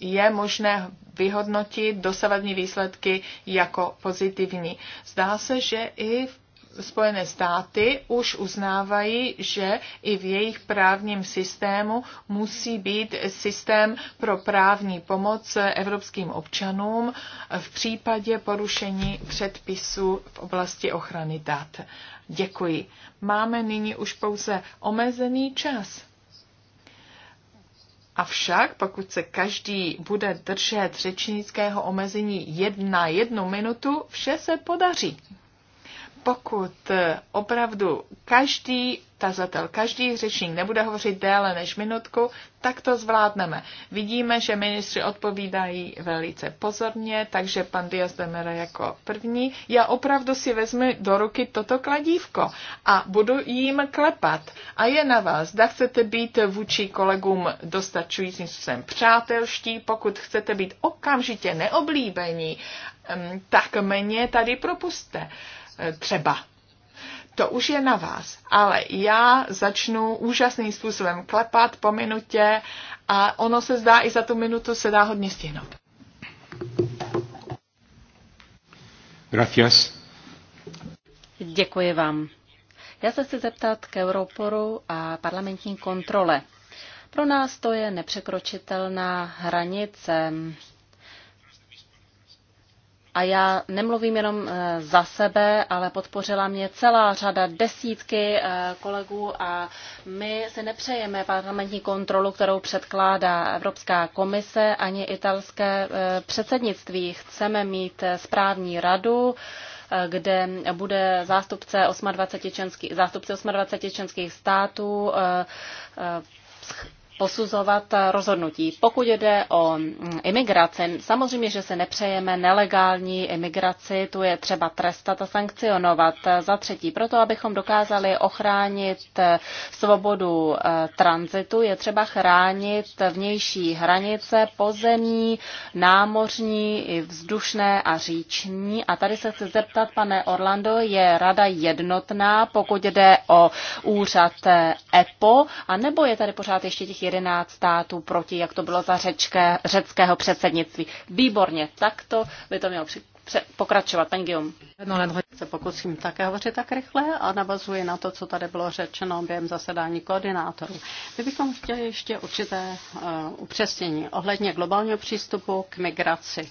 je možné vyhodnotit dosavadní výsledky jako pozitivní. Zdá se, že i v Spojené státy už uznávají, že i v jejich právním systému musí být systém pro právní pomoc evropským občanům v případě porušení předpisů v oblasti ochrany dat. Děkuji. Máme nyní už pouze omezený čas. Avšak pokud se každý bude držet řečnického omezení jedna jednu minutu, vše se podaří pokud eh, opravdu každý tazatel, každý řečník nebude hovořit déle než minutku, tak to zvládneme. Vidíme, že ministři odpovídají velice pozorně, takže pan Diaz Demera jako první. Já opravdu si vezmu do ruky toto kladívko a budu jim klepat. A je na vás, zda chcete být vůči kolegům dostačujícím způsobem přátelští, pokud chcete být okamžitě neoblíbení, tak mě tady propuste. Eh, třeba. To už je na vás, ale já začnu úžasným způsobem klepat po minutě a ono se zdá, i za tu minutu se dá hodně stihnout. Gracias. Děkuji vám. Já se chci zeptat k Europoru a parlamentní kontrole. Pro nás to je nepřekročitelná hranice. A já nemluvím jenom eh, za sebe, ale podpořila mě celá řada desítky eh, kolegů a my si nepřejeme parlamentní kontrolu, kterou předkládá Evropská komise ani italské eh, předsednictví. Chceme mít správní radu, kde bude zástupce 28 členských, zástupce 28 členských států posuzovat rozhodnutí. Pokud jde o imigraci, samozřejmě, že se nepřejeme nelegální imigraci, tu je třeba trestat a sankcionovat. Za třetí, proto abychom dokázali ochránit svobodu eh, tranzitu, je třeba chránit vnější hranice pozemní, námořní, i vzdušné a říční. A tady se chci zeptat, pane Orlando, je rada jednotná, pokud jde o úřad EPO, eh, e a nebo je tady pořád ještě těch 11 států proti, jak to bylo za řečké, řeckého předsednictví. Výborně, takto by to mělo při, pře, pokračovat. Paní Gium. No, se pokusím také hovořit tak rychle a navazuji na to, co tady bylo řečeno během zasedání koordinátorů. My bychom chtěli ještě určité uh, upřesnění ohledně globálního přístupu k migraci.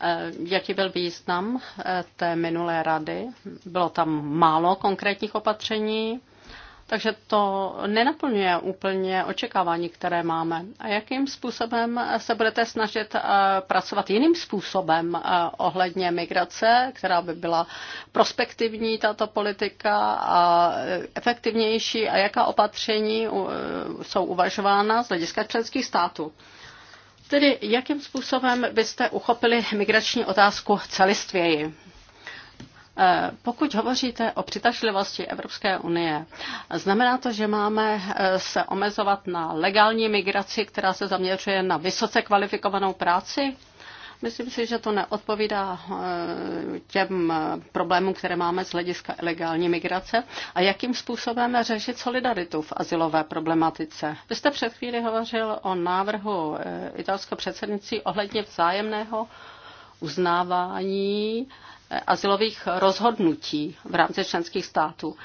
Eh, jaký byl význam eh, té minulé rady? Bylo tam málo konkrétních opatření, takže to nenaplňuje úplně očekávání, které máme. A jakým způsobem se budete snažit eh, pracovat jiným způsobem eh, ohledně migrace, která by byla prospektivní, tato politika, a efektivnější a jaká opatření eh, jsou uvažována z hlediska členských států? Tedy jakým způsobem byste uchopili migrační otázku celistvěji? Eh, pokud hovoříte o přitažlivosti Evropské unie, znamená to, že máme eh, se omezovat na legální migraci, která se zaměřuje na vysoce kvalifikovanou práci? Myslím si, že to neodpovídá eh, těm problémům, které máme z hlediska ilegální migrace a jakým způsobem řešit solidaritu v asilové problematice. Vy jste před chvíli hovořil o návrhu italského předsednictví ohledně vzájemného uznávání asilových rozhodnutí v rámci členských států.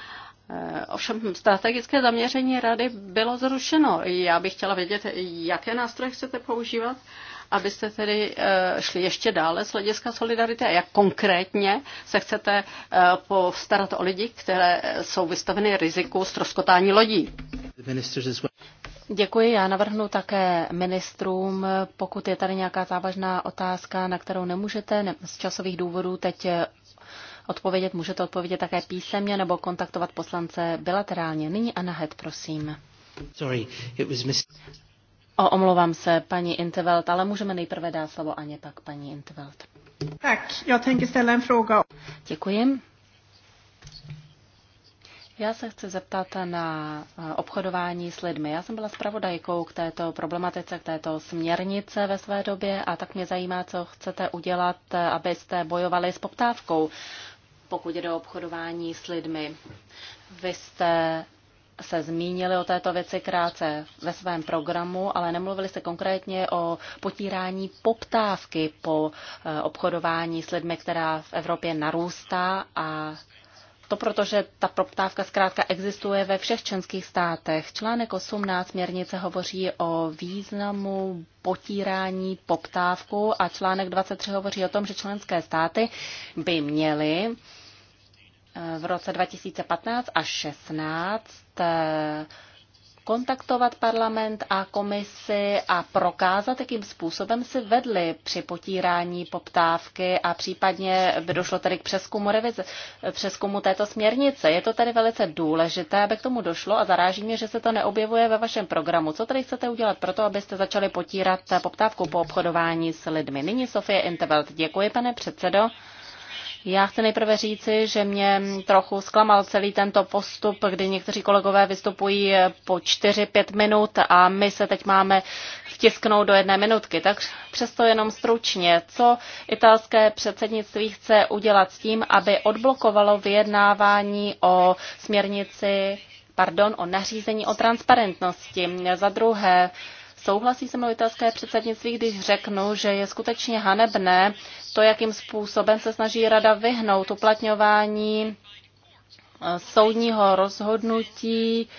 Eh, ovšem strategické zaměření rady bylo zrušeno. Já bych chtěla vědět, jaké nástroje chcete používat, abyste tedy eh, šli ještě dále z hlediska solidarity a jak konkrétně se chcete eh, postarat o lidi, které jsou vystaveny riziku stroskotání lodí. Děkuji. Já navrhnu také ministrům, pokud je tady nějaká závažná otázka, na kterou nemůžete ne, z časových důvodů teď odpovědět, můžete odpovědět také písemně nebo kontaktovat poslance bilaterálně. Nyní Anna Het, prosím. Sorry, it was mis- o, omlouvám se, paní Intervelt, ale můžeme nejprve dát slovo Aně, pak paní Intervelt. Tak, já tänker ställa fråga. Děkuji. Já se chci zeptat na eh, obchodování s lidmi. Já jsem byla zpravodajkou k této problematice, k této směrnice ve své době a tak mě zajímá, co chcete udělat, eh, abyste bojovali s poptávkou, pokud jde o obchodování s lidmi. Vy jste se zmínili o této věci krátce ve svém programu, ale nemluvili jste konkrétně o potírání poptávky po eh, obchodování s lidmi, která v Evropě narůstá a to proto, že ta poptávka zkrátka existuje ve všech členských státech. Článek 18 směrnice hovoří o významu potírání poptávku a článek 23 hovoří o tom, že členské státy by měly eh, v roce 2015 až 16 kontaktovat parlament a komisi a prokázat, jakým způsobem si vedli při potírání poptávky a případně by došlo tedy k přeskumu, revize, přeskumu této směrnice. Je to tedy velice důležité, aby k tomu došlo a zaráží mě, že se to neobjevuje ve vašem programu. Co tedy chcete udělat pro to, abyste začali potírat poptávku po obchodování s lidmi? Nyní Sofie Intervelt. Děkuji, pane předsedo. Já chci nejprve říci, že mě trochu zklamal celý tento postup, kdy někteří kolegové vystupují po 4-5 minut a my se teď máme vtisknout do jedné minutky. Tak přesto jenom stručně, co italské předsednictví chce udělat s tím, aby odblokovalo vyjednávání o směrnici, pardon, o nařízení o transparentnosti. Za druhé, Souhlasí se mnou italské předsednictví, když řeknu, že je skutečně hanebné to, jakým způsobem se snaží rada vyhnout uplatňování eh, soudního rozhodnutí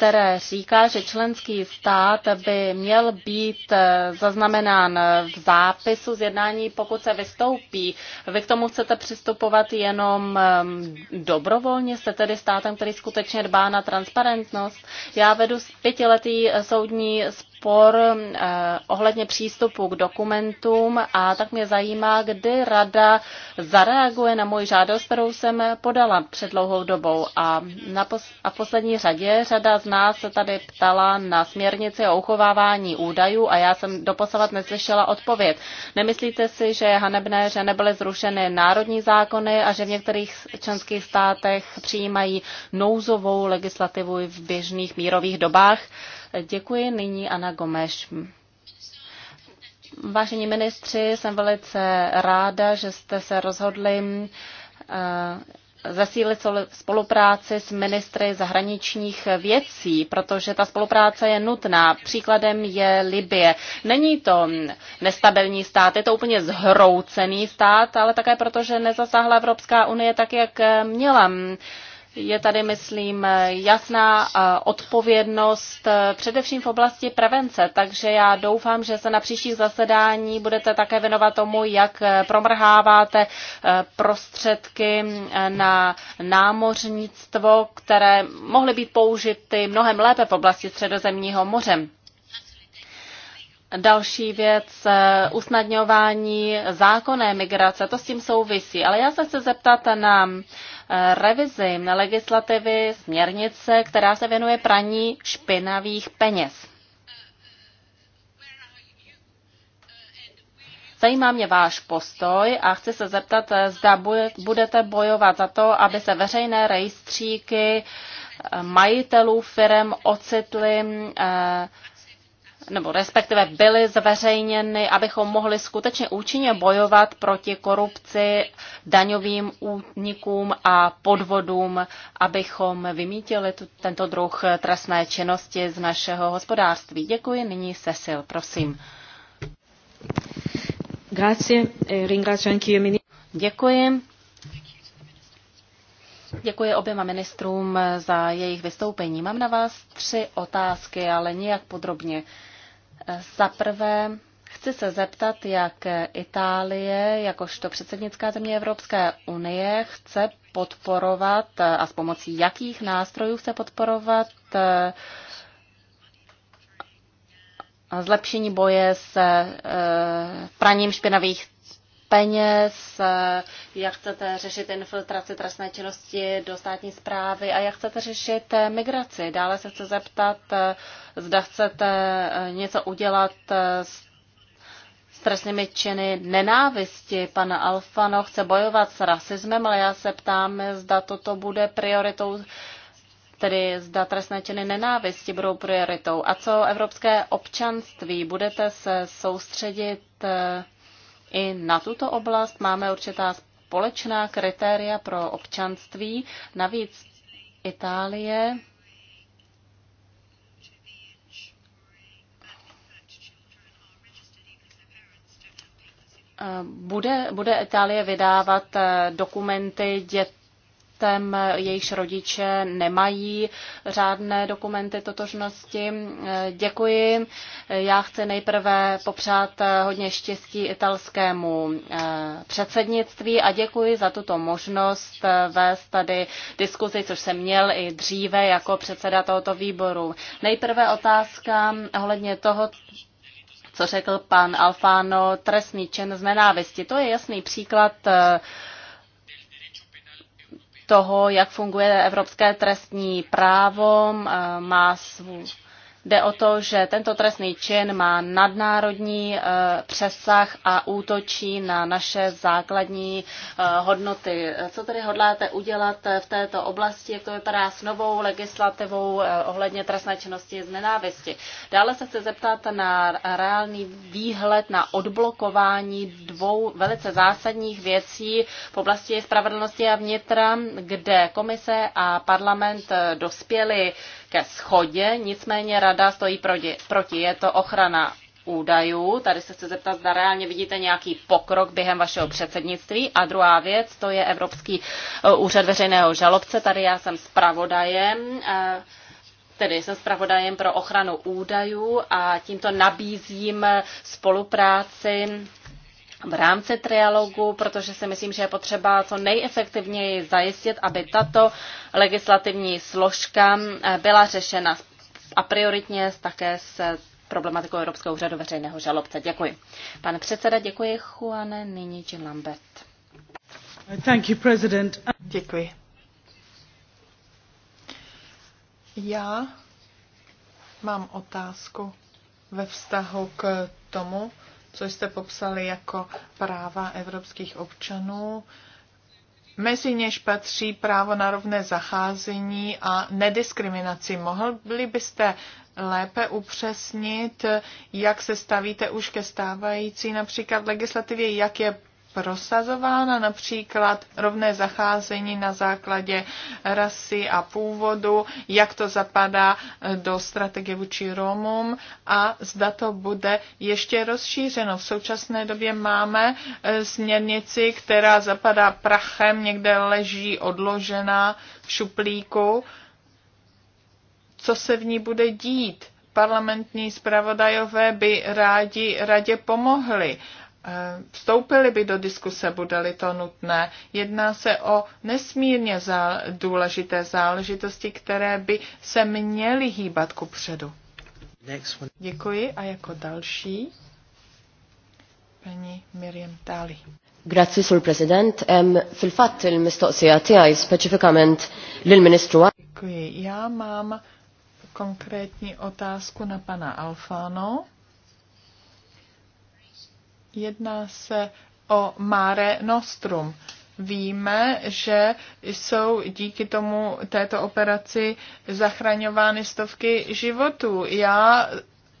které říká, že členský stát by měl být eh, zaznamenán v zápisu z jednání, pokud se vystoupí. Vy k tomu chcete přistupovat jenom ehm, dobrovolně? Jste tedy státem, který skutečně dbá na transparentnost? Já vedu pětiletý soudní spor rozpor eh, ohledně přístupu k dokumentům a tak mě zajímá, kdy rada zareaguje na můj žádost, kterou jsem podala před dlouhou dobou. A, na pos- a v poslední řadě řada z nás se tady ptala na směrnici o uchovávání údajů a já jsem doposavat neslyšela odpověď. Nemyslíte si, že je hanebné, že nebyly zrušeny národní zákony a že v některých členských státech přijímají nouzovou legislativu v běžných mírových dobách? Děkuji nyní Ana Gomeš. Vážení ministři, jsem velice ráda, že jste se rozhodli eh, zasílit spolupráci s ministry zahraničních věcí, protože ta spolupráce je nutná. Příkladem je Libie. Není to nestabilní stát, je to úplně zhroucený stát, ale také proto, že nezasáhla Evropská unie tak, jak měla. Je tady, myslím, jasná eh, odpovědnost eh, především v oblasti prevence, takže já doufám, že se na příštích zasedání budete také věnovat tomu, jak eh, promrháváte prostředky na námořnictvo, které mohly být použity mnohem lépe v oblasti Středozemního moře. Další věc, usnadňování zákonné migrace, to s tím souvisí. Ale já se chci zeptat na revizi legislativy směrnice, která se věnuje praní špinavých peněz. Zajímá mě váš postoj a chci se zeptat, zda budete bojovat za to, aby se veřejné rejstříky majitelů firm ocitly eh, nebo respektive byly zveřejněny, abychom mohli skutečně účinně bojovat proti korupci, daňovým únikům a podvodům, abychom vymítili tento druh trestné činnosti z našeho hospodářství. Děkuji. Nyní Cecil, prosím. E, Děkuji. Děkuji oběma ministrům za jejich vystoupení. Mám na vás tři otázky, ale nijak podrobně za prvé, chci se zeptat, jak Itálie, jakožto předsednická země Evropské unie, chce podporovat a s pomocí jakých nástrojů chce podporovat eh, zlepšení boje s eh, praním špinavých peněz, jak chcete řešit infiltraci trestné činnosti do státní zprávy a jak chcete řešit migraci. Dále se chce zeptat, zda chcete něco udělat s trestnými činy nenávisti. Pan Alfano chce bojovat s rasismem, ale já se ptám, zda toto bude prioritou, tedy zda trestné činy nenávisti budou prioritou. A co evropské občanství? Budete se soustředit i na tuto oblast máme určitá společná kritéria pro občanství. Navíc Itálie eh, bude, bude Itálie vydávat eh, dokumenty dět, dětem, jejichž rodiče nemají řádné dokumenty totožnosti. Děkuji. Já chci nejprve popřát hodně štěstí italskému eh, předsednictví a děkuji za tuto možnost eh, vést tady diskuzi, což jsem měl i dříve jako předseda tohoto výboru. Nejprve otázka ohledně toho, co řekl pan Alfano, trestný čin z nenávisti. To je jasný příklad uh, toho, jak funguje evropské trestní právo, má svůj Jde o to, že tento trestný čin má nadnárodní eh, přesah a útočí na naše základní eh, hodnoty. Co tedy hodláte udělat eh, v této oblasti, jak to vypadá s novou legislativou ohledně trestné činnosti z nenávisti? Dále se chci zeptat na reálný výhled na odblokování dvou velice zásadních věcí v oblasti spravedlnosti a vnitra, kde komise a parlament dospěly ke schodě, nicméně rada stojí proti. proti. Je to ochrana údajů. Tady se chci zeptat, zda reálně vidíte nějaký pokrok během vašeho předsednictví. A druhá věc, to je Evropský eh, úřad veřejného žalobce. Tady já jsem zpravodajem eh, tedy jsem zpravodajem pro ochranu údajů a tímto nabízím spolupráci v rámci trialogu, protože si myslím, že je potřeba co nejefektivněji zajistit, aby tato legislativní složka eh, byla řešena a prioritně také s problematikou Evropského úřadu veřejného žalobce. Děkuji. Pane předseda, děkuji. Juane, nyní Jean Lambert. Thank you, President. Děkuji. Já mám otázku ve vztahu k tomu, co jste popsali jako práva evropských občanů. Mezi něž patří právo na rovné zacházení a nediskriminaci. Mohli byste lépe upřesnit, jak se stavíte už ke stávající například legislativě, jak je prosazována, například rovné zacházení na základě rasy a původu, jak to zapadá do strategie vůči Romům a zda to bude ještě rozšířeno. V současné době máme eh, směrnici, která zapadá prachem, někde leží odložená v šuplíku. Co se v ní bude dít? Parlamentní zpravodajové by rádi radě pomohli vstoupili by do diskuse, bude-li to nutné. Jedná se o nesmírně zá, důležité záležitosti, které by se měly hýbat ku předu. Děkuji a jako další paní Miriam Tali. Grazie sul President. Um, fil-fatt il-mistoqsija tiegħi speċifikament lill-Ministru. Děkuji. Já mám konkrétní otázku na pana Alfano Jedná se o Mare Nostrum. Víme, že jsou díky tomu této operaci zachraňovány stovky životů. Já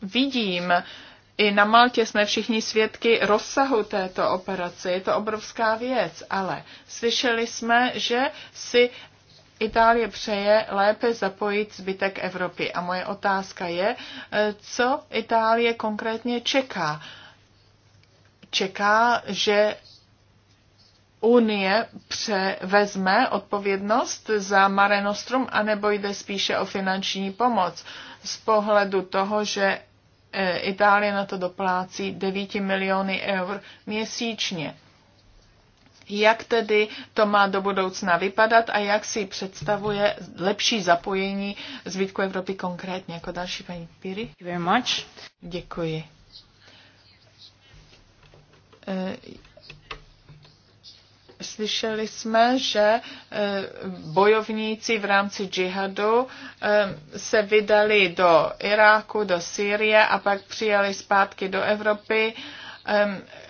vidím, i na Maltě jsme všichni svědky rozsahu této operace. Je to obrovská věc, ale slyšeli jsme, že si Itálie přeje lépe zapojit zbytek Evropy. A moje otázka je, co Itálie konkrétně čeká čeká, že Unie převezme odpovědnost za Mare Nostrum, anebo jde spíše o finanční pomoc z pohledu toho, že e, Itálie na to doplácí 9 miliony eur měsíčně. Jak tedy to má do budoucna vypadat a jak si představuje lepší zapojení zbytku Evropy konkrétně? Jako další paní Piri. Děkuji. Eh, slyšeli jsme, že eh, bojovníci v rámci džihadu eh, se vydali do Iráku, do Sýrie a pak přijeli zpátky do Evropy.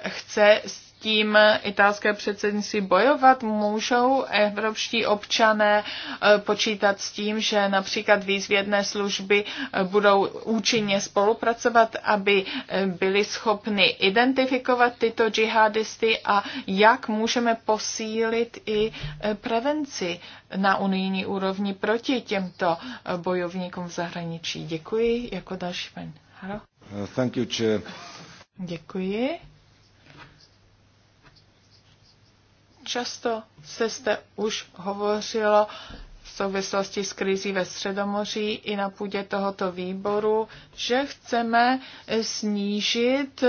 Chce tím italské předsednictví bojovat, můžou evropští občané e, počítat s tím, že například výzvědné služby e, budou účinně spolupracovat, aby e, byli schopni identifikovat tyto džihadisty a jak můžeme posílit i prevenci na unijní úrovni proti těmto bojovníkům v zahraničí. Děkuji. Jako další paní. Thank you, chair. Děkuji. Často se zde už hovořilo v souvislosti s krizí ve Středomoří i na půdě tohoto výboru, že chceme snížit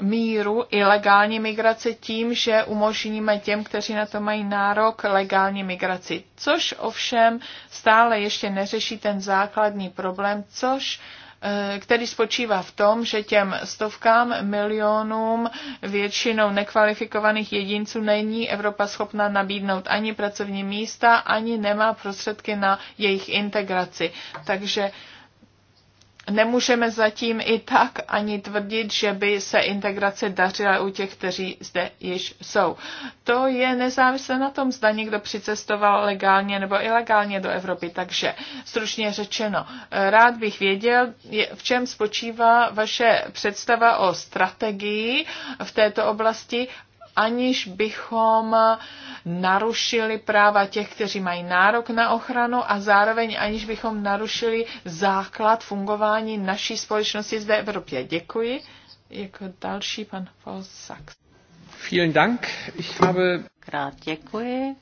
míru ilegální migrace tím, že umožníme těm, kteří na to mají nárok, legální migraci. Což ovšem stále ještě neřeší ten základní problém, což Eh, který spočívá v tom, že těm stovkám milionům většinou nekvalifikovaných jedinců není Evropa schopna nabídnout ani pracovní místa, ani nemá prostředky na jejich integraci. Takže nemůžeme zatím i tak ani tvrdit, že by se integrace dařila u těch, kteří zde již jsou. To je nezávisle na tom, zda někdo přicestoval legálně nebo ilegálně do Evropy. Takže stručně řečeno, rád bych věděl, v čem spočívá vaše představa o strategii v této oblasti aniž bychom narušili práva těch, kteří mají nárok na ochranu a zároveň aniž bychom narušili základ fungování naší společnosti zde v Evropě. Děkuji. Jako další pan Paul Sachs. Vielen Dank. Ich habe... Krát děkuji.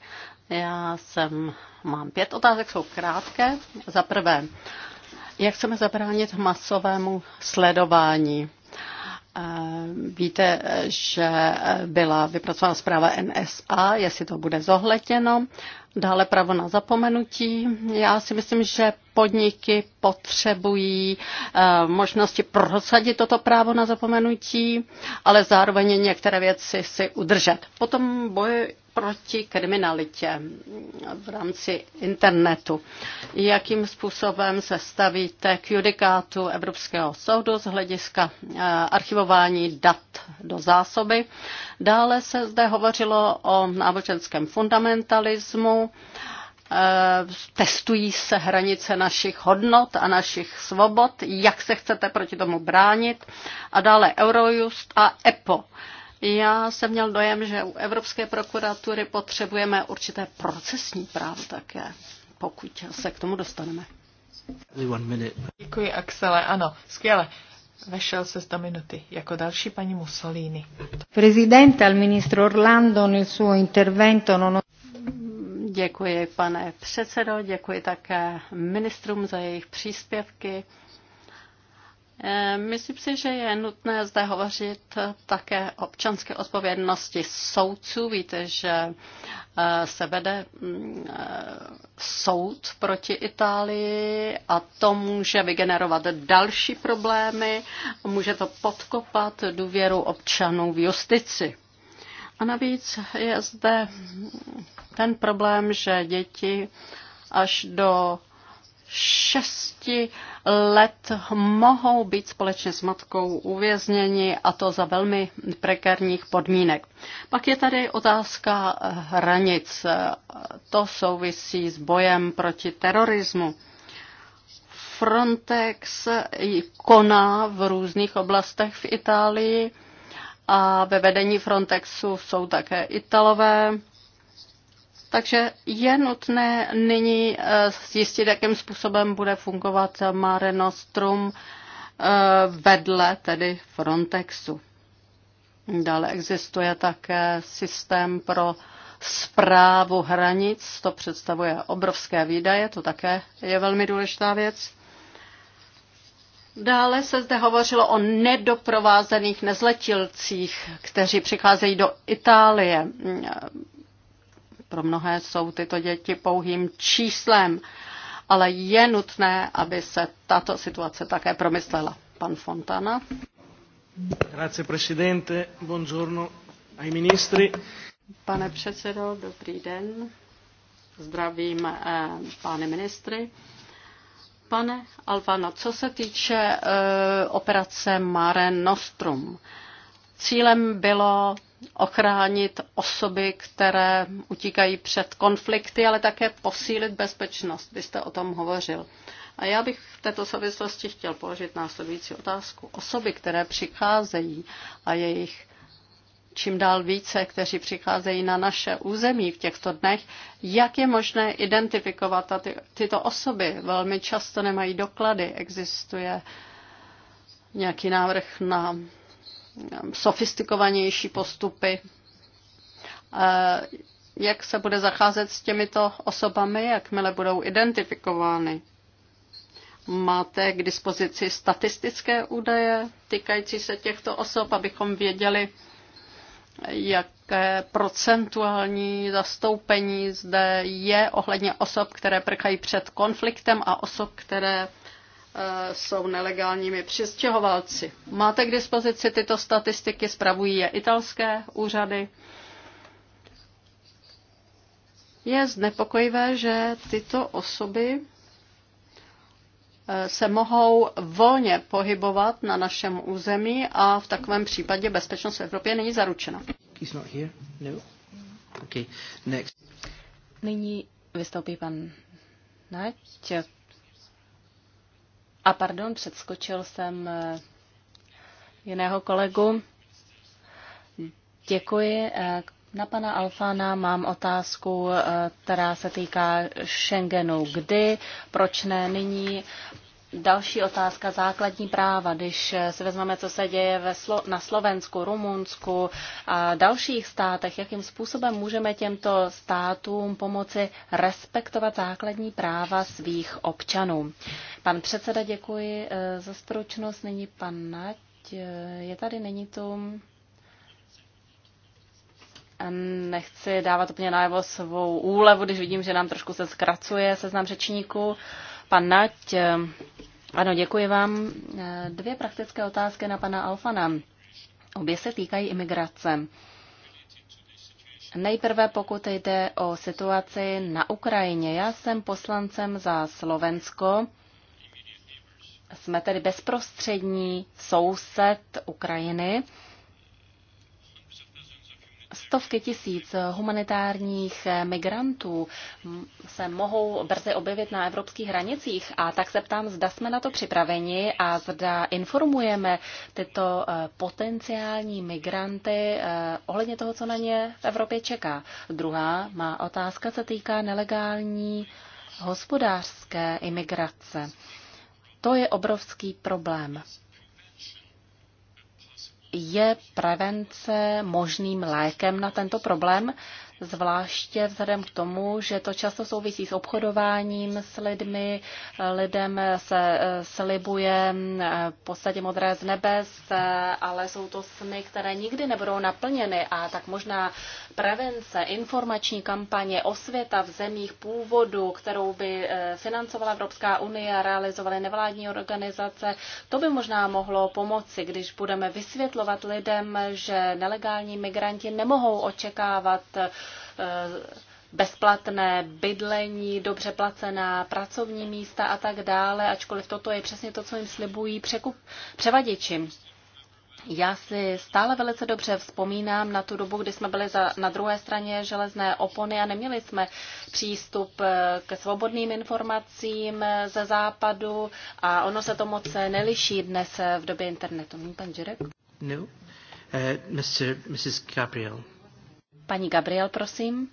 Já jsem, mám pět otázek, jsou krátké. Za prvé, jak chceme zabránit masovému sledování? Eh, víte, eh, že eh, byla vypracována zpráva NSA, jestli to bude zohletěno Dále právo na zapomenutí. Já si myslím, že podniky potřebují eh, možnosti prosadit toto právo na zapomenutí, ale zároveň některé věci si udržet. Potom boj proti kriminalitě v rámci internetu. Jakým způsobem se stavíte k judikátu Evropského soudu z hlediska eh, archivování dat do zásoby? Dále se zde hovořilo o náboženském fundamentalismu Eh, testují se hranice našich hodnot a našich svobod, jak se chcete proti tomu bránit. A dále Eurojust a EPO. Já jsem měl dojem, že u Evropské prokuratury potřebujeme určité procesní právo také, pokud se k tomu dostaneme. Děkuji, Axele. Ano, skvěle. Vešel se do minuty. Jako další paní Mussolini. Prezident al ministro Orlando nel suo intervento non... Děkuji, pane předsedo, děkuji také ministrům za jejich příspěvky. Eh, myslím si, že je nutné zde hovořit také o občanské odpovědnosti soudců. Víte, že eh, se vede mm, eh, soud proti Itálii a to může vygenerovat další problémy, může to podkopat důvěru občanů v justici. A navíc je zde ten problém, že děti až do šesti let mohou být společně s matkou uvězněni a to za velmi prekérních podmínek. Pak je tady otázka hranic. To souvisí s bojem proti terorismu. Frontex koná v různých oblastech v Itálii a ve vedení Frontexu jsou také Italové. Takže je nutné nyní eh, zjistit, jakým způsobem bude fungovat Mare Nostrum eh, vedle tedy Frontexu. Dále existuje také systém pro zprávu hranic, to představuje obrovské výdaje, to také je velmi důležitá věc. Dále se zde hovořilo o nedoprovázených nezletilcích, kteří přicházejí do Itálie. Pro mnohé jsou tyto děti pouhým číslem, ale je nutné, aby se tato situace také promyslela. Pan Fontana. Grazie, presidente. Buongiorno ai ministri. Pane předsedo, dobrý den. Zdravím eh, pány ministry. Pane Alvano, co se týče uh, operace Mare Nostrum, cílem bylo ochránit osoby, které utíkají před konflikty, ale také posílit bezpečnost. Vy jste o tom hovořil. A já bych v této souvislosti chtěl položit následující otázku. Osoby, které přicházejí a jejich čím dál více, kteří přicházejí na naše území v těchto dnech, jak je možné identifikovat ty, tyto osoby. Velmi často nemají doklady, existuje nějaký návrh na sofistikovanější postupy. Jak se bude zacházet s těmito osobami, jakmile budou identifikovány? Máte k dispozici statistické údaje týkající se těchto osob, abychom věděli, jaké procentuální zastoupení zde je ohledně osob, které prchají před konfliktem a osob, které eh, jsou nelegálními přistěhovalci. Máte k dispozici tyto statistiky, zpravují je italské úřady. Je znepokojivé, že tyto osoby se mohou volně pohybovat na našem území a v takovém případě bezpečnost v Evropě není zaručena. No. Okay. Next. Nyní vystoupí pan Nať. A pardon, předskočil jsem eh, jiného kolegu. Děkuji eh, na pana Alfána mám otázku, eh, která se týká Schengenu. Kdy, proč ne nyní? Další otázka, základní práva. Když eh, si vezmeme, co se děje ve Slo- na Slovensku, Rumunsku a dalších státech, jakým způsobem můžeme těmto státům pomoci respektovat základní práva svých občanů. Pan předseda, děkuji eh, za stručnost. Není pan Nať. Je tady, není tu nechci dávat úplně najevo svou úlevu, když vidím, že nám trošku se zkracuje seznam řečníků. Pan Nať, eh, ano, děkuji vám. Eh, dvě praktické otázky na pana Alfana. Obě se týkají imigrace. Nejprve pokud jde o situaci na Ukrajině. Já jsem poslancem za Slovensko. Jsme tedy bezprostřední soused Ukrajiny. Stovky tisíc humanitárních migrantů se mohou brzy objevit na evropských hranicích a tak se ptám, zda jsme na to připraveni a zda informujeme tyto eh, potenciální migranty eh, ohledně toho, co na ně v Evropě čeká. Druhá má otázka se týká nelegální hospodářské imigrace. To je obrovský problém je prevence možným lékem na tento problém? zvláště vzhledem k tomu, že to často souvisí s obchodováním s lidmi. Lidem se eh, slibuje eh, v podstatě modré z nebes, eh, ale jsou to sny, které nikdy nebudou naplněny a tak možná prevence, informační kampaně, osvěta v zemích původu, kterou by financovala Evropská unie a realizovaly nevládní organizace, to by možná mohlo pomoci, když budeme vysvětlovat lidem, že nelegální migranti nemohou očekávat Eh, bezplatné bydlení, dobře placená pracovní místa a tak dále, ačkoliv toto je přesně to, co jim slibují překup, převaděči. Já si stále velice dobře vzpomínám na tu dobu, kdy jsme byli za, na druhé straně železné opony a neměli jsme přístup eh, ke svobodným informacím eh, ze západu a ono se to moc neliší dnes v době internetu. Pan Žirek? No. Uh, Mr. Mrs. Gabriel. Paní Gabriel, prosím.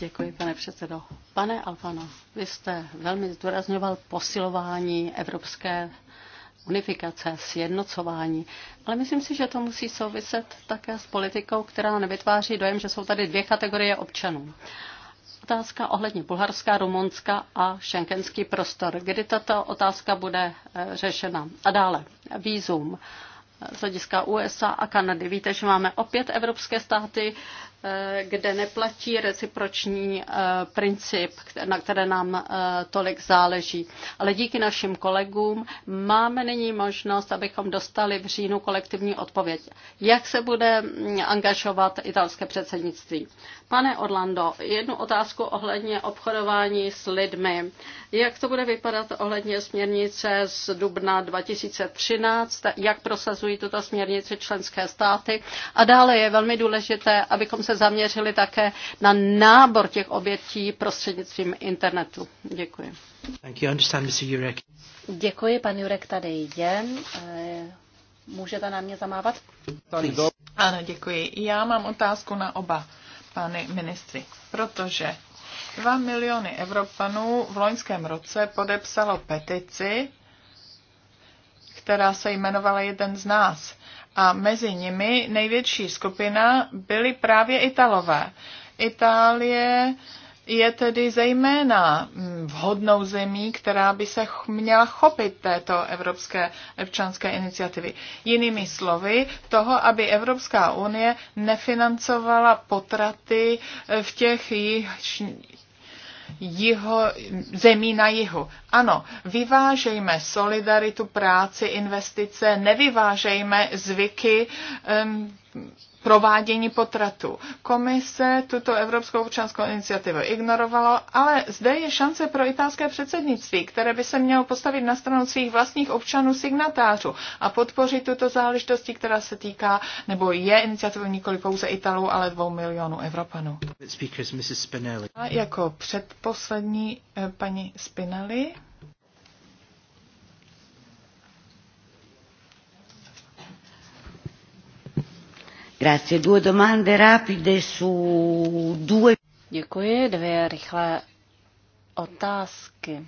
Děkuji, pane předsedo. Pane Alfano, vy jste velmi zdůrazňoval posilování evropské unifikace, sjednocování. Ale myslím si, že to musí souviset také s politikou, která nevytváří dojem, že jsou tady dvě kategorie občanů. Otázka ohledně Bulharska, Rumunska a šenkenský prostor. Kdy tato otázka bude eh, řešena? A dále, výzum z hlediska USA a Kanady. Víte, že máme opět evropské státy, Eh, kde neplatí reciproční eh, princip, na které nám eh, tolik záleží. Ale díky našim kolegům máme nyní možnost, abychom dostali v říjnu kolektivní odpověď. Jak se bude mm, angažovat italské předsednictví? Pane Orlando, jednu otázku ohledně obchodování s lidmi. Jak to bude vypadat ohledně směrnice z dubna 2013? Jak prosazují tuto směrnici členské státy? A dále je velmi důležité, abychom se se zaměřili také na nábor těch obětí prostřednictvím internetu. Děkuji. Děkuji, pan Jurek tady je. Eh, můžete na mě zamávat? Ano, děkuji. Já mám otázku na oba pány ministry, protože 2 miliony Evropanů v loňském roce podepsalo petici, která se jmenovala Jeden z nás a mezi nimi největší skupina byly právě Italové. Itálie je tedy zejména mm, vhodnou zemí, která by se měla chopit této evropské občanské iniciativy. Jinými slovy, toho, aby Evropská unie nefinancovala potraty eh, v těch jiho, zemí na jihu. Ano, vyvážejme solidaritu, práci, investice, nevyvážejme zvyky um, provádění potratu. Komise tuto Evropskou občanskou iniciativu ignorovala, ale zde je šance pro italské předsednictví, které by se mělo postavit na stranu svých vlastních občanů signatářů a podpořit tuto záležitosti, která se týká, nebo je iniciativou nikoli pouze Italů, ale dvou milionů Evropanů. A jako předposlední eh, paní Spinelli. Grazie. Due domande rapide su due... Děkuji, dvě rychlé otázky.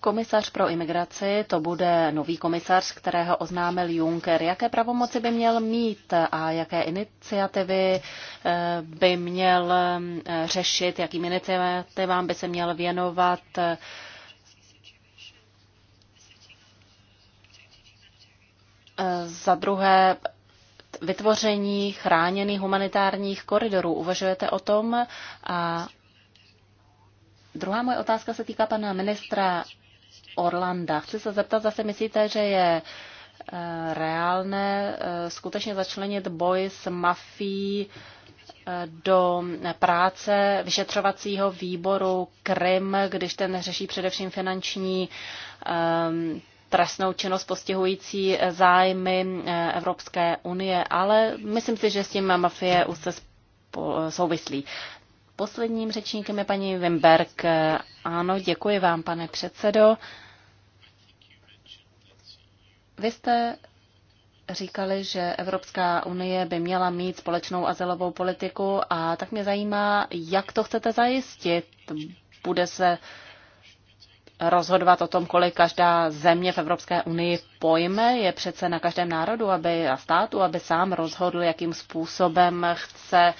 Komisař pro imigraci, to bude nový komisař, kterého oznámil Juncker. Jaké pravomoci by měl mít a jaké iniciativy eh, by měl eh, řešit, jakým iniciativám by se měl věnovat eh, Za druhé, vytvoření chráněných humanitárních koridorů. Uvažujete o tom? A druhá moje otázka se týká pana ministra Orlanda. Chci se zeptat, zase myslíte, že je eh, reálné eh, skutečně začlenit boj s mafií eh, do práce vyšetřovacího výboru Krym, když ten řeší především finanční um, trestnou činnost postihující eh, zájmy eh, Evropské unie, ale myslím si, že s tím mafie už se souvislí. Posledním řečníkem je paní Wimberg. Eh, ano, děkuji vám, pane předsedo. Vy jste říkali, že Evropská unie by měla mít společnou azylovou politiku a tak mě zajímá, jak to chcete zajistit. Bude se rozhodovat o tom, kolik každá země v Evropské unii pojme, je přece na každém národu aby, a státu, aby sám rozhodl, jakým způsobem chce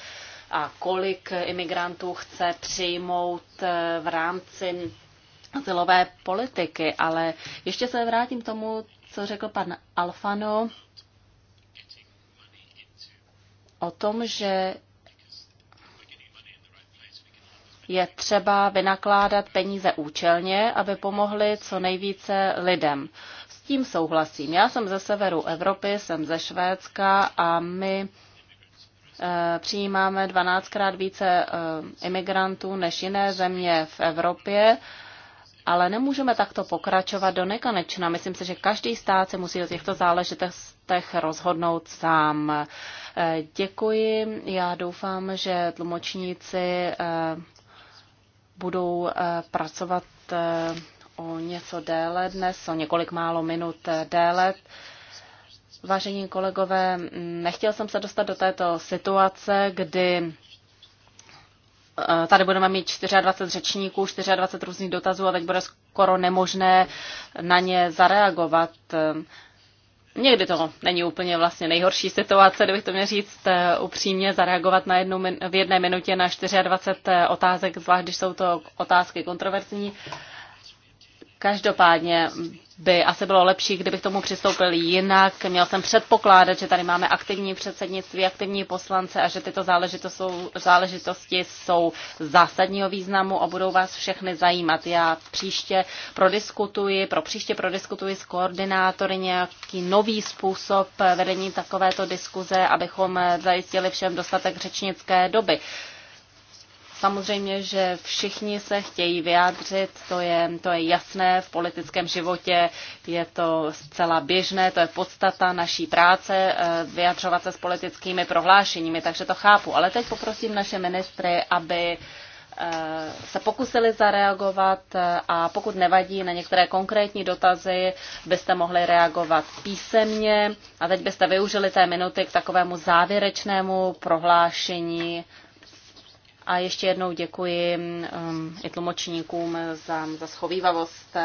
a kolik imigrantů chce přijmout eh, v rámci azylové politiky. Ale ještě se vrátím k tomu, co řekl pan Alfano o tom, že je třeba vynakládat peníze účelně, aby pomohly co nejvíce lidem. S tím souhlasím. Já jsem ze severu Evropy, jsem ze Švédska a my eh, přijímáme 12krát více eh, imigrantů než jiné země v Evropě. Ale nemůžeme takto pokračovat do nekonečna. Myslím si, že každý stát se musí o těchto záležitostech rozhodnout sám. Eh, děkuji. Já doufám, že tlumočníci budou eh, pracovat eh, o něco déle dnes, o několik málo minut eh, déle. Vážení kolegové, nechtěl jsem se dostat do této situace, kdy tady budeme mít 24 řečníků, 24 různých dotazů a teď bude skoro nemožné na ně zareagovat. Někdy to není úplně vlastně nejhorší situace, kdybych to měl říct eh, upřímně, zareagovat na jednu, v jedné minutě na 24 eh, otázek, zvlášť když jsou to otázky kontroverzní. Uh, Každopádně by asi bylo lepší, kdybych tomu přistoupil jinak. Měl jsem předpokládat, že tady máme aktivní předsednictví, aktivní poslance a že tyto záležitosti jsou, záležitosti jsou zásadního významu a budou vás všechny zajímat. Já příště prodiskutuji, pro příště prodiskutuji s koordinátory nějaký nový způsob vedení takovéto diskuze, abychom zajistili všem dostatek řečnické doby. Samozřejmě, že všichni se chtějí vyjádřit, to je, to je jasné v politickém životě, je to zcela běžné, to je podstata naší práce, eh, vyjadřovat se s politickými prohlášeními, takže to chápu. Ale teď poprosím naše ministry, aby eh, se pokusili zareagovat eh, a pokud nevadí na některé konkrétní dotazy, byste mohli reagovat písemně a teď byste využili té minuty k takovému závěrečnému prohlášení a ještě jednou děkuji um, i tlumočníkům za, za schovývavost.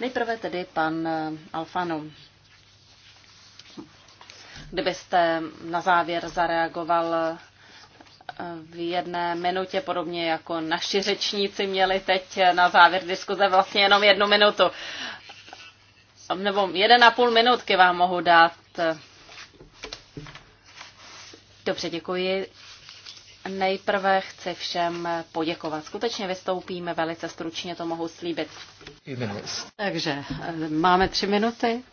Nejprve tedy pan eh, Alfano. Kdybyste na závěr zareagoval eh, v jedné minutě, podobně jako naši řečníci měli teď eh, na závěr diskuze vlastně jenom jednu minutu. Nebo jeden a půl minutky vám mohu dát. Dobře, děkuji. Nejprve chci všem poděkovat. Skutečně vystoupíme velice stručně, to mohu slíbit. Takže eh, máme tři minuty,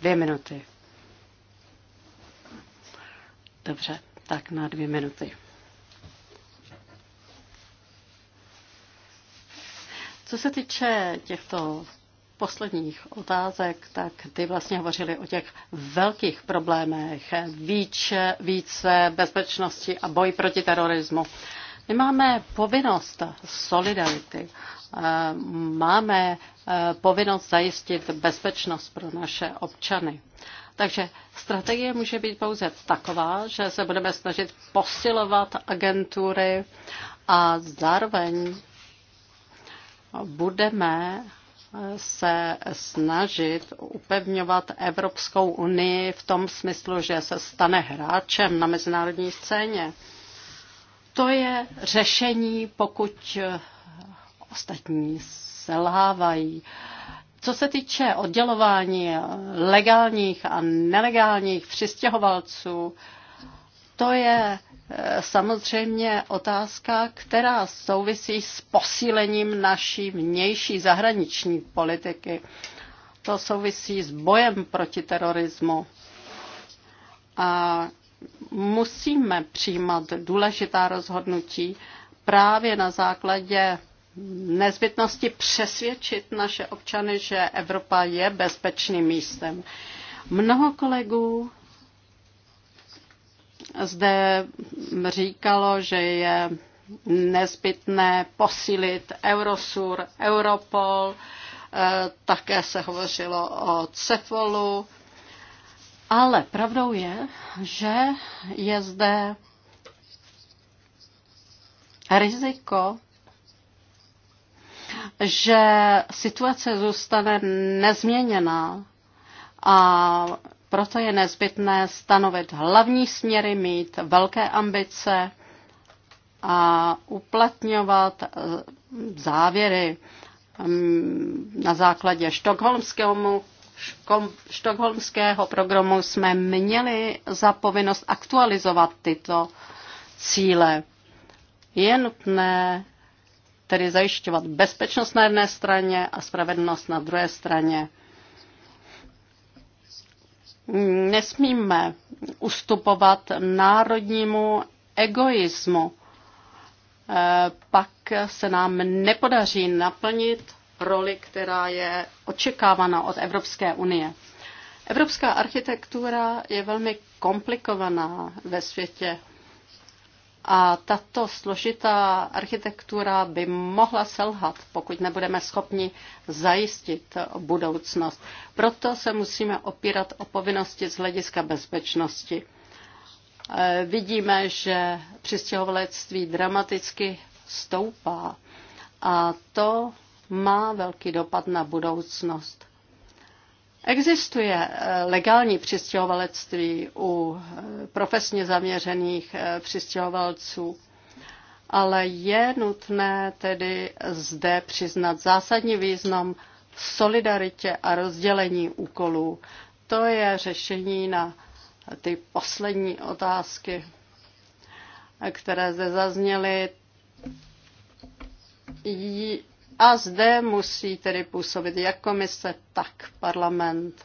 dvě minuty. Dobře, tak na dvě minuty. Co se týče těchto posledních otázek, tak ty vlastně hovořili o těch velkých problémech, více, více bezpečnosti a boj proti terorismu. My máme povinnost solidarity, eh, máme eh, povinnost zajistit bezpečnost pro naše občany. Takže strategie může být pouze taková, že se budeme snažit posilovat agentury a zároveň budeme se snažit upevňovat Evropskou unii v tom smyslu, že se stane hráčem na mezinárodní scéně. To je řešení, pokud ostatní selhávají. Co se týče oddělování legálních a nelegálních přistěhovalců, to je eh, samozřejmě otázka, která souvisí s posílením naší vnější zahraniční politiky. To souvisí s bojem proti terorismu. A musíme přijímat důležitá rozhodnutí právě na základě nezbytnosti přesvědčit naše občany, že Evropa je bezpečným místem. Mnoho kolegů zde říkalo, že je nezbytné posílit Eurosur, Europol, eh, také se hovořilo o Cefolu, ale pravdou je, že je zde riziko, že situace zůstane nezměněná a proto je nezbytné stanovit hlavní směry, mít velké ambice a uplatňovat eh, závěry mm, na základě štokholmského štokholmského programu jsme měli za povinnost aktualizovat tyto cíle. Je nutné tedy zajišťovat bezpečnost na jedné straně a spravedlnost na druhé straně. Nesmíme ustupovat národnímu egoismu. Eh, pak se nám nepodaří naplnit roli, která je očekávána od Evropské unie. Evropská architektura je velmi komplikovaná ve světě a tato složitá architektura by mohla selhat, pokud nebudeme schopni zajistit budoucnost. Proto se musíme opírat o povinnosti z hlediska bezpečnosti. E, vidíme, že přistěhovalectví dramaticky stoupá a to má velký dopad na budoucnost. Existuje eh, legální přistěhovalectví u eh, profesně zaměřených eh, přistěhovalců, ale je nutné tedy zde přiznat zásadní význam solidaritě a rozdělení úkolů. To je řešení na ty poslední otázky, které zde zazněly a zde musí tedy působit jak komise, tak parlament.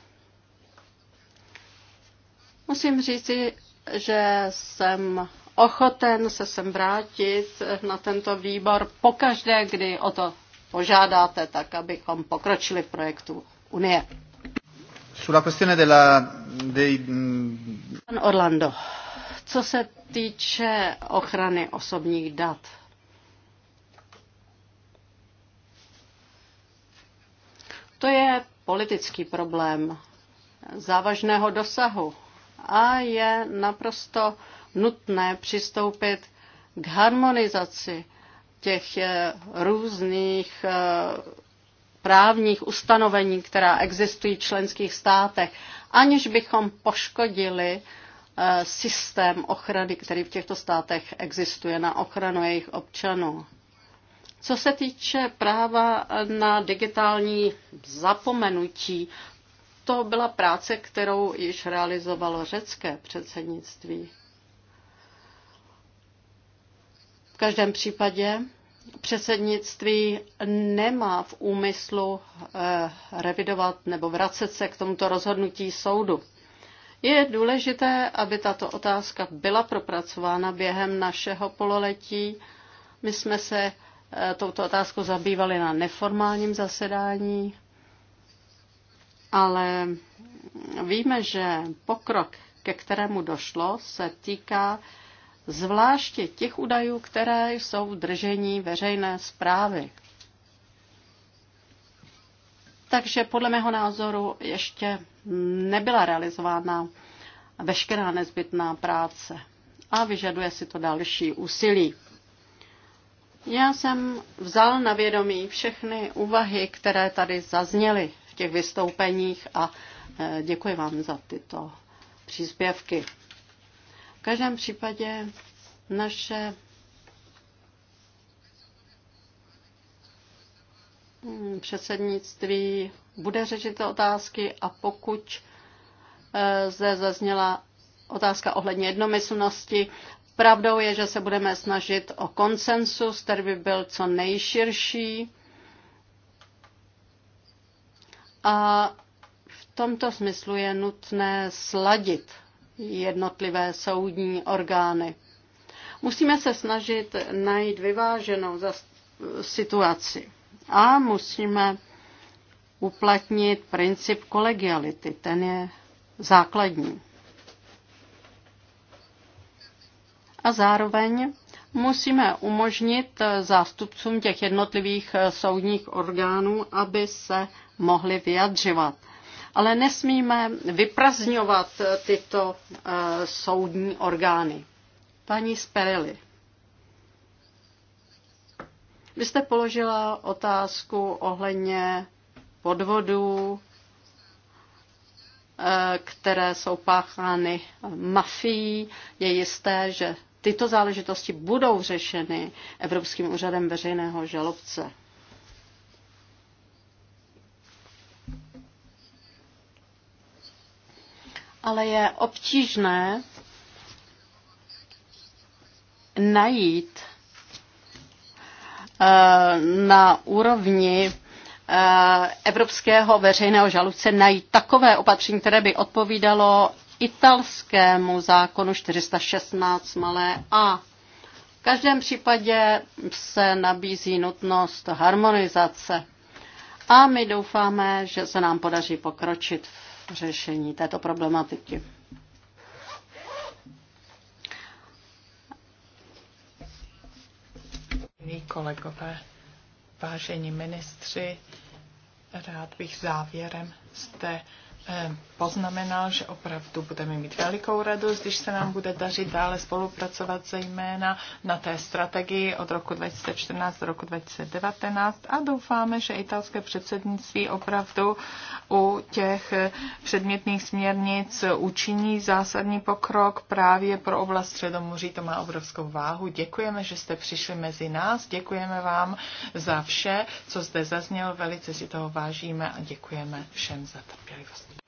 Musím říci, že jsem ochoten se sem vrátit na tento výbor pokaždé, kdy o to požádáte, tak abychom pokročili v projektu Unie. Sulla questione della, dei... Orlando, co se týče ochrany osobních dat, To je politický problém závažného dosahu a je naprosto nutné přistoupit k harmonizaci těch eh, různých eh, právních ustanovení, která existují v členských státech, aniž bychom poškodili eh, systém ochrany, který v těchto státech existuje na ochranu jejich občanů. Co se týče práva na digitální zapomenutí, to byla práce, kterou již realizovalo řecké předsednictví. V každém případě předsednictví nemá v úmyslu eh, revidovat nebo vracet se k tomuto rozhodnutí soudu. Je důležité, aby tato otázka byla propracována během našeho pololetí. My jsme se Eh, touto otázkou zabývali na neformálním zasedání, ale víme, že pokrok, ke kterému došlo, se týká zvláště těch údajů, které jsou v držení veřejné zprávy. Takže podle mého názoru ještě nebyla realizována veškerá nezbytná práce a vyžaduje si to další úsilí. Já jsem vzal na vědomí všechny úvahy, které tady zazněly v těch vystoupeních a e, děkuji vám za tyto příspěvky. V každém případě naše hmm, předsednictví bude řešit ty otázky a pokud e, zde zazněla otázka ohledně jednomyslnosti, Pravdou je, že se budeme snažit o konsensus, který by byl co nejširší. A v tomto smyslu je nutné sladit jednotlivé soudní orgány. Musíme se snažit najít vyváženou situaci a musíme uplatnit princip kolegiality. Ten je základní. a zároveň musíme umožnit zástupcům těch jednotlivých eh, soudních orgánů, aby se mohli vyjadřovat. Ale nesmíme vyprazňovat eh, tyto eh, soudní orgány. Paní Sperely, Vy jste položila otázku ohledně podvodů, které jsou páchány mafií. Je jisté, že tyto záležitosti budou řešeny Evropským úřadem veřejného žalobce. Ale je obtížné najít eh, na úrovni eh, evropského veřejného žalobce najít takové opatření, které by odpovídalo italskému zákonu 416 malé a. V každém případě se nabízí nutnost harmonizace a my doufáme, že se nám podaří pokročit v řešení této problematiky. kolegové, vážení ministři, rád bych závěrem z té Eh, poznamenal, že opravdu budeme mít velikou radost, když se nám bude dařit dále spolupracovat zejména na té strategii od roku 2014 do roku 2019 a doufáme, že italské předsednictví opravdu u těch předmětných směrnic učiní zásadní pokrok právě pro oblast Středomoří. To má obrovskou váhu. Děkujeme, že jste přišli mezi nás. Děkujeme vám za vše, co zde zaznělo. Velice si toho vážíme a děkujeme všem za trpělivost.